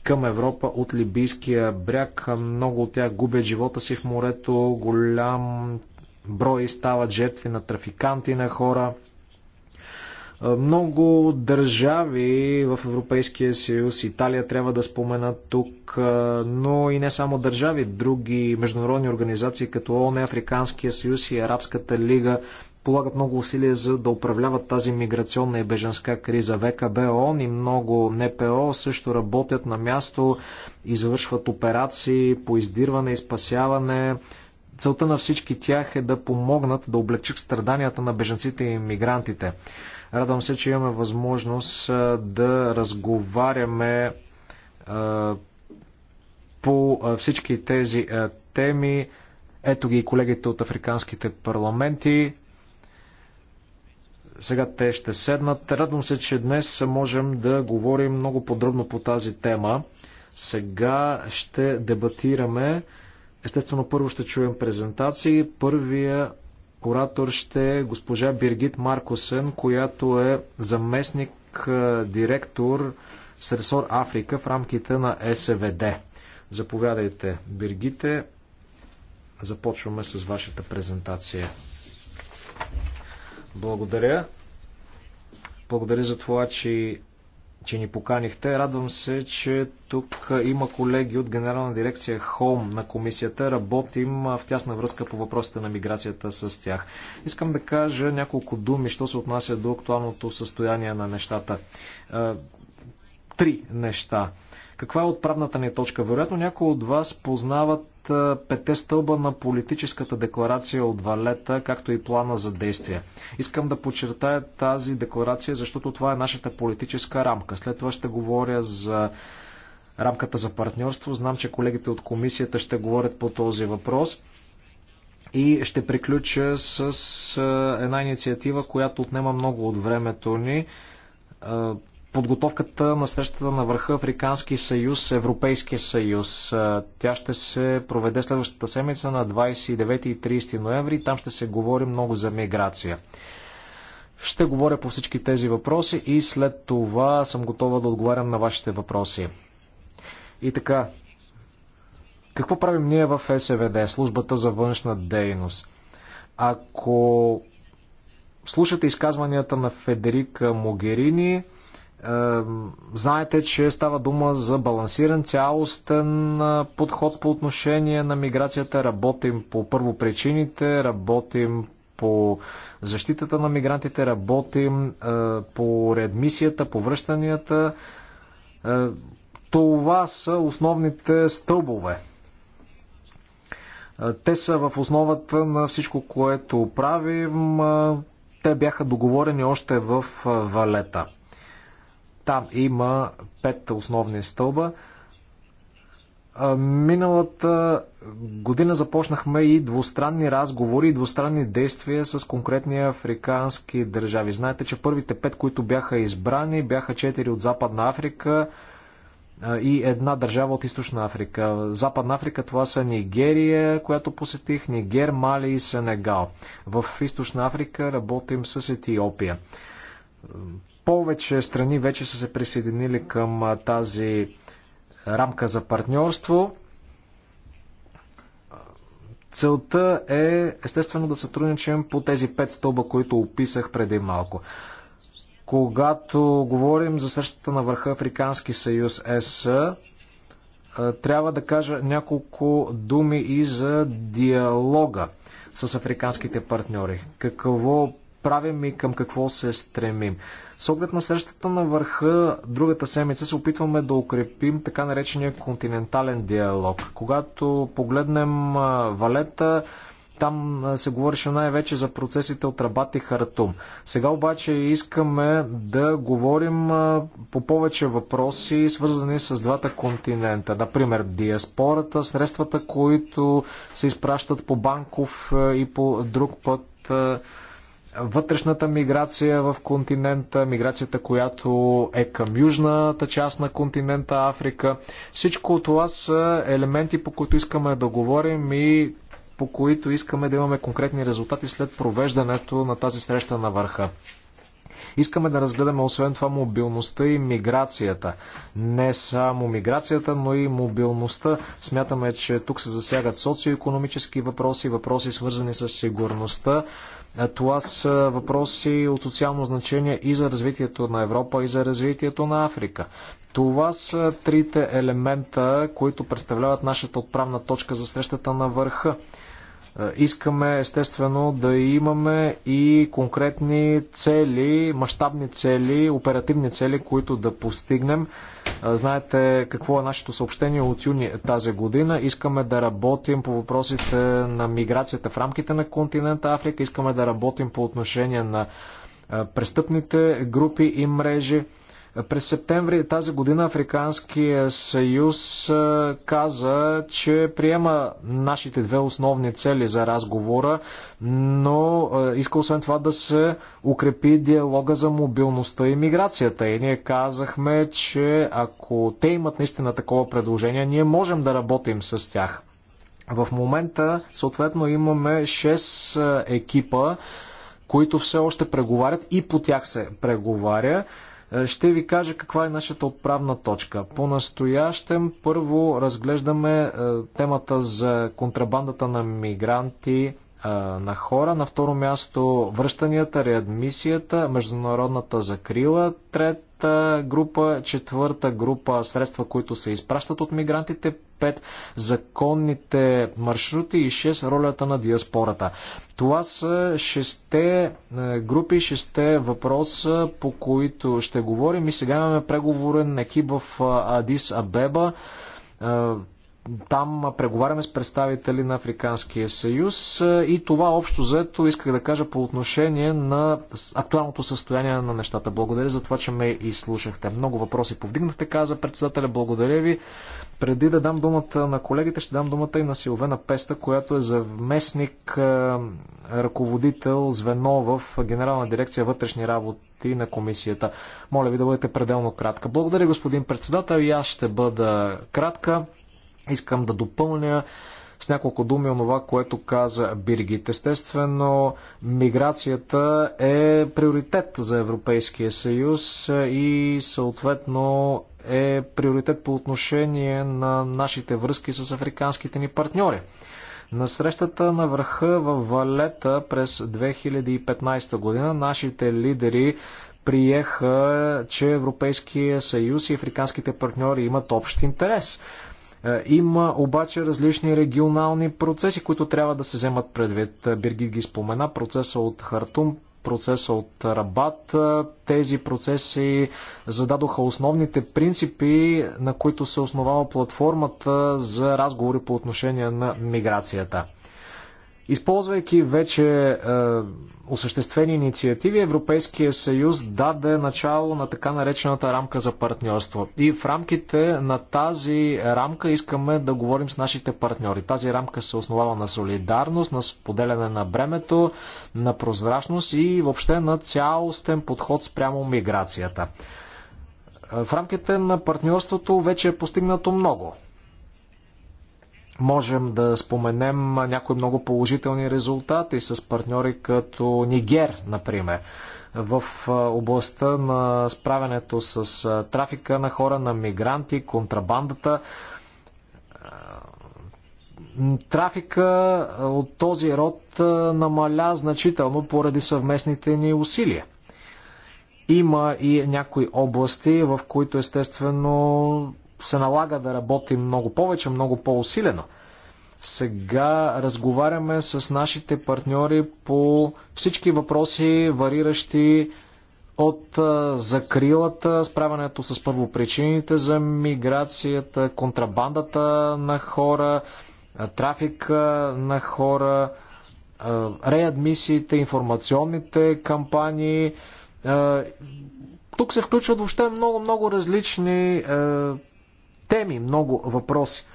към Европа от Либийския бряг. Много от тях губят живота си в морето. Голям брой стават жертви на трафиканти на хора. Много държави в Европейския съюз, Италия трябва да спомена тук, но и не само държави, други международни организации като ООН, Африканския съюз и Арабската лига полагат много усилия за да управляват тази миграционна и беженска криза. ВКБ, ООН и много НПО също работят на място, извършват операции по издирване и спасяване. Целта на всички тях е да помогнат да облегчат страданията на беженците и мигрантите. Радвам се, че имаме възможност да разговаряме по всички тези теми. Ето ги и колегите от африканските парламенти. Сега те ще седнат. Радвам се, че днес можем да говорим много подробно по тази тема. Сега ще дебатираме. Естествено, първо ще чуем презентации. Първия оратор ще е госпожа Биргит Маркосен, която е заместник директор с ресор Африка в рамките на СВД. Заповядайте, Биргите. Започваме с вашата презентация. Благодаря. Благодаря за това, че, че ни поканихте. Радвам се, че тук има колеги от Генерална дирекция Home на комисията. Работим в тясна връзка по въпросите на миграцията с тях. Искам да кажа няколко думи, що се отнася до актуалното състояние на нещата. Три неща каква е отправната ни точка? Вероятно някои от вас познават пете стълба на политическата декларация от Валета, както и плана за действие. Искам да подчертая тази декларация, защото това е нашата политическа рамка. След това ще говоря за рамката за партньорство. Знам, че колегите от комисията ще говорят по този въпрос. И ще приключа с една инициатива, която отнема много от времето ни подготовката на срещата на върха Африкански съюз, Европейски съюз. Тя ще се проведе следващата седмица на 29 и 30 ноември. Там ще се говори много за миграция. Ще говоря по всички тези въпроси и след това съм готова да отговарям на вашите въпроси. И така, какво правим ние в СВД, службата за външна дейност? Ако слушате изказванията на Федерика Могерини, Знаете, че става дума за балансиран, цялостен подход по отношение на миграцията. Работим по първопричините, работим по защитата на мигрантите, работим по редмисията, по връщанията. Това са основните стълбове. Те са в основата на всичко, което правим. Те бяха договорени още в Валета. Там има пет основни стълба. Миналата година започнахме и двустранни разговори и двустранни действия с конкретни африкански държави. Знаете, че първите пет, които бяха избрани, бяха четири от Западна Африка и една държава от Източна Африка. Западна Африка това са Нигерия, която посетих, Нигер, Мали и Сенегал. В Източна Африка работим с Етиопия. Повече страни вече са се присъединили към тази рамка за партньорство. Целта е естествено да сътрудничим по тези пет стълба, които описах преди малко. Когато говорим за срещата на върха Африкански съюз ЕС, трябва да кажа няколко думи и за диалога с африканските партньори. Какво правим и към какво се стремим. С оглед на срещата на върха, другата седмица се опитваме да укрепим така наречения континентален диалог. Когато погледнем валета, там се говореше най-вече за процесите от Рабат и Хартум. Сега обаче искаме да говорим по повече въпроси, свързани с двата континента. Например, диаспората, средствата, които се изпращат по банков и по друг път вътрешната миграция в континента, миграцията, която е към южната част на континента Африка. Всичко това са елементи, по които искаме да говорим и по които искаме да имаме конкретни резултати след провеждането на тази среща на върха. Искаме да разгледаме освен това мобилността и миграцията. Не само миграцията, но и мобилността. Смятаме, че тук се засягат социо-економически въпроси, въпроси свързани с сигурността, е, това са въпроси от социално значение и за развитието на Европа, и за развитието на Африка. Това са трите елемента, които представляват нашата отправна точка за срещата на върха е, искаме естествено да имаме и конкретни цели, мащабни цели, оперативни цели, които да постигнем. Е, знаете какво е нашето съобщение от юни тази година. Искаме да работим по въпросите на миграцията в рамките на континента Африка. Искаме да работим по отношение на е, престъпните групи и мрежи. През септември тази година Африканския съюз каза, че приема нашите две основни цели за разговора, но иска освен това да се укрепи диалога за мобилността и миграцията. И ние казахме, че ако те имат наистина такова предложение, ние можем да работим с тях. В момента, съответно, имаме 6 екипа, които все още преговарят и по тях се преговаря. Е, ще ви кажа каква е нашата отправна точка. По-настоящем първо разглеждаме е, темата за контрабандата на мигранти е, на хора, на второ място връщанията, реадмисията, международната закрила, Трет трета група, четвърта група средства, които се изпращат от мигрантите, пет законните маршрути и шест ролята на диаспората. Това са шесте е, групи, шесте въпроса, по които ще говорим и сега имаме преговорен екип в е, Адис Абеба е, там преговаряме с представители на Африканския съюз е, и това общо заето исках да кажа по отношение на актуалното състояние на нещата. Благодаря за това, че ме изслушахте. Много въпроси повдигнахте, каза председателя. Благодаря ви. Преди да дам думата на колегите, ще дам думата и на Силвена Песта, която е заместник е, ръководител звено в Генерална дирекция вътрешни работи на комисията. Моля ви да бъдете пределно кратка. Благодаря, господин председател, и аз ще бъда кратка. Искам да допълня с няколко думи онова, което каза Биргит. Естествено, миграцията е приоритет за Европейския съюз и съответно е приоритет по отношение на нашите връзки с африканските ни партньори. На срещата на върха в Валета през 2015 година нашите лидери приеха, че Европейския съюз и африканските партньори имат общ интерес е, има обаче различни регионални процеси, които трябва да се вземат предвид. Е, Биргит ги спомена, процеса от Хартум, процеса от Рабат. Е, тези процеси зададоха основните принципи, на които се основава платформата за разговори по отношение на миграцията. Използвайки вече е, осъществени инициативи, Европейския съюз даде начало на така наречената рамка за партньорство. И в рамките на тази рамка искаме да говорим с нашите партньори. Тази рамка се основава на солидарност, на споделяне на бремето, на прозрачност и въобще на цялостен подход спрямо миграцията. Е, в рамките на партньорството вече е постигнато много. Можем да споменем някои много положителни резултати с партньори като Нигер, например, в областта на справянето с трафика на хора, на мигранти, контрабандата трафика от този род намаля значително поради съвместните ни усилия. Има и някои области, в които естествено се налага да работим много повече, много по-усилено. Сега разговаряме с нашите партньори по всички въпроси, вариращи от закрилата, справянето с първопричините за миграцията, контрабандата на хора, трафика на хора, реадмисиите, информационните кампании. Тук се включват въобще много-много различни теми, много въпроси.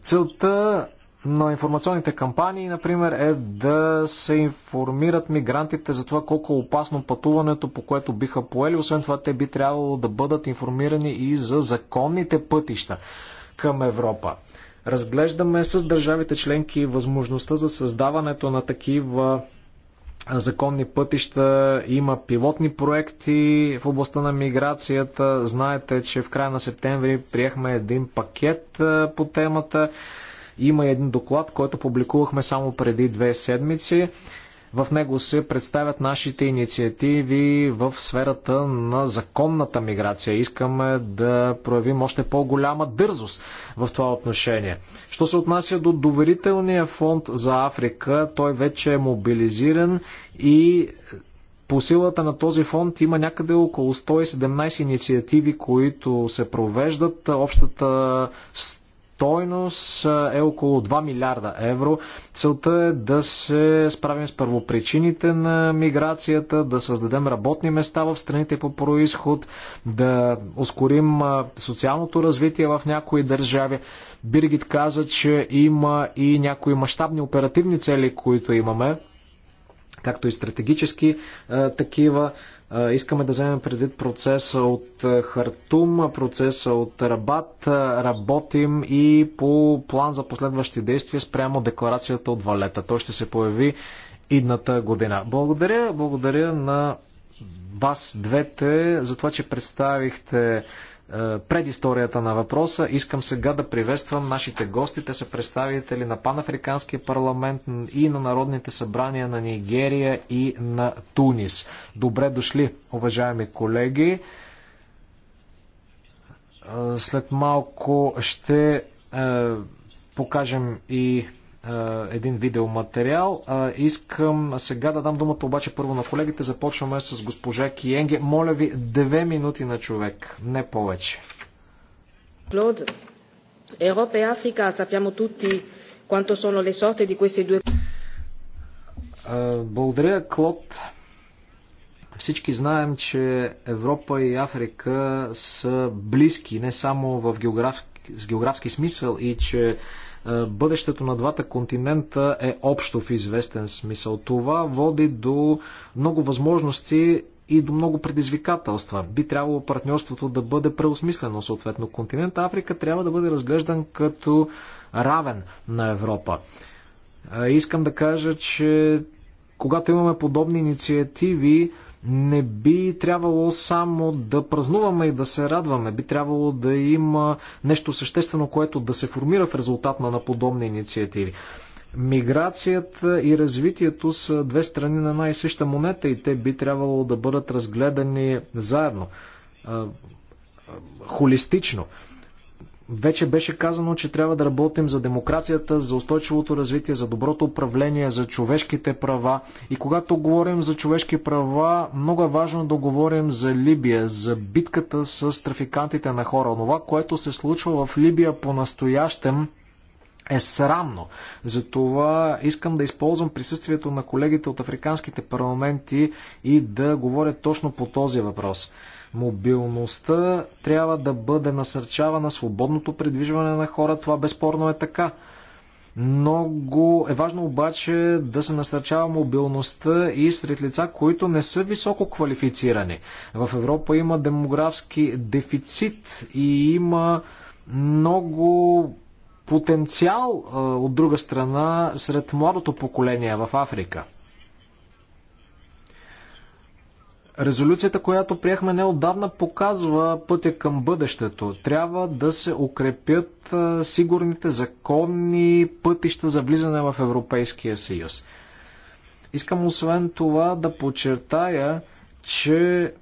Целта на информационните кампании, например, е да се информират мигрантите за това колко е опасно пътуването, по което биха поели. Освен това, те би трябвало да бъдат информирани и за законните пътища към Европа. Разглеждаме с държавите членки възможността за създаването на такива законни пътища, има пилотни проекти в областта на миграцията. Знаете, че в края на септември приехме един пакет по темата. Има един доклад, който публикувахме само преди две седмици. В него се представят нашите инициативи в сферата на законната миграция. Искаме да проявим още по-голяма дързост в това отношение. Що се отнася до доверителния фонд за Африка, той вече е мобилизиран и по силата на този фонд има някъде около 117 инициативи, които се провеждат. Общата стойност е около 2 милиарда евро. Целта е да се справим с първопричините на миграцията, да създадем работни места в страните по происход, да ускорим социалното развитие в някои държави. Биргит каза, че има и някои мащабни оперативни цели, които имаме, както и стратегически такива. Искаме да вземем предвид процеса от Хартум, процеса от Рабат. Работим и по план за последващи действия спрямо декларацията от Валета. Той ще се появи идната година. Благодаря, благодаря на вас двете за това, че представихте е, предисторията на въпроса. Искам сега да приветствам нашите гости. Те са представители на Панафриканския парламент и на Народните събрания на Нигерия и на Тунис. Добре дошли, уважаеми колеги. Е, след малко ще е, покажем и е, един видеоматериал. Е, искам сега да дам думата обаче първо на колегите. Започваме с госпожа Киенге. Моля ви, две минути на човек, не повече. Клод, Европа и Африка, sappiamo tutti quanto sono le sorte di queste due... Е, благодаря, Клод. Всички знаем, че Европа и Африка са близки не само в географ... с географски смисъл и че е, бъдещето на двата континента е общо в известен смисъл. Това води до много възможности и до много предизвикателства. Би трябвало партньорството да бъде преосмислено, съответно. Континент Африка трябва да бъде разглеждан като равен на Европа. Е, искам да кажа, че когато имаме подобни инициативи, не би трябвало само да празнуваме и да се радваме. Би трябвало да има нещо съществено, което да се формира в резултат на, подобни инициативи. Миграцията и развитието са две страни на една и съща монета и те би трябвало да бъдат разгледани заедно, холистично. Вече беше казано, че трябва да работим за демокрацията, за устойчивото развитие, за доброто управление, за човешките права. И когато говорим за човешки права, много е важно да говорим за Либия, за битката с трафикантите на хора. Това, което се случва в Либия по-настоящем, е срамно. Затова искам да използвам присъствието на колегите от африканските парламенти и да говоря точно по този въпрос. Мобилността трябва да бъде насърчавана, свободното придвижване на хора, това безспорно е така. Много е важно обаче да се насърчава мобилността и сред лица, които не са високо квалифицирани. В Европа има демографски дефицит и има много потенциал от друга страна сред младото поколение в Африка. Резолюцията, която приехме неодавна, показва пътя към бъдещето. Трябва да се укрепят сигурните законни пътища за влизане в Европейския съюз. Искам освен това да подчертая, че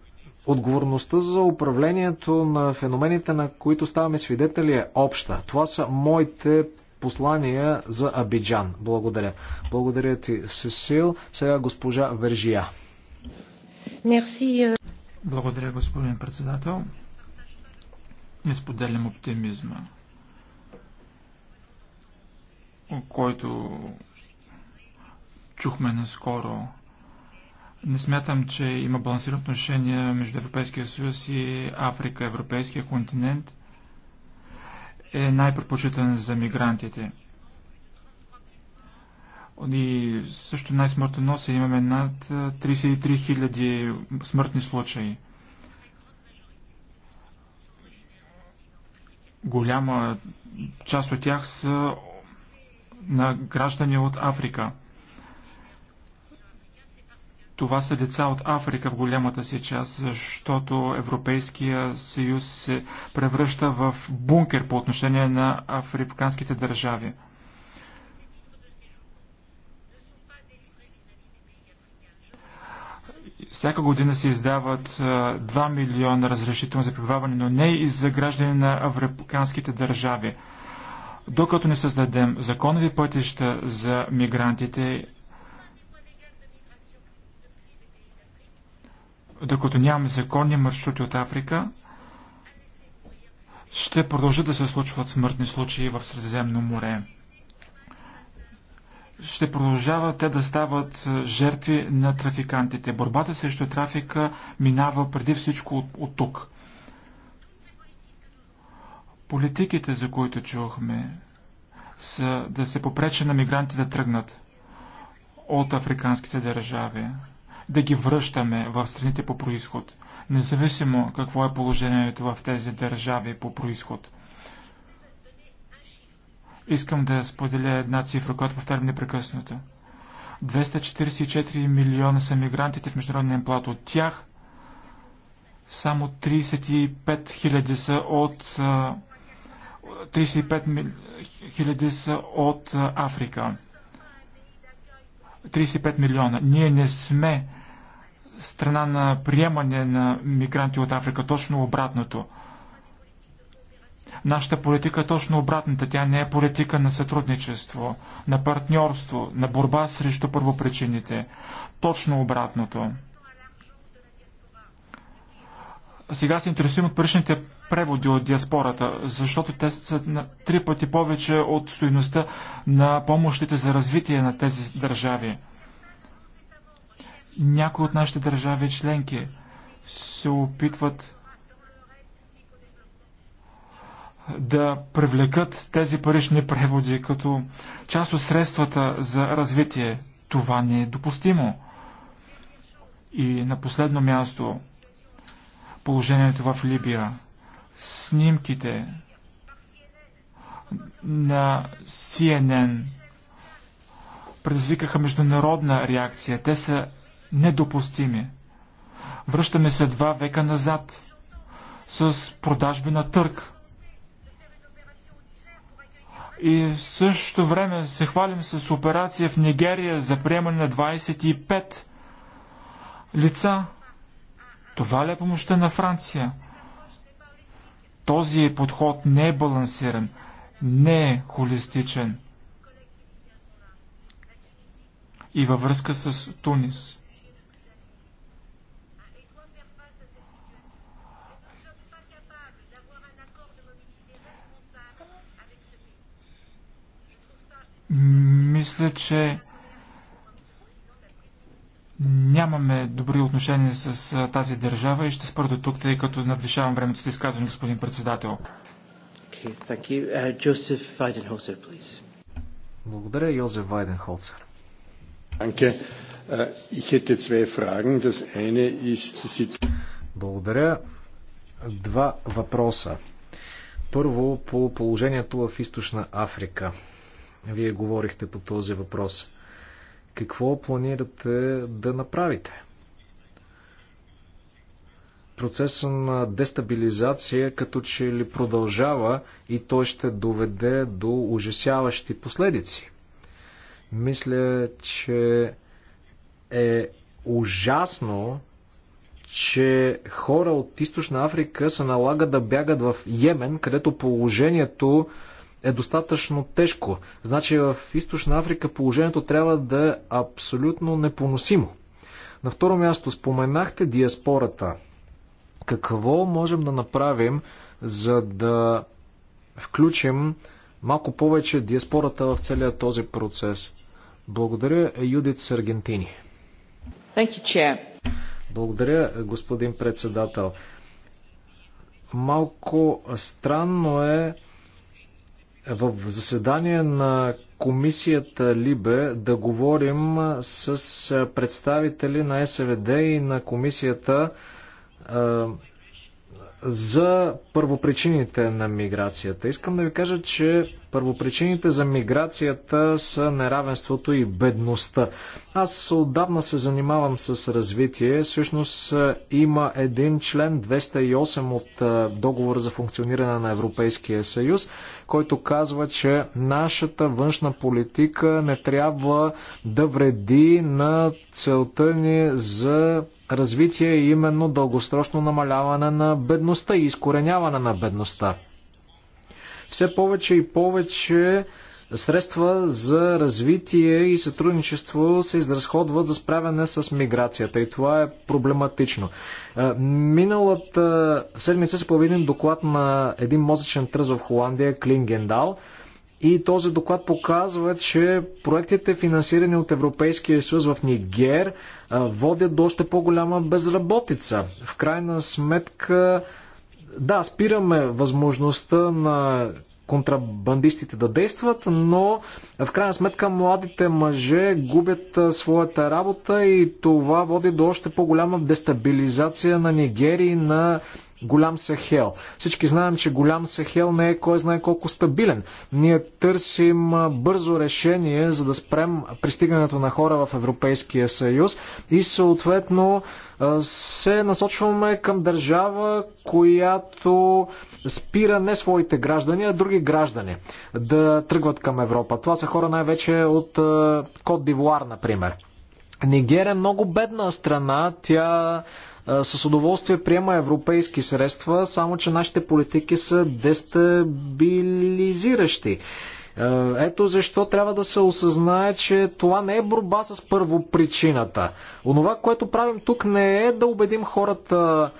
отговорността за управлението на феномените, на които ставаме свидетели, е обща. Това са моите послания за Абиджан. Благодаря. Благодаря ти, Сесил. Сега госпожа Вержия. Мерси. Euh. Благодаря, господин председател. Не споделям оптимизма, който чухме наскоро. Не смятам, че има балансирано отношение между Европейския съюз и Африка. Европейския континент е най-предпочитан за мигрантите – и също най-смъртоноси имаме над 33 000 смъртни случаи. Голяма част от тях са на граждани от Африка. Това са деца от Африка в голямата си част, защото Европейския съюз се превръща в бункер по отношение на африканските държави. Всяка година се издават 2 милиона разрешителни за пребиваване, но не и за граждани на африканските държави. Докато не създадем законови пътища за мигрантите, докато нямаме законни маршрути от Африка, ще продължат да се случват смъртни случаи в Средиземно море ще продължават те да стават е, жертви на трафикантите. Борбата срещу трафика минава преди всичко от, от тук. Политиките, за които чухме, са да се попрече на мигрантите да тръгнат от африканските държави, да ги връщаме в страните по происход, независимо какво е положението в тези държави по происход – Искам да споделя една цифра, която повтарям непрекъснато. 244 милиона са мигрантите в международния плат. От тях само 35 хиляди са от 35 хиляди са от Африка. 35 милиона. Ние не сме страна на приемане на мигранти от Африка, точно обратното. Нашата политика е точно обратната. Тя не е политика на сътрудничество, на партньорство, на борба срещу първопричините. Точно обратното. Сега се интересувам от паричните преводи от диаспората, защото те са на три пъти повече от стоиността на помощите за развитие на тези държави. Някои от нашите държави членки се опитват да привлекат тези парични преводи като част от средствата за развитие. Това не е допустимо. И на последно място положението в Либия. Снимките на CNN предизвикаха международна реакция. Те са недопустими. Връщаме се два века назад с продажби на търг – и в същото време се хвалим с операция в Нигерия за приемане на 25 лица. Това ли е помощта на Франция? Този подход не е балансиран, не е холистичен. И във връзка с Тунис. мисля, че нямаме добри отношения с тази държава и ще спра до тук, тъй като надвишавам времето с изказване, господин председател. Uh, Благодаря, Йозеф Вайденхолцер. Uh, Благодаря. Два въпроса. Първо по положението в Източна Африка. Вие говорихте по този въпрос. Какво планирате да направите? Процесът на дестабилизация като че ли продължава и той ще доведе до ужасяващи последици. Мисля, че е ужасно, че хора от Източна Африка се налага да бягат в Йемен, където положението е достатъчно тежко. Значи в Източна Африка положението трябва да е абсолютно непоносимо. На второ място споменахте диаспората. Какво можем да направим, за да включим малко повече диаспората в целия този процес? Благодаря, Юдит с Аргентини. You, Благодаря, господин председател. Малко странно е, в заседание на комисията Либе да говорим с представители на СВД и на комисията за първопричините на миграцията. Искам да ви кажа, че Първопричините за миграцията са неравенството и бедността. Аз отдавна се занимавам с развитие. Всъщност е, има един член 208 от е, договора за функциониране на Европейския съюз, който казва, че нашата външна политика не трябва да вреди на целта ни за развитие и именно дългосрочно намаляване на бедността и изкореняване на бедността все повече и повече средства за развитие и сътрудничество се изразходват за справяне с миграцията и това е проблематично. Е, миналата седмица се появи един доклад на един мозъчен тръз в Холандия, Клингендал, и този доклад показва, че проектите, финансирани от Европейския съюз в Нигер, е, водят до още по-голяма безработица. В крайна сметка, да, спираме възможността на контрабандистите да действат, но в крайна сметка младите мъже губят своята работа и това води до още по-голяма дестабилизация на Нигерия и на Голям Сахел. Всички знаем, че Голям Сахел не е кой знае колко стабилен. Ние търсим бързо решение, за да спрем пристигането на хора в Европейския съюз и съответно се насочваме към държава, която спира не своите граждани, а други граждани да тръгват към Европа. Това са хора най-вече от Кот Дивуар, например. Нигерия е много бедна страна. Тя с удоволствие приема европейски средства, само че нашите политики са дестабилизиращи. Ето защо трябва да се осъзнае, че това не е борба с първопричината. Онова, което правим тук не е да убедим хората,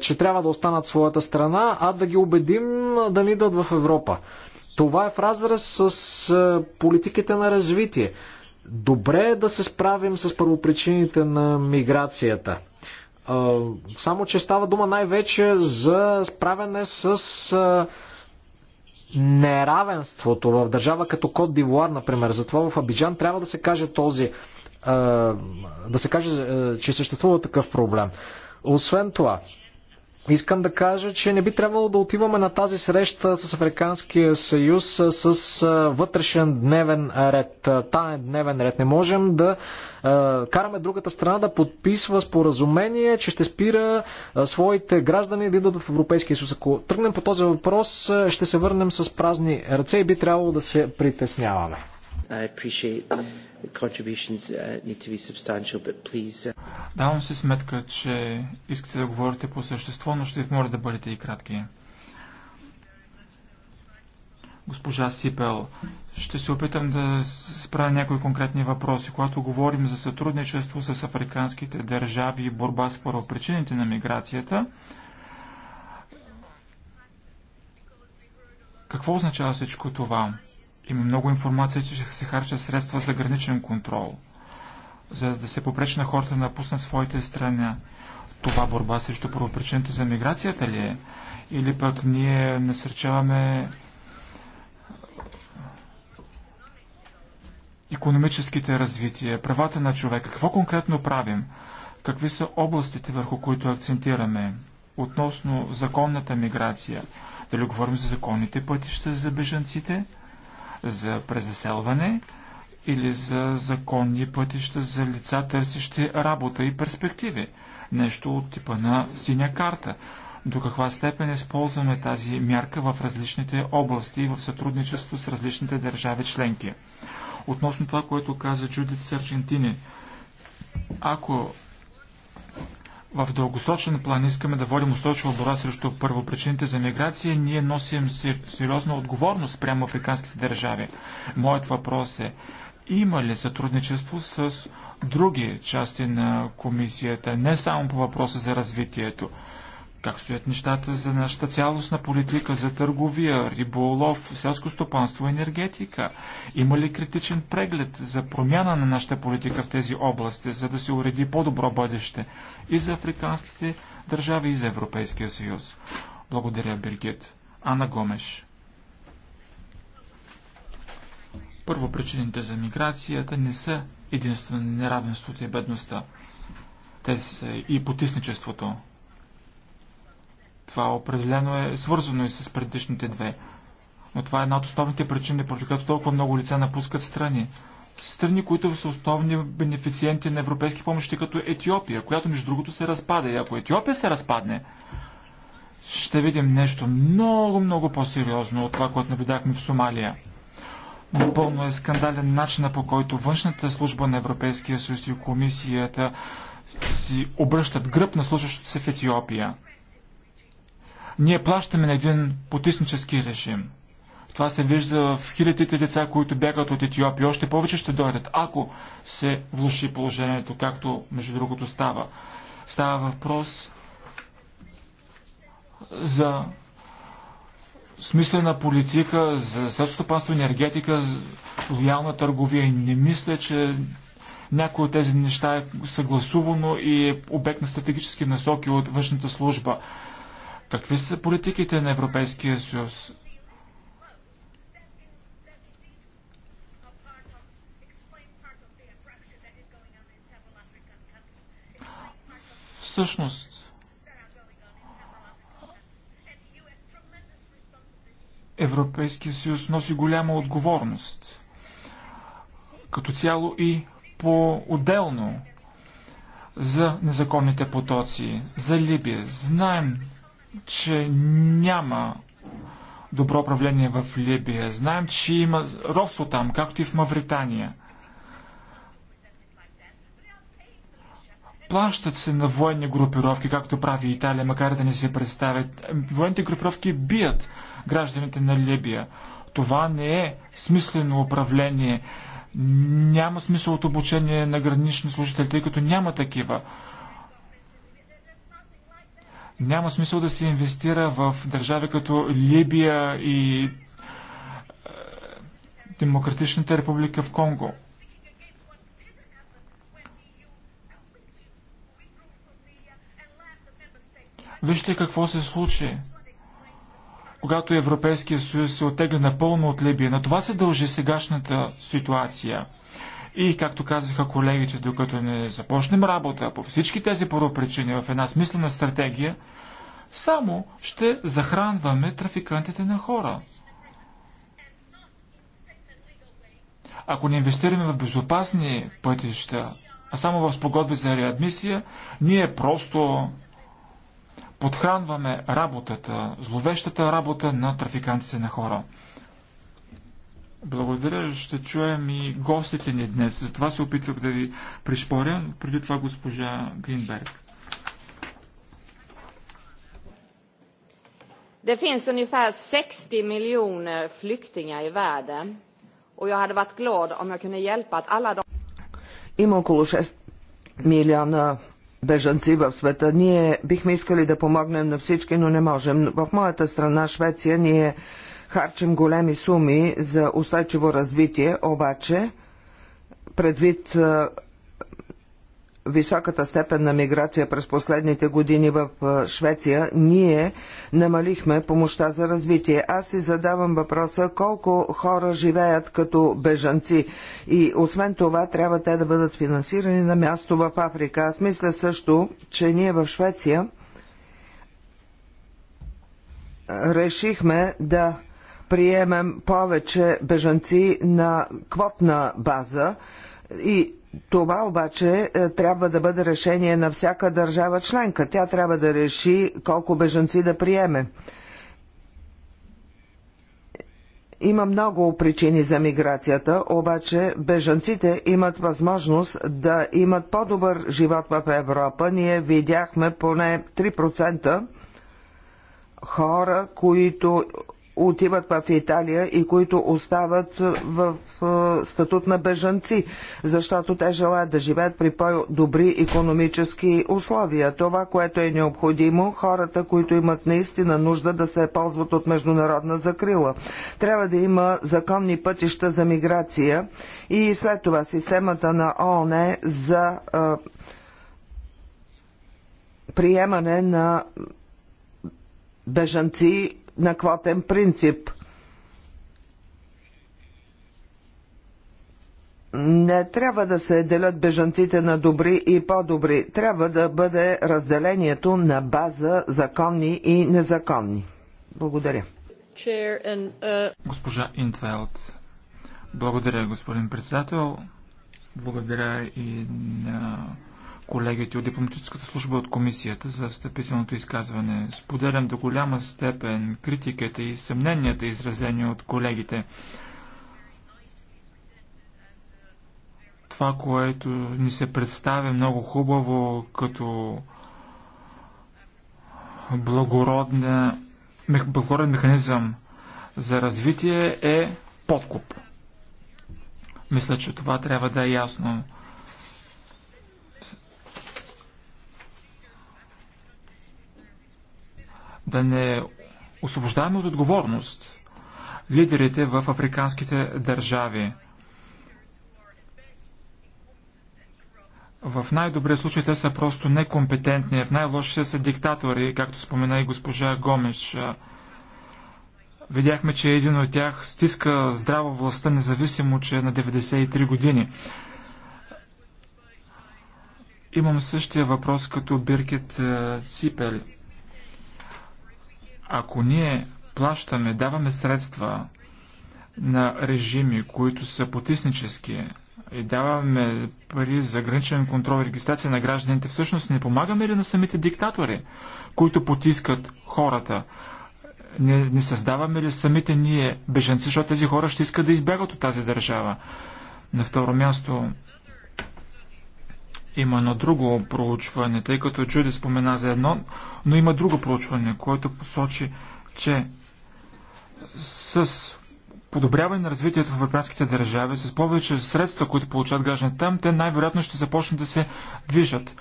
че трябва да останат своята страна, а да ги убедим да ни идат в Европа. Това е в разрез с политиките на развитие. Добре е да се справим с първопричините на миграцията. Само, че става дума най-вече за справяне с неравенството в държава като Кот Дивуар, например. Затова в Абиджан трябва да се каже този да се каже, че съществува такъв проблем. Освен това, Искам да кажа, че не би трябвало да отиваме на тази среща с Африканския съюз с вътрешен дневен ред, таен дневен ред. Не можем да караме другата страна да подписва споразумение, че ще спира своите граждани да идват в Европейския съюз. Ако тръгнем по този въпрос, ще се върнем с празни ръце и би трябвало да се притесняваме. I appreciate Uh, please... Uh, Давам се сметка, че искате да говорите по същество, но ще ви моля да бъдете и кратки. Госпожа Сипел, ще се опитам да справя някои конкретни въпроси. Когато говорим за сътрудничество с африканските държави и борба с първопричините на миграцията, какво означава всичко това? Има много информация, че се харчат средства за граничен контрол, за да се попречи на хората да напуснат своите страни. Това борба срещу правопричините за миграцията ли е? Или пък ние насърчаваме економическите развития, правата на човека. Какво конкретно правим? Какви са областите, върху които акцентираме? Относно законната миграция, дали говорим за законните пътища за бежанците – за презаселване или за законни пътища за лица, търсещи работа и перспективи. Нещо от типа на синя карта. До каква степен използваме тази мярка в различните области и в сътрудничество с различните държави членки. Относно това, което каза Джудит Сарджентини, ако в дългосрочен план искаме да водим устойчива борба срещу първопричините за миграция, ние носим сериозна отговорност прямо африканските държави. Моят въпрос е, има ли сътрудничество с други части на комисията, не само по въпроса за развитието? как стоят нещата за нашата цялостна политика за търговия, риболов, селско стопанство, енергетика? Има ли критичен преглед за промяна на нашата политика в тези области, за да се уреди по-добро бъдеще и за африканските държави и за Европейския съюз? Благодаря, Биргит. Ана Гомеш. Първо, причините за миграцията не са единствено неравенството и бедността. Те са и потисничеството. Това определено е свързано и с предишните две. Но това е една от основните причини, поради която толкова много лица напускат страни. Страни, които са основни бенефициенти на европейски помощи, като Етиопия, която между другото се разпада. И ако Етиопия се разпадне, ще видим нещо много, много по-сериозно от това, което наблюдахме в Сомалия. Напълно е скандален начинът по който външната служба на Европейския съюз и комисията си обръщат гръб на случващото се в Етиопия. Ние плащаме на един потиснически режим. Това се вижда в хилядите деца, които бягат от Етиопия. Още повече ще дойдат, ако се влуши положението, както между другото става. Става въпрос за смислена политика, за съдстопанство, енергетика, лоялна търговия. И не мисля, че някои от тези неща е съгласувано и е обект на стратегически насоки от външната служба. Какви са политиките на Европейския съюз? Всъщност, Европейския съюз носи голяма отговорност. Като цяло и по-отделно за незаконните потоци, за Либия. Знаем че няма добро управление в Либия. Знаем, че има робство там, както и в Мавритания. Плащат се на военни групировки, както прави Италия, макар да не се представят. Военните групировки бият гражданите на Либия. Това не е смислено управление. Няма смисъл от обучение на гранични служители, тъй като няма такива. Няма смисъл да се инвестира в държави като Либия и е, Демократичната република в Конго. Вижте какво се случи, когато Европейския съюз се отегли напълно от Либия. На това се дължи сегашната ситуация. И, както казаха колегите, докато не започнем работа по всички тези първопричини в една смислена стратегия, само ще захранваме трафикантите на хора. Ако не инвестираме в безопасни пътища, а само в спогодби за реадмисия, ние просто подхранваме работата, зловещата работа на трафикантите на хора. Благодаря, ще чуем и гостите ни днес. Затова се опитвах да ви приспоря. Преди това госпожа Гринберг. Det finns ungefär 60 miljoner flyktingar i världen och jag hade varit glad om jag kunde hjälpa att alla de... Има около 6 милиона бежанци в света. Ние бихме искали да помогнем на всички, но не можем. В моята страна, Швеция, ние харчим големи суми за устойчиво развитие, обаче предвид е, високата степен на миграция през последните години в е, Швеция, ние намалихме помощта за развитие. Аз си задавам въпроса колко хора живеят като бежанци и освен това трябва те да бъдат финансирани на място в Африка. Аз мисля също, че ние в Швеция е, решихме да приемем повече бежанци на квотна база и това обаче е, трябва да бъде решение на всяка държава членка. Тя трябва да реши колко бежанци да приеме. Има много причини за миграцията, обаче бежанците имат възможност да имат по-добър живот в Европа. Ние видяхме поне 3% хора, които отиват в Италия и които остават в статут на бежанци, защото те желаят да живеят при по-добри економически условия. Това, което е необходимо, хората, които имат наистина нужда да се ползват от международна закрила. Трябва да има законни пътища за миграция и след това системата на ООН е за приемане на бежанци на квотен принцип. Не трябва да се делят бежанците на добри и по-добри. Трябва да бъде разделението на база законни и незаконни. Благодаря. Uh, Госпожа Интфелд. Благодаря, господин председател. Благодаря и на колегите от дипломатическата служба от комисията за встъпителното изказване. Споделям до голяма степен критиката и съмненията, изразени от колегите. Това, което ни се представя много хубаво като благородна, благороден механизъм за развитие е подкуп. Мисля, че това трябва да е ясно. да не освобождаваме от отговорност лидерите в африканските държави. В най-добрия случай те са просто некомпетентни, в най-лошия са диктатори, както спомена и госпожа Гомеш. Видяхме, че един от тях стиска здраво властта, независимо, че е на 93 години. Имам същия въпрос като Биркет е, Ципель. Ако ние плащаме, даваме средства на режими, които са потиснически и даваме пари за граничен контрол и регистрация на гражданите, всъщност не помагаме ли на самите диктатори, които потискат хората? Не, не създаваме ли самите ние беженци, защото тези хора ще искат да избягат от тази държава? На второ място има едно друго проучване, тъй като Джуди спомена за едно, но има друго проучване, което посочи, че с подобряване на развитието в европейските държави, с повече средства, които получат граждани там, те най-вероятно ще започнат да се движат.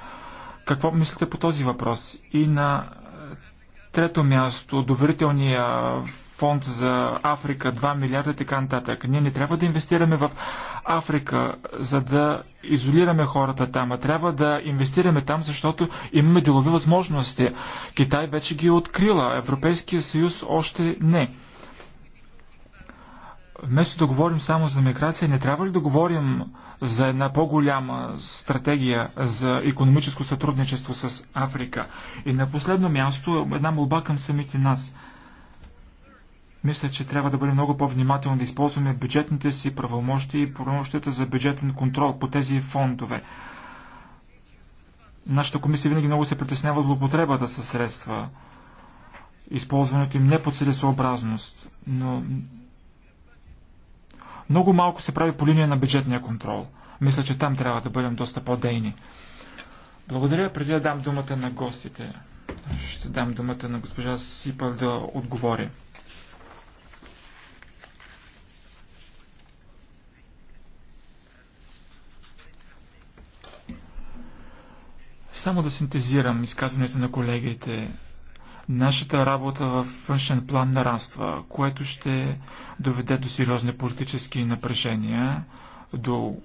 Какво мислите по този въпрос? И на е, трето място, доверителния фонд за Африка, 2 милиарда и така нататък. Ние не трябва да инвестираме в Африка, за да изолираме хората там, а трябва да инвестираме там, защото имаме делови възможности. Китай вече ги е открила, Европейския съюз още не. Вместо да говорим само за миграция, не трябва ли да говорим за една по-голяма стратегия за економическо сътрудничество с Африка? И на последно място една молба към самите нас – мисля, че трябва да бъдем много по-внимателни да използваме бюджетните си правомощи и правомощите за бюджетен контрол по тези фондове. Нашата комисия винаги много се притеснява злоупотребата със средства, използването им не по целесообразност, но много малко се прави по линия на бюджетния контрол. Мисля, че там трябва да бъдем доста по-дейни. Благодаря. Преди да дам думата на гостите, ще дам думата на госпожа Сипа да отговори. Само да синтезирам изказването на колегите. Нашата работа в външен план нараства, което ще доведе до сериозни политически напрежения, до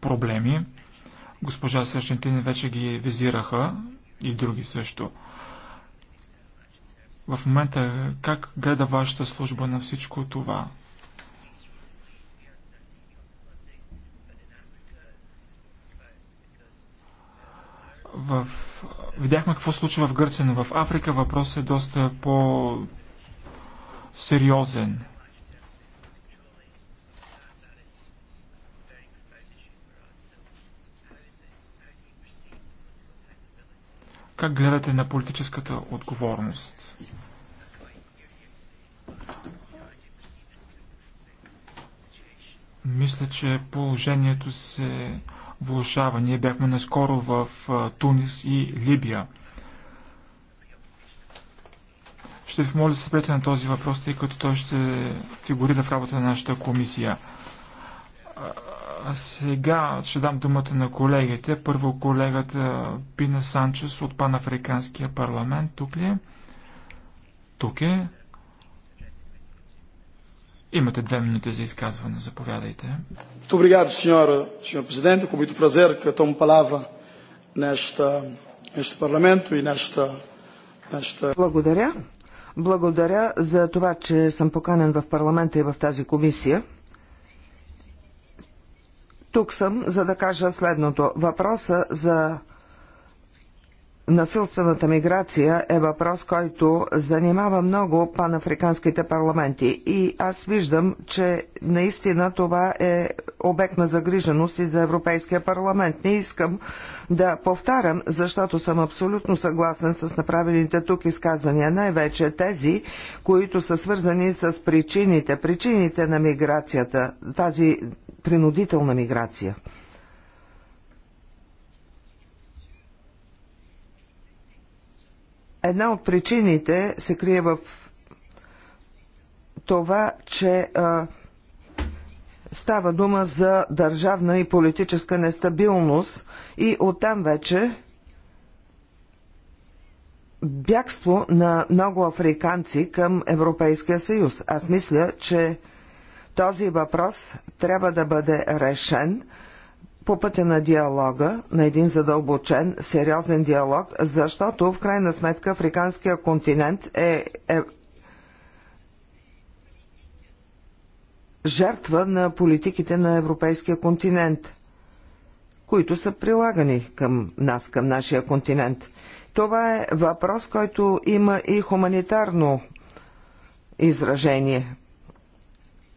проблеми. Госпожа Същентин вече ги визираха и други също. В момента как гледа вашата служба на всичко това? В... Видяхме какво случва в Гърция, но в Африка въпросът е доста по-сериозен. Как гледате на политическата отговорност? Мисля, че положението се влушава. Ние бяхме наскоро в Тунис и Либия. Ще ви моля да се спрете на този въпрос, тъй като той ще фигурира в работа на нашата комисия. А сега ще дам думата на колегите. Първо колегата Пина Санчес от Панафриканския парламент. Тук ли е? Тук е. Имате две минути за изказване. Заповядайте. Muito obrigado, senhor, senhor Presidente. Com muito prazer que eu tomo palavra и neste Parlamento e Благодаря. Благодаря за това, че съм поканен в парламента и в тази комисия. Тук съм, за да кажа следното. Въпроса за Насилствената миграция е въпрос, който занимава много панафриканските парламенти и аз виждам, че наистина това е обект на загриженост и за Европейския парламент. Не искам да повтарям, защото съм абсолютно съгласен с направените тук изказвания, най-вече тези, които са свързани с причините, причините на миграцията, тази принудителна миграция. Една от причините се крие в това, че а, става дума за държавна и политическа нестабилност и оттам вече бягство на много африканци към Европейския съюз. Аз мисля, че този въпрос трябва да бъде решен – по пътя на диалога, на един задълбочен, сериозен диалог, защото в крайна сметка африканския континент е, е жертва на политиките на европейския континент, които са прилагани към нас, към нашия континент. Това е въпрос, който има и хуманитарно изражение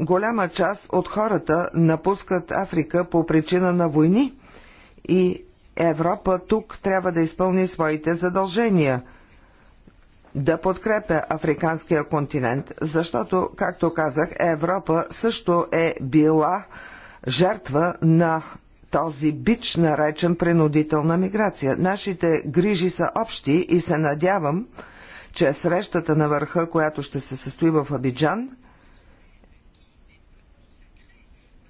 голяма част от хората напускат Африка по причина на войни и Европа тук трябва да изпълни своите задължения да подкрепя африканския континент, защото, както казах, Европа също е била жертва на този бич, наречен принудителна миграция. Нашите грижи са общи и се надявам, че срещата на върха, която ще се състои в Абиджан,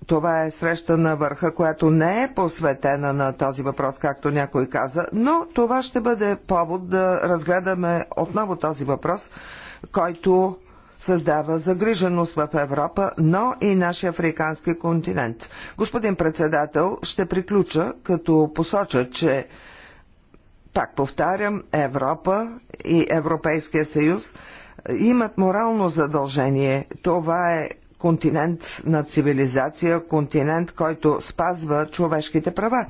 това е среща на върха, която не е посветена на този въпрос, както някой каза, но това ще бъде повод да разгледаме отново този въпрос, който създава загриженост в Европа, но и нашия африкански континент. Господин председател, ще приключа, като посоча, че пак повтарям, Европа и Европейския съюз имат морално задължение. Това е континент на цивилизация, континент, който спазва човешките права.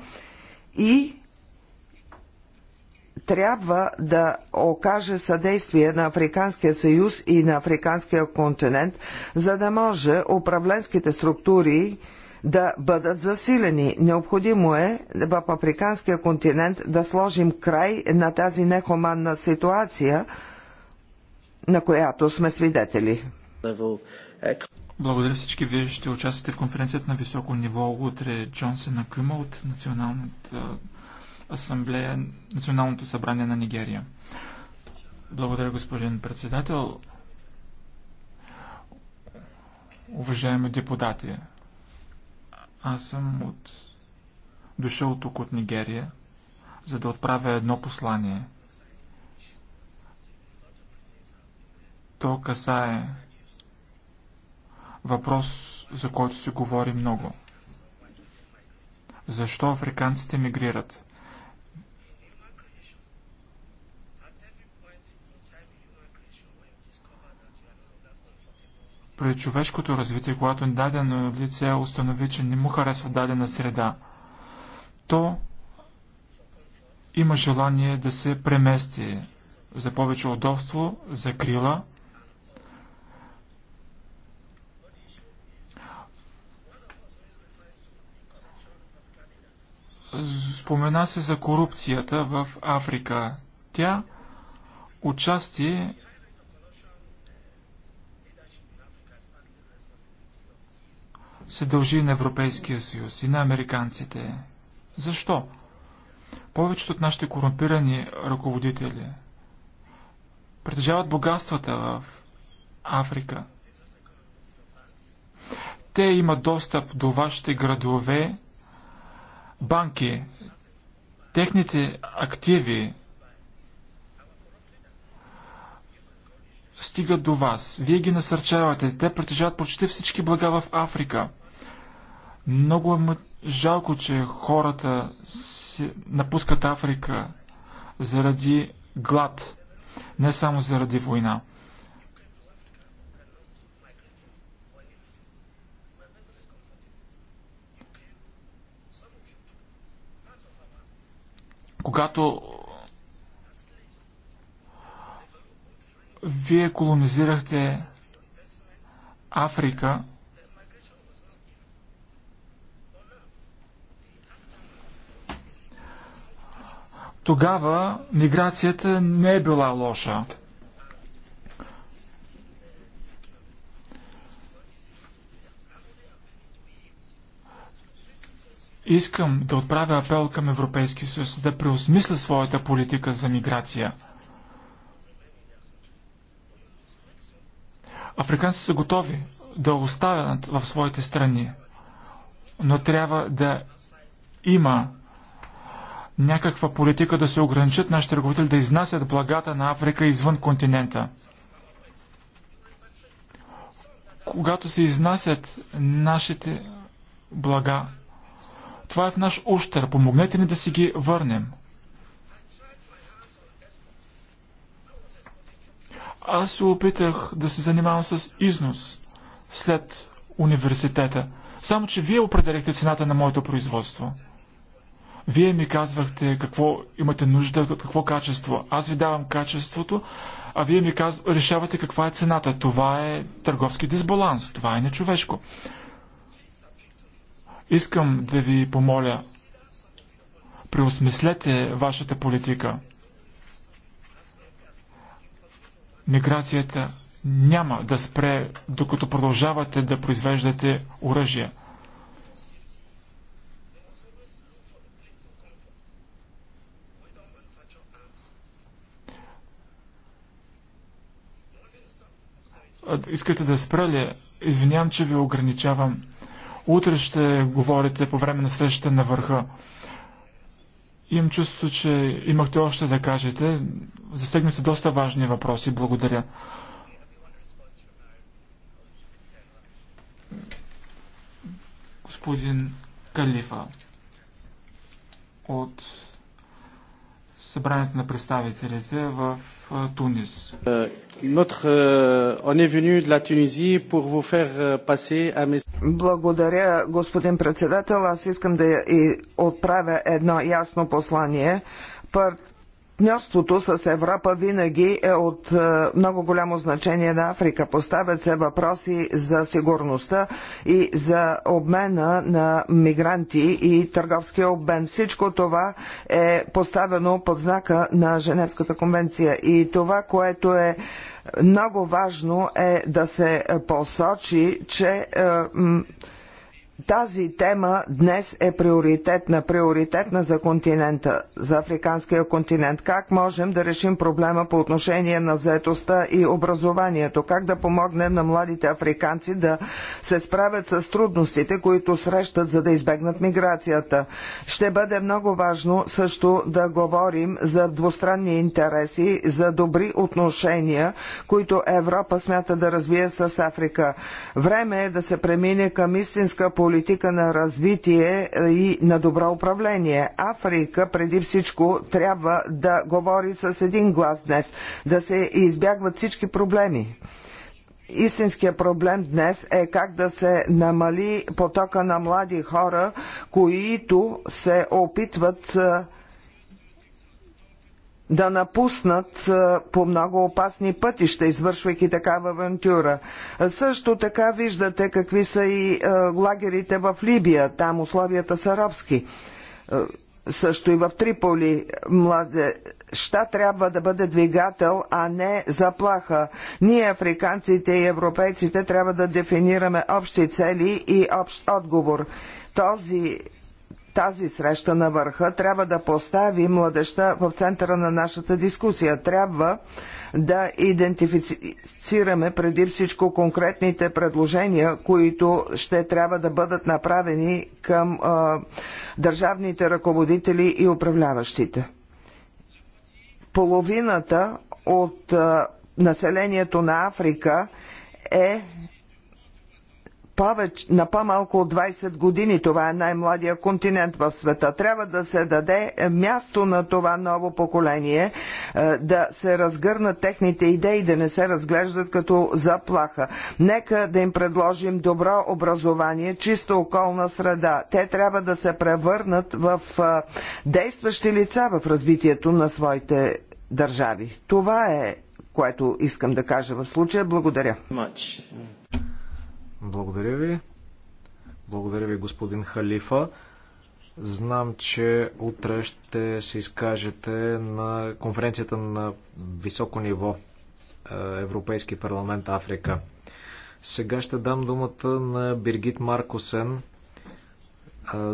И трябва да окаже съдействие на Африканския съюз и на Африканския континент, за да може управленските структури да бъдат засилени. Необходимо е в Африканския континент да сложим край на тази нехоманна ситуация, на която сме свидетели. Благодаря всички. Вие ще участвате в конференцията на високо ниво утре Джонсен Акюма от Националната асамблея, Националното събрание на Нигерия. Благодаря, господин председател. Уважаеми депутати, аз съм от... дошъл тук от Нигерия, за да отправя едно послание. То касае Въпрос, за който се говори много. Защо африканците мигрират? При човешкото развитие, когато дадено лице установи, че не му харесва дадена среда, то има желание да се премести за повече удобство, за крила Спомена се за корупцията в Африка. Тя участие се дължи на Европейския съюз и на американците. Защо? Повечето от нашите корумпирани ръководители притежават богатствата в Африка. Те имат достъп до вашите градове банки, техните активи стигат до вас. Вие ги насърчавате. Те притежават почти всички блага в Африка. Много е жалко, че хората напускат Африка заради глад, не само заради война. Когато вие колонизирахте Африка, тогава миграцията не е била лоша. Искам да отправя апел към Европейския съюз да преосмисля своята политика за миграция. Африканците са готови да оставят в своите страни, но трябва да има някаква политика да се ограничат нашите търговители да изнасят благата на Африка извън континента. Когато се изнасят нашите блага това е в наш ущър. Помогнете ни да си ги върнем. Аз се опитах да се занимавам с износ след университета. Само, че вие определихте цената на моето производство. Вие ми казвахте какво имате нужда, какво качество. Аз ви давам качеството, а вие ми казв... решавате каква е цената. Това е търговски дисбаланс. Това е нечовешко. човешко. Искам да ви помоля, преосмислете вашата политика. Миграцията няма да спре, докато продължавате да произвеждате оръжия. Искате да спра ли? Извинявам, че ви ограничавам. Утре ще говорите по време на срещата на върха. Имам чувство, че имахте още да кажете. Засегнахте доста важни въпроси. Благодаря. Господин Калифа от събранието на представителите в Тунис. Euh, euh, euh, Благодаря, господин председател. Аз искам да и отправя едно ясно послание. Първо, партньорството с Европа винаги е от е, много голямо значение на Африка. Поставят се въпроси за сигурността и за обмена на мигранти и търговския обмен. Всичко това е поставено под знака на Женевската конвенция. И това, което е много важно е да се посочи, че е, тази тема днес е приоритетна, приоритетна за континента, за африканския континент. Как можем да решим проблема по отношение на заетостта и образованието? Как да помогнем на младите африканци да се справят с трудностите, които срещат, за да избегнат миграцията? Ще бъде много важно също да говорим за двустранни интереси, за добри отношения, които Европа смята да развие с Африка. Време е да се премине към истинска политика на развитие и на добро управление. Африка преди всичко трябва да говори с един глас днес, да се избягват всички проблеми. Истинският проблем днес е как да се намали потока на млади хора, които се опитват да напуснат по много опасни пътища, извършвайки такава авантюра. Също така виждате какви са и лагерите в Либия. Там условията са робски. Също и в Триполи младеща Ща трябва да бъде двигател, а не заплаха. Ние, африканците и европейците, трябва да дефинираме общи цели и общ отговор. Този тази среща на върха трябва да постави младеща в центъра на нашата дискусия. Трябва да идентифицираме преди всичко конкретните предложения, които ще трябва да бъдат направени към а, държавните ръководители и управляващите. Половината от а, населението на Африка е повече, на по-малко от 20 години. Това е най-младия континент в света. Трябва да се даде място на това ново поколение, е, да се разгърнат техните идеи, да не се разглеждат като заплаха. Нека да им предложим добро образование, чиста околна среда. Те трябва да се превърнат в е, действащи лица в развитието на своите държави. Това е което искам да кажа в случая. Благодаря. Благодаря ви. Благодаря ви, господин Халифа. Знам, че утре ще се изкажете на конференцията на високо ниво е, Европейски парламент Африка. Сега ще дам думата на Биргит Маркосен е,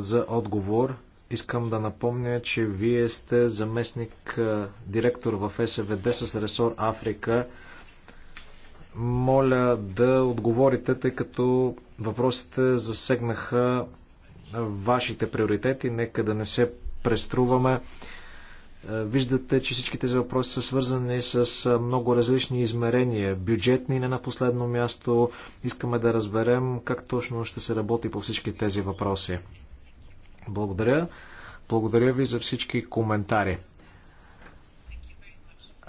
за отговор. Искам да напомня, че вие сте заместник е, директор в СВД с ресор Африка моля да отговорите, тъй като въпросите засегнаха вашите приоритети. Нека да не се преструваме. Е, виждате, че всички тези въпроси са свързани с е, много различни измерения. Бюджетни не на последно място. Искаме да разберем как точно ще се работи по всички тези въпроси. Благодаря. Благодаря ви за всички коментари.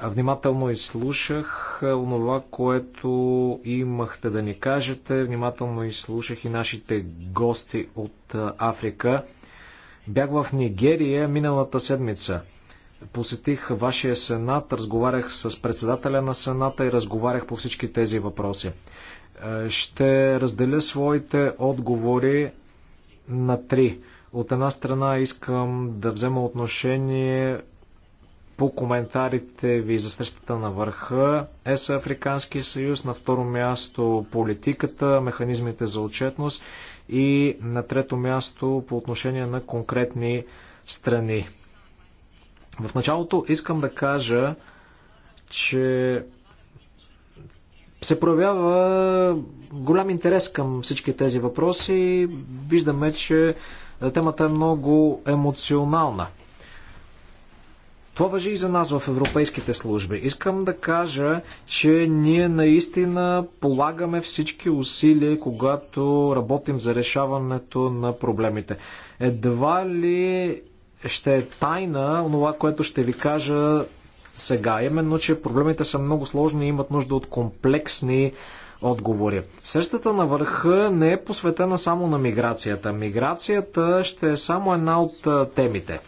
Внимателно изслушах е, онова, което имахте да ни кажете. Внимателно изслушах и нашите гости от е, Африка. Бях в Нигерия миналата седмица. Посетих вашия сенат, разговарях с председателя на сената и разговарях по всички тези въпроси. Е, ще разделя своите отговори на три. От една страна искам да взема отношение по коментарите ви за срещата на върха ЕС Африканския съюз, на второ място политиката, механизмите за отчетност и на трето място по отношение на конкретни страни. В началото искам да кажа, че се проявява голям интерес към всички тези въпроси. Виждаме, че темата е много емоционална. Това въжи и за нас в европейските служби. Искам да кажа, че ние наистина полагаме всички усилия, когато работим за решаването на проблемите. Едва ли ще е тайна това, което ще ви кажа сега, именно, че проблемите са много сложни и имат нужда от комплексни отговори. Срещата на върха не е посветена само на миграцията. Миграцията ще е само една от темите.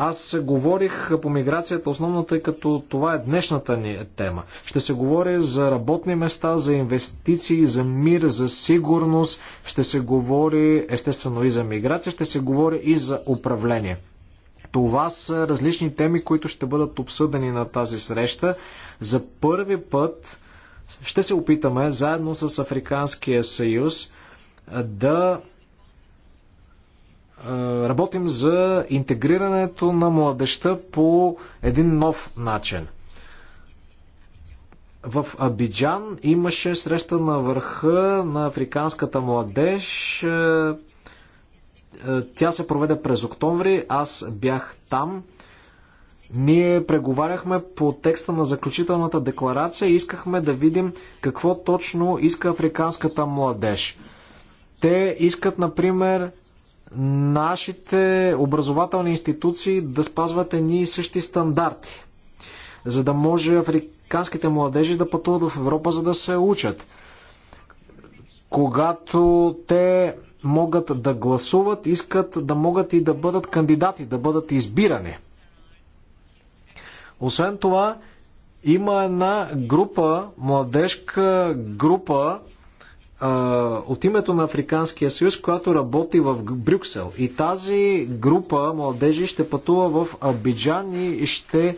Аз говорих по миграцията основно, тъй като това е днешната ни тема. Ще се говори за работни места, за инвестиции, за мир, за сигурност. Ще се говори естествено и за миграция, ще се говори и за управление. Това са различни теми, които ще бъдат обсъдени на тази среща. За първи път ще се опитаме заедно с Африканския съюз да е, работим за интегрирането на младеща по един нов начин. В Абиджан имаше среща на върха на африканската младеж. Е, е, тя се проведе през октомври. Аз бях там. Ние преговаряхме по текста на заключителната декларация и искахме да видим какво точно иска африканската младеж. Те искат, например, нашите образователни институции да спазват едни и същи стандарти, за да може африканските младежи да пътуват в Европа, за да се учат. Когато те могат да гласуват, искат да могат и да бъдат кандидати, да бъдат избирани. Освен това, има една група, младежка група, от името на Африканския съюз, която работи в Брюксел. И тази група младежи ще пътува в Абиджан и ще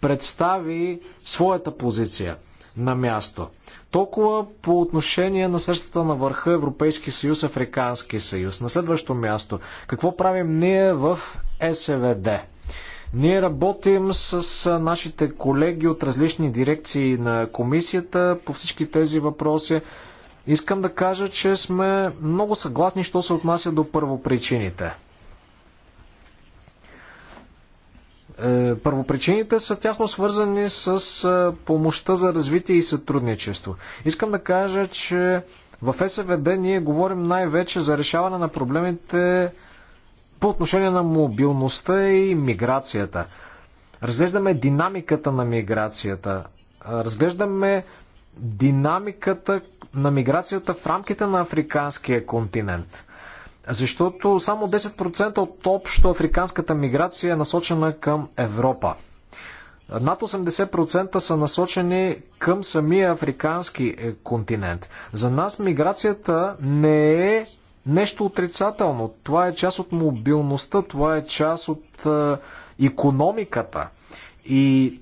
представи своята позиция на място. Толкова по отношение на срещата на върха Европейски съюз, Африкански съюз. На следващо място, какво правим ние в СВД? Ние работим с нашите колеги от различни дирекции на комисията по всички тези въпроси. Искам да кажа, че сме много съгласни, що се отнася до първопричините. Е, първопричините са тяхно свързани с е, помощта за развитие и сътрудничество. Искам да кажа, че в СВД ние говорим най-вече за решаване на проблемите по отношение на мобилността и миграцията. Разглеждаме динамиката на миграцията. Разглеждаме динамиката на миграцията в рамките на африканския континент. Защото само 10% от общо африканската миграция е насочена към Европа. Над 80% са насочени към самия африкански е, континент. За нас миграцията не е нещо отрицателно. Това е част от мобилността, това е част от економиката. И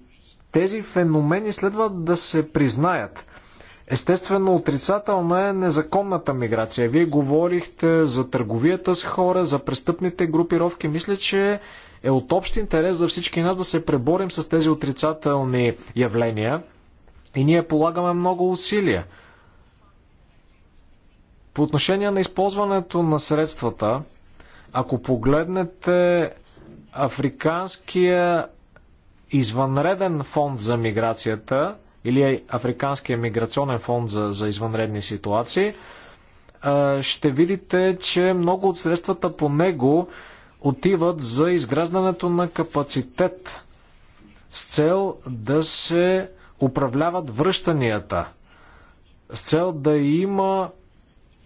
тези феномени следва да се признаят. Естествено, отрицателна е незаконната миграция. Вие говорихте за търговията с хора, за престъпните групировки. Мисля, че е от общ интерес за всички нас да се преборим с тези отрицателни явления. И ние полагаме много усилия. По отношение на използването на средствата, ако погледнете африканския извънреден фонд за миграцията или Африканския миграционен фонд за, за извънредни ситуации, ще видите, че много от средствата по него отиват за изграждането на капацитет с цел да се управляват връщанията, с цел да има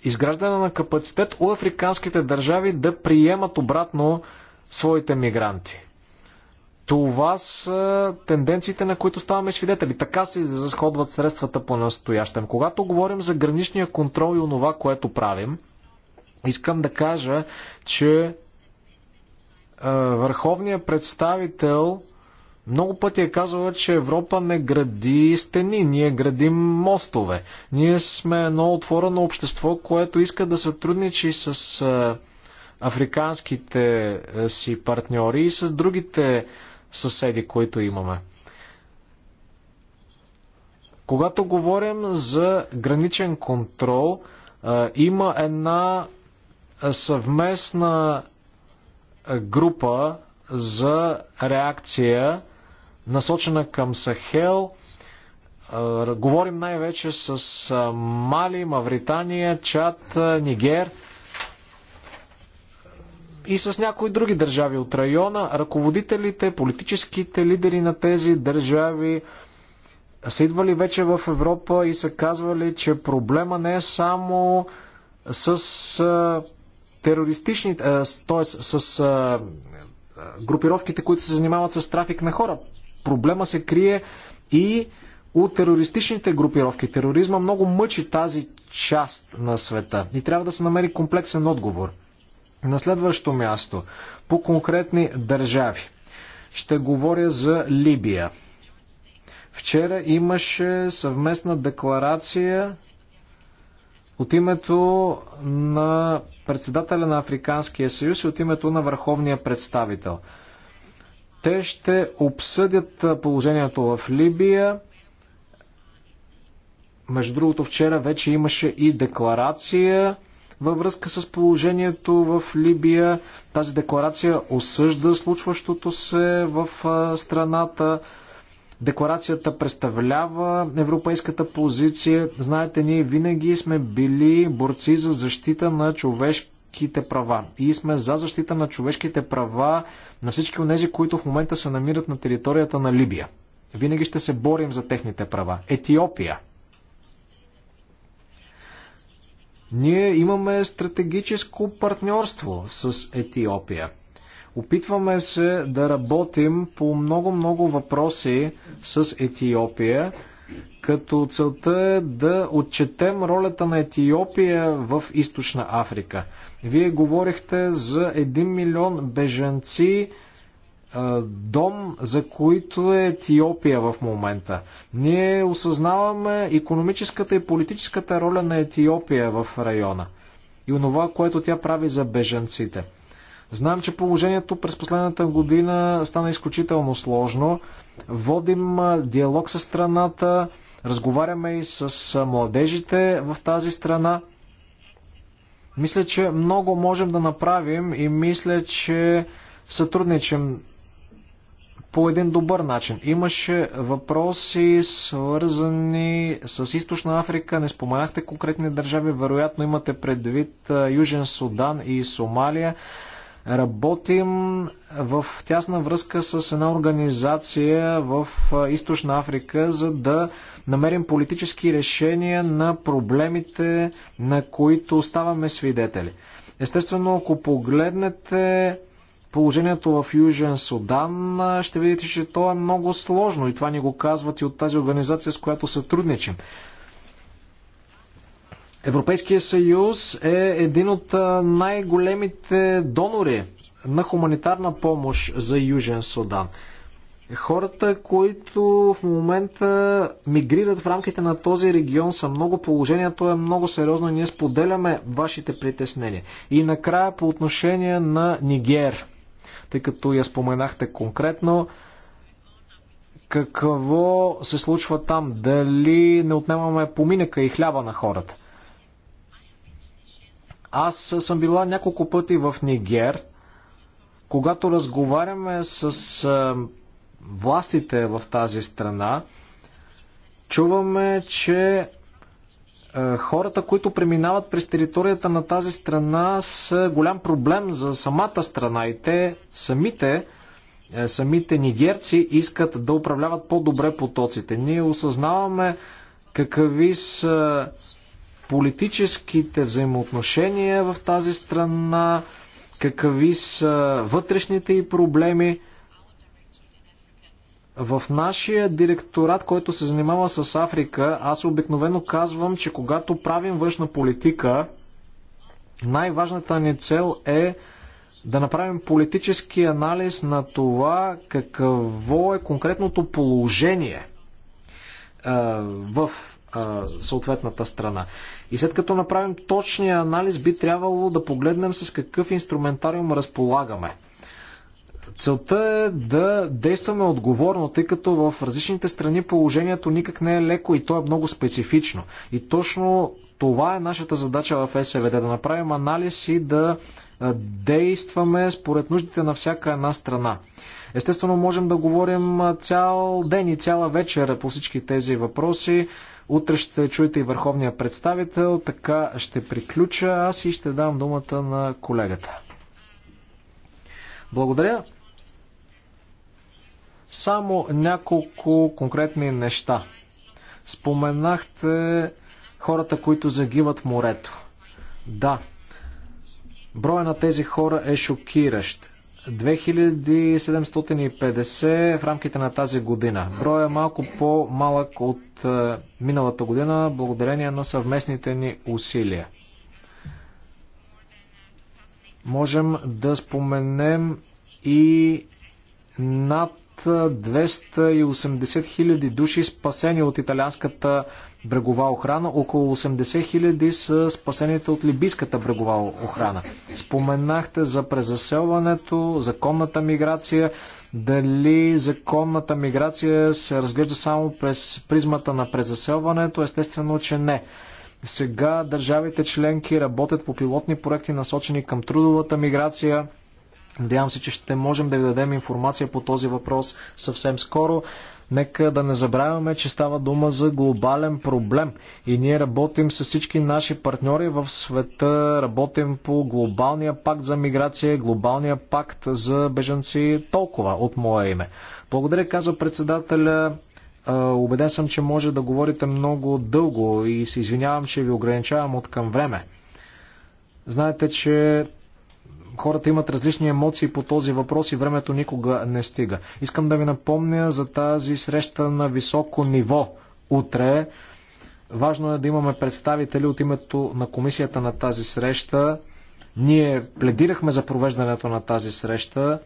изграждане на капацитет у африканските държави да приемат обратно своите мигранти. Това са тенденциите, на които ставаме свидетели. Така се изразходват средствата по настоящем. Когато говорим за граничния контрол и онова, което правим, искам да кажа, че е, върховният представител много пъти е казал, че Европа не гради стени, ние градим мостове. Ние сме едно отворено общество, което иска да сътрудничи с е, африканските е, си партньори и с другите съседи, които имаме. Когато говорим за граничен контрол, има една съвместна група за реакция, насочена към Сахел. Говорим най-вече с Мали, Мавритания, Чад, Нигер – и с някои други държави от района. Ръководителите, политическите лидери на тези държави са идвали вече в Европа и са казвали, че проблема не е само с терористичните т.е. с а, групировките, които се занимават с трафик на хора. Проблема се крие и от терористичните групировки. Тероризма много мъчи тази част на света и трябва да се намери комплексен отговор. На следващо място, по конкретни държави. Ще говоря за Либия. Вчера имаше съвместна декларация от името на председателя на Африканския съюз и от името на върховния представител. Те ще обсъдят положението в Либия. Между другото, вчера вече имаше и декларация във връзка с положението в Либия. Тази декларация осъжда случващото се в страната. Декларацията представлява европейската позиция. Знаете, ние винаги сме били борци за защита на човешките права. И сме за защита на човешките права на всички от тези, които в момента се намират на територията на Либия. Винаги ще се борим за техните права. Етиопия. Ние имаме стратегическо партньорство с Етиопия. Опитваме се да работим по много-много въпроси с Етиопия, като целта е да отчетем ролята на Етиопия в източна Африка. Вие говорихте за 1 милион беженци дом, за които е Етиопия в момента. Ние осъзнаваме економическата и политическата роля на Етиопия в района и онова, което тя прави за бежанците. Знам, че положението през последната година стана изключително сложно. Водим диалог с страната, разговаряме и с младежите в тази страна. Мисля, че много можем да направим и мисля, че сътрудничим по един добър начин. Имаше въпроси свързани с Източна Африка, не споменахте конкретни държави, вероятно имате предвид Южен Судан и Сомалия. Работим в тясна връзка с една организация в Източна Африка, за да намерим политически решения на проблемите, на които ставаме свидетели. Естествено, ако погледнете положението в Южен Судан, ще видите, че то е много сложно и това ни го казват и от тази организация, с която сътрудничим. Европейския съюз е един от най-големите донори на хуманитарна помощ за Южен Судан. Хората, които в момента мигрират в рамките на този регион са много. Положението е много сериозно и ние споделяме вашите притеснения. И накрая по отношение на Нигер – тъй като я споменахте конкретно. Какво се случва там? Дали не отнемаме поминъка и хляба на хората? Аз съм била няколко пъти в Нигер. Когато разговаряме с властите в тази страна, чуваме, че е, хората, които преминават през територията на тази страна са голям проблем за самата страна и те самите, е, самите нигерци искат да управляват по-добре потоците. Ние осъзнаваме какви са политическите взаимоотношения в тази страна, какви са вътрешните и проблеми. В нашия директорат, който се занимава с Африка, аз обикновено казвам, че когато правим външна политика, най-важната ни цел е да направим политически анализ на това какво е конкретното положение в съответната страна. И след като направим точния анализ, би трябвало да погледнем с какъв инструментариум разполагаме. Целта е да действаме отговорно, тъй като в различните страни положението никак не е леко и то е много специфично. И точно това е нашата задача в СВД да направим анализ и да действаме според нуждите на всяка една страна. Естествено, можем да говорим цял ден и цяла вечер по всички тези въпроси. Утре ще чуете и върховния представител, така ще приключа аз и ще дам думата на колегата. Благодаря. Само няколко конкретни неща. Споменахте хората, които загиват в морето. Да, броя на тези хора е шокиращ. 2750 в рамките на тази година. Броя е малко по-малък от е, миналата година, благодарение на съвместните ни усилия. Можем да споменем и над 280 хиляди души спасени от италианската брегова охрана. Около 80 хиляди са спасените от либийската брегова охрана. Споменахте за презаселването, законната миграция. Дали законната миграция се разглежда само през призмата на презаселването? Естествено, че не. Сега държавите членки работят по пилотни проекти, насочени към трудовата миграция Надявам се, че ще можем да ви дадем информация по този въпрос съвсем скоро. Нека да не забравяме, че става дума за глобален проблем и ние работим с всички наши партньори в света, работим по глобалния пакт за миграция, глобалния пакт за бежанци, толкова от мое име. Благодаря, казва председателя. Обеден съм, че може да говорите много дълго и се извинявам, че ви ограничавам от към време. Знаете, че хората имат различни емоции по този въпрос и времето никога не стига. Искам да ви напомня за тази среща на високо ниво утре. Важно е да имаме представители от името на комисията на тази среща. Ние пледирахме за провеждането на тази среща.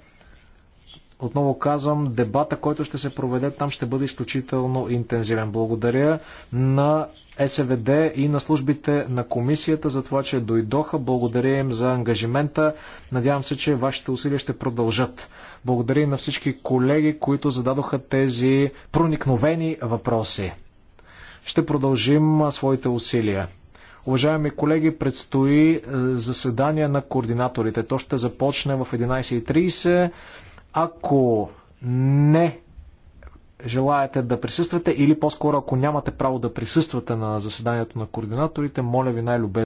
Отново казвам, дебата, който ще се проведе там, ще бъде изключително интензивен. Благодаря на СВД и на службите на комисията за това, че дойдоха. Благодаря им за ангажимента. Надявам се, че вашите усилия ще продължат. Благодаря и на всички колеги, които зададоха тези проникновени въпроси. Ще продължим своите усилия. Уважаеми колеги, предстои е, заседание на координаторите. То ще започне в 11.30. Ако не желаете да присъствате или по-скоро ако нямате право да присъствате на заседанието на координаторите, моля ви най-любезно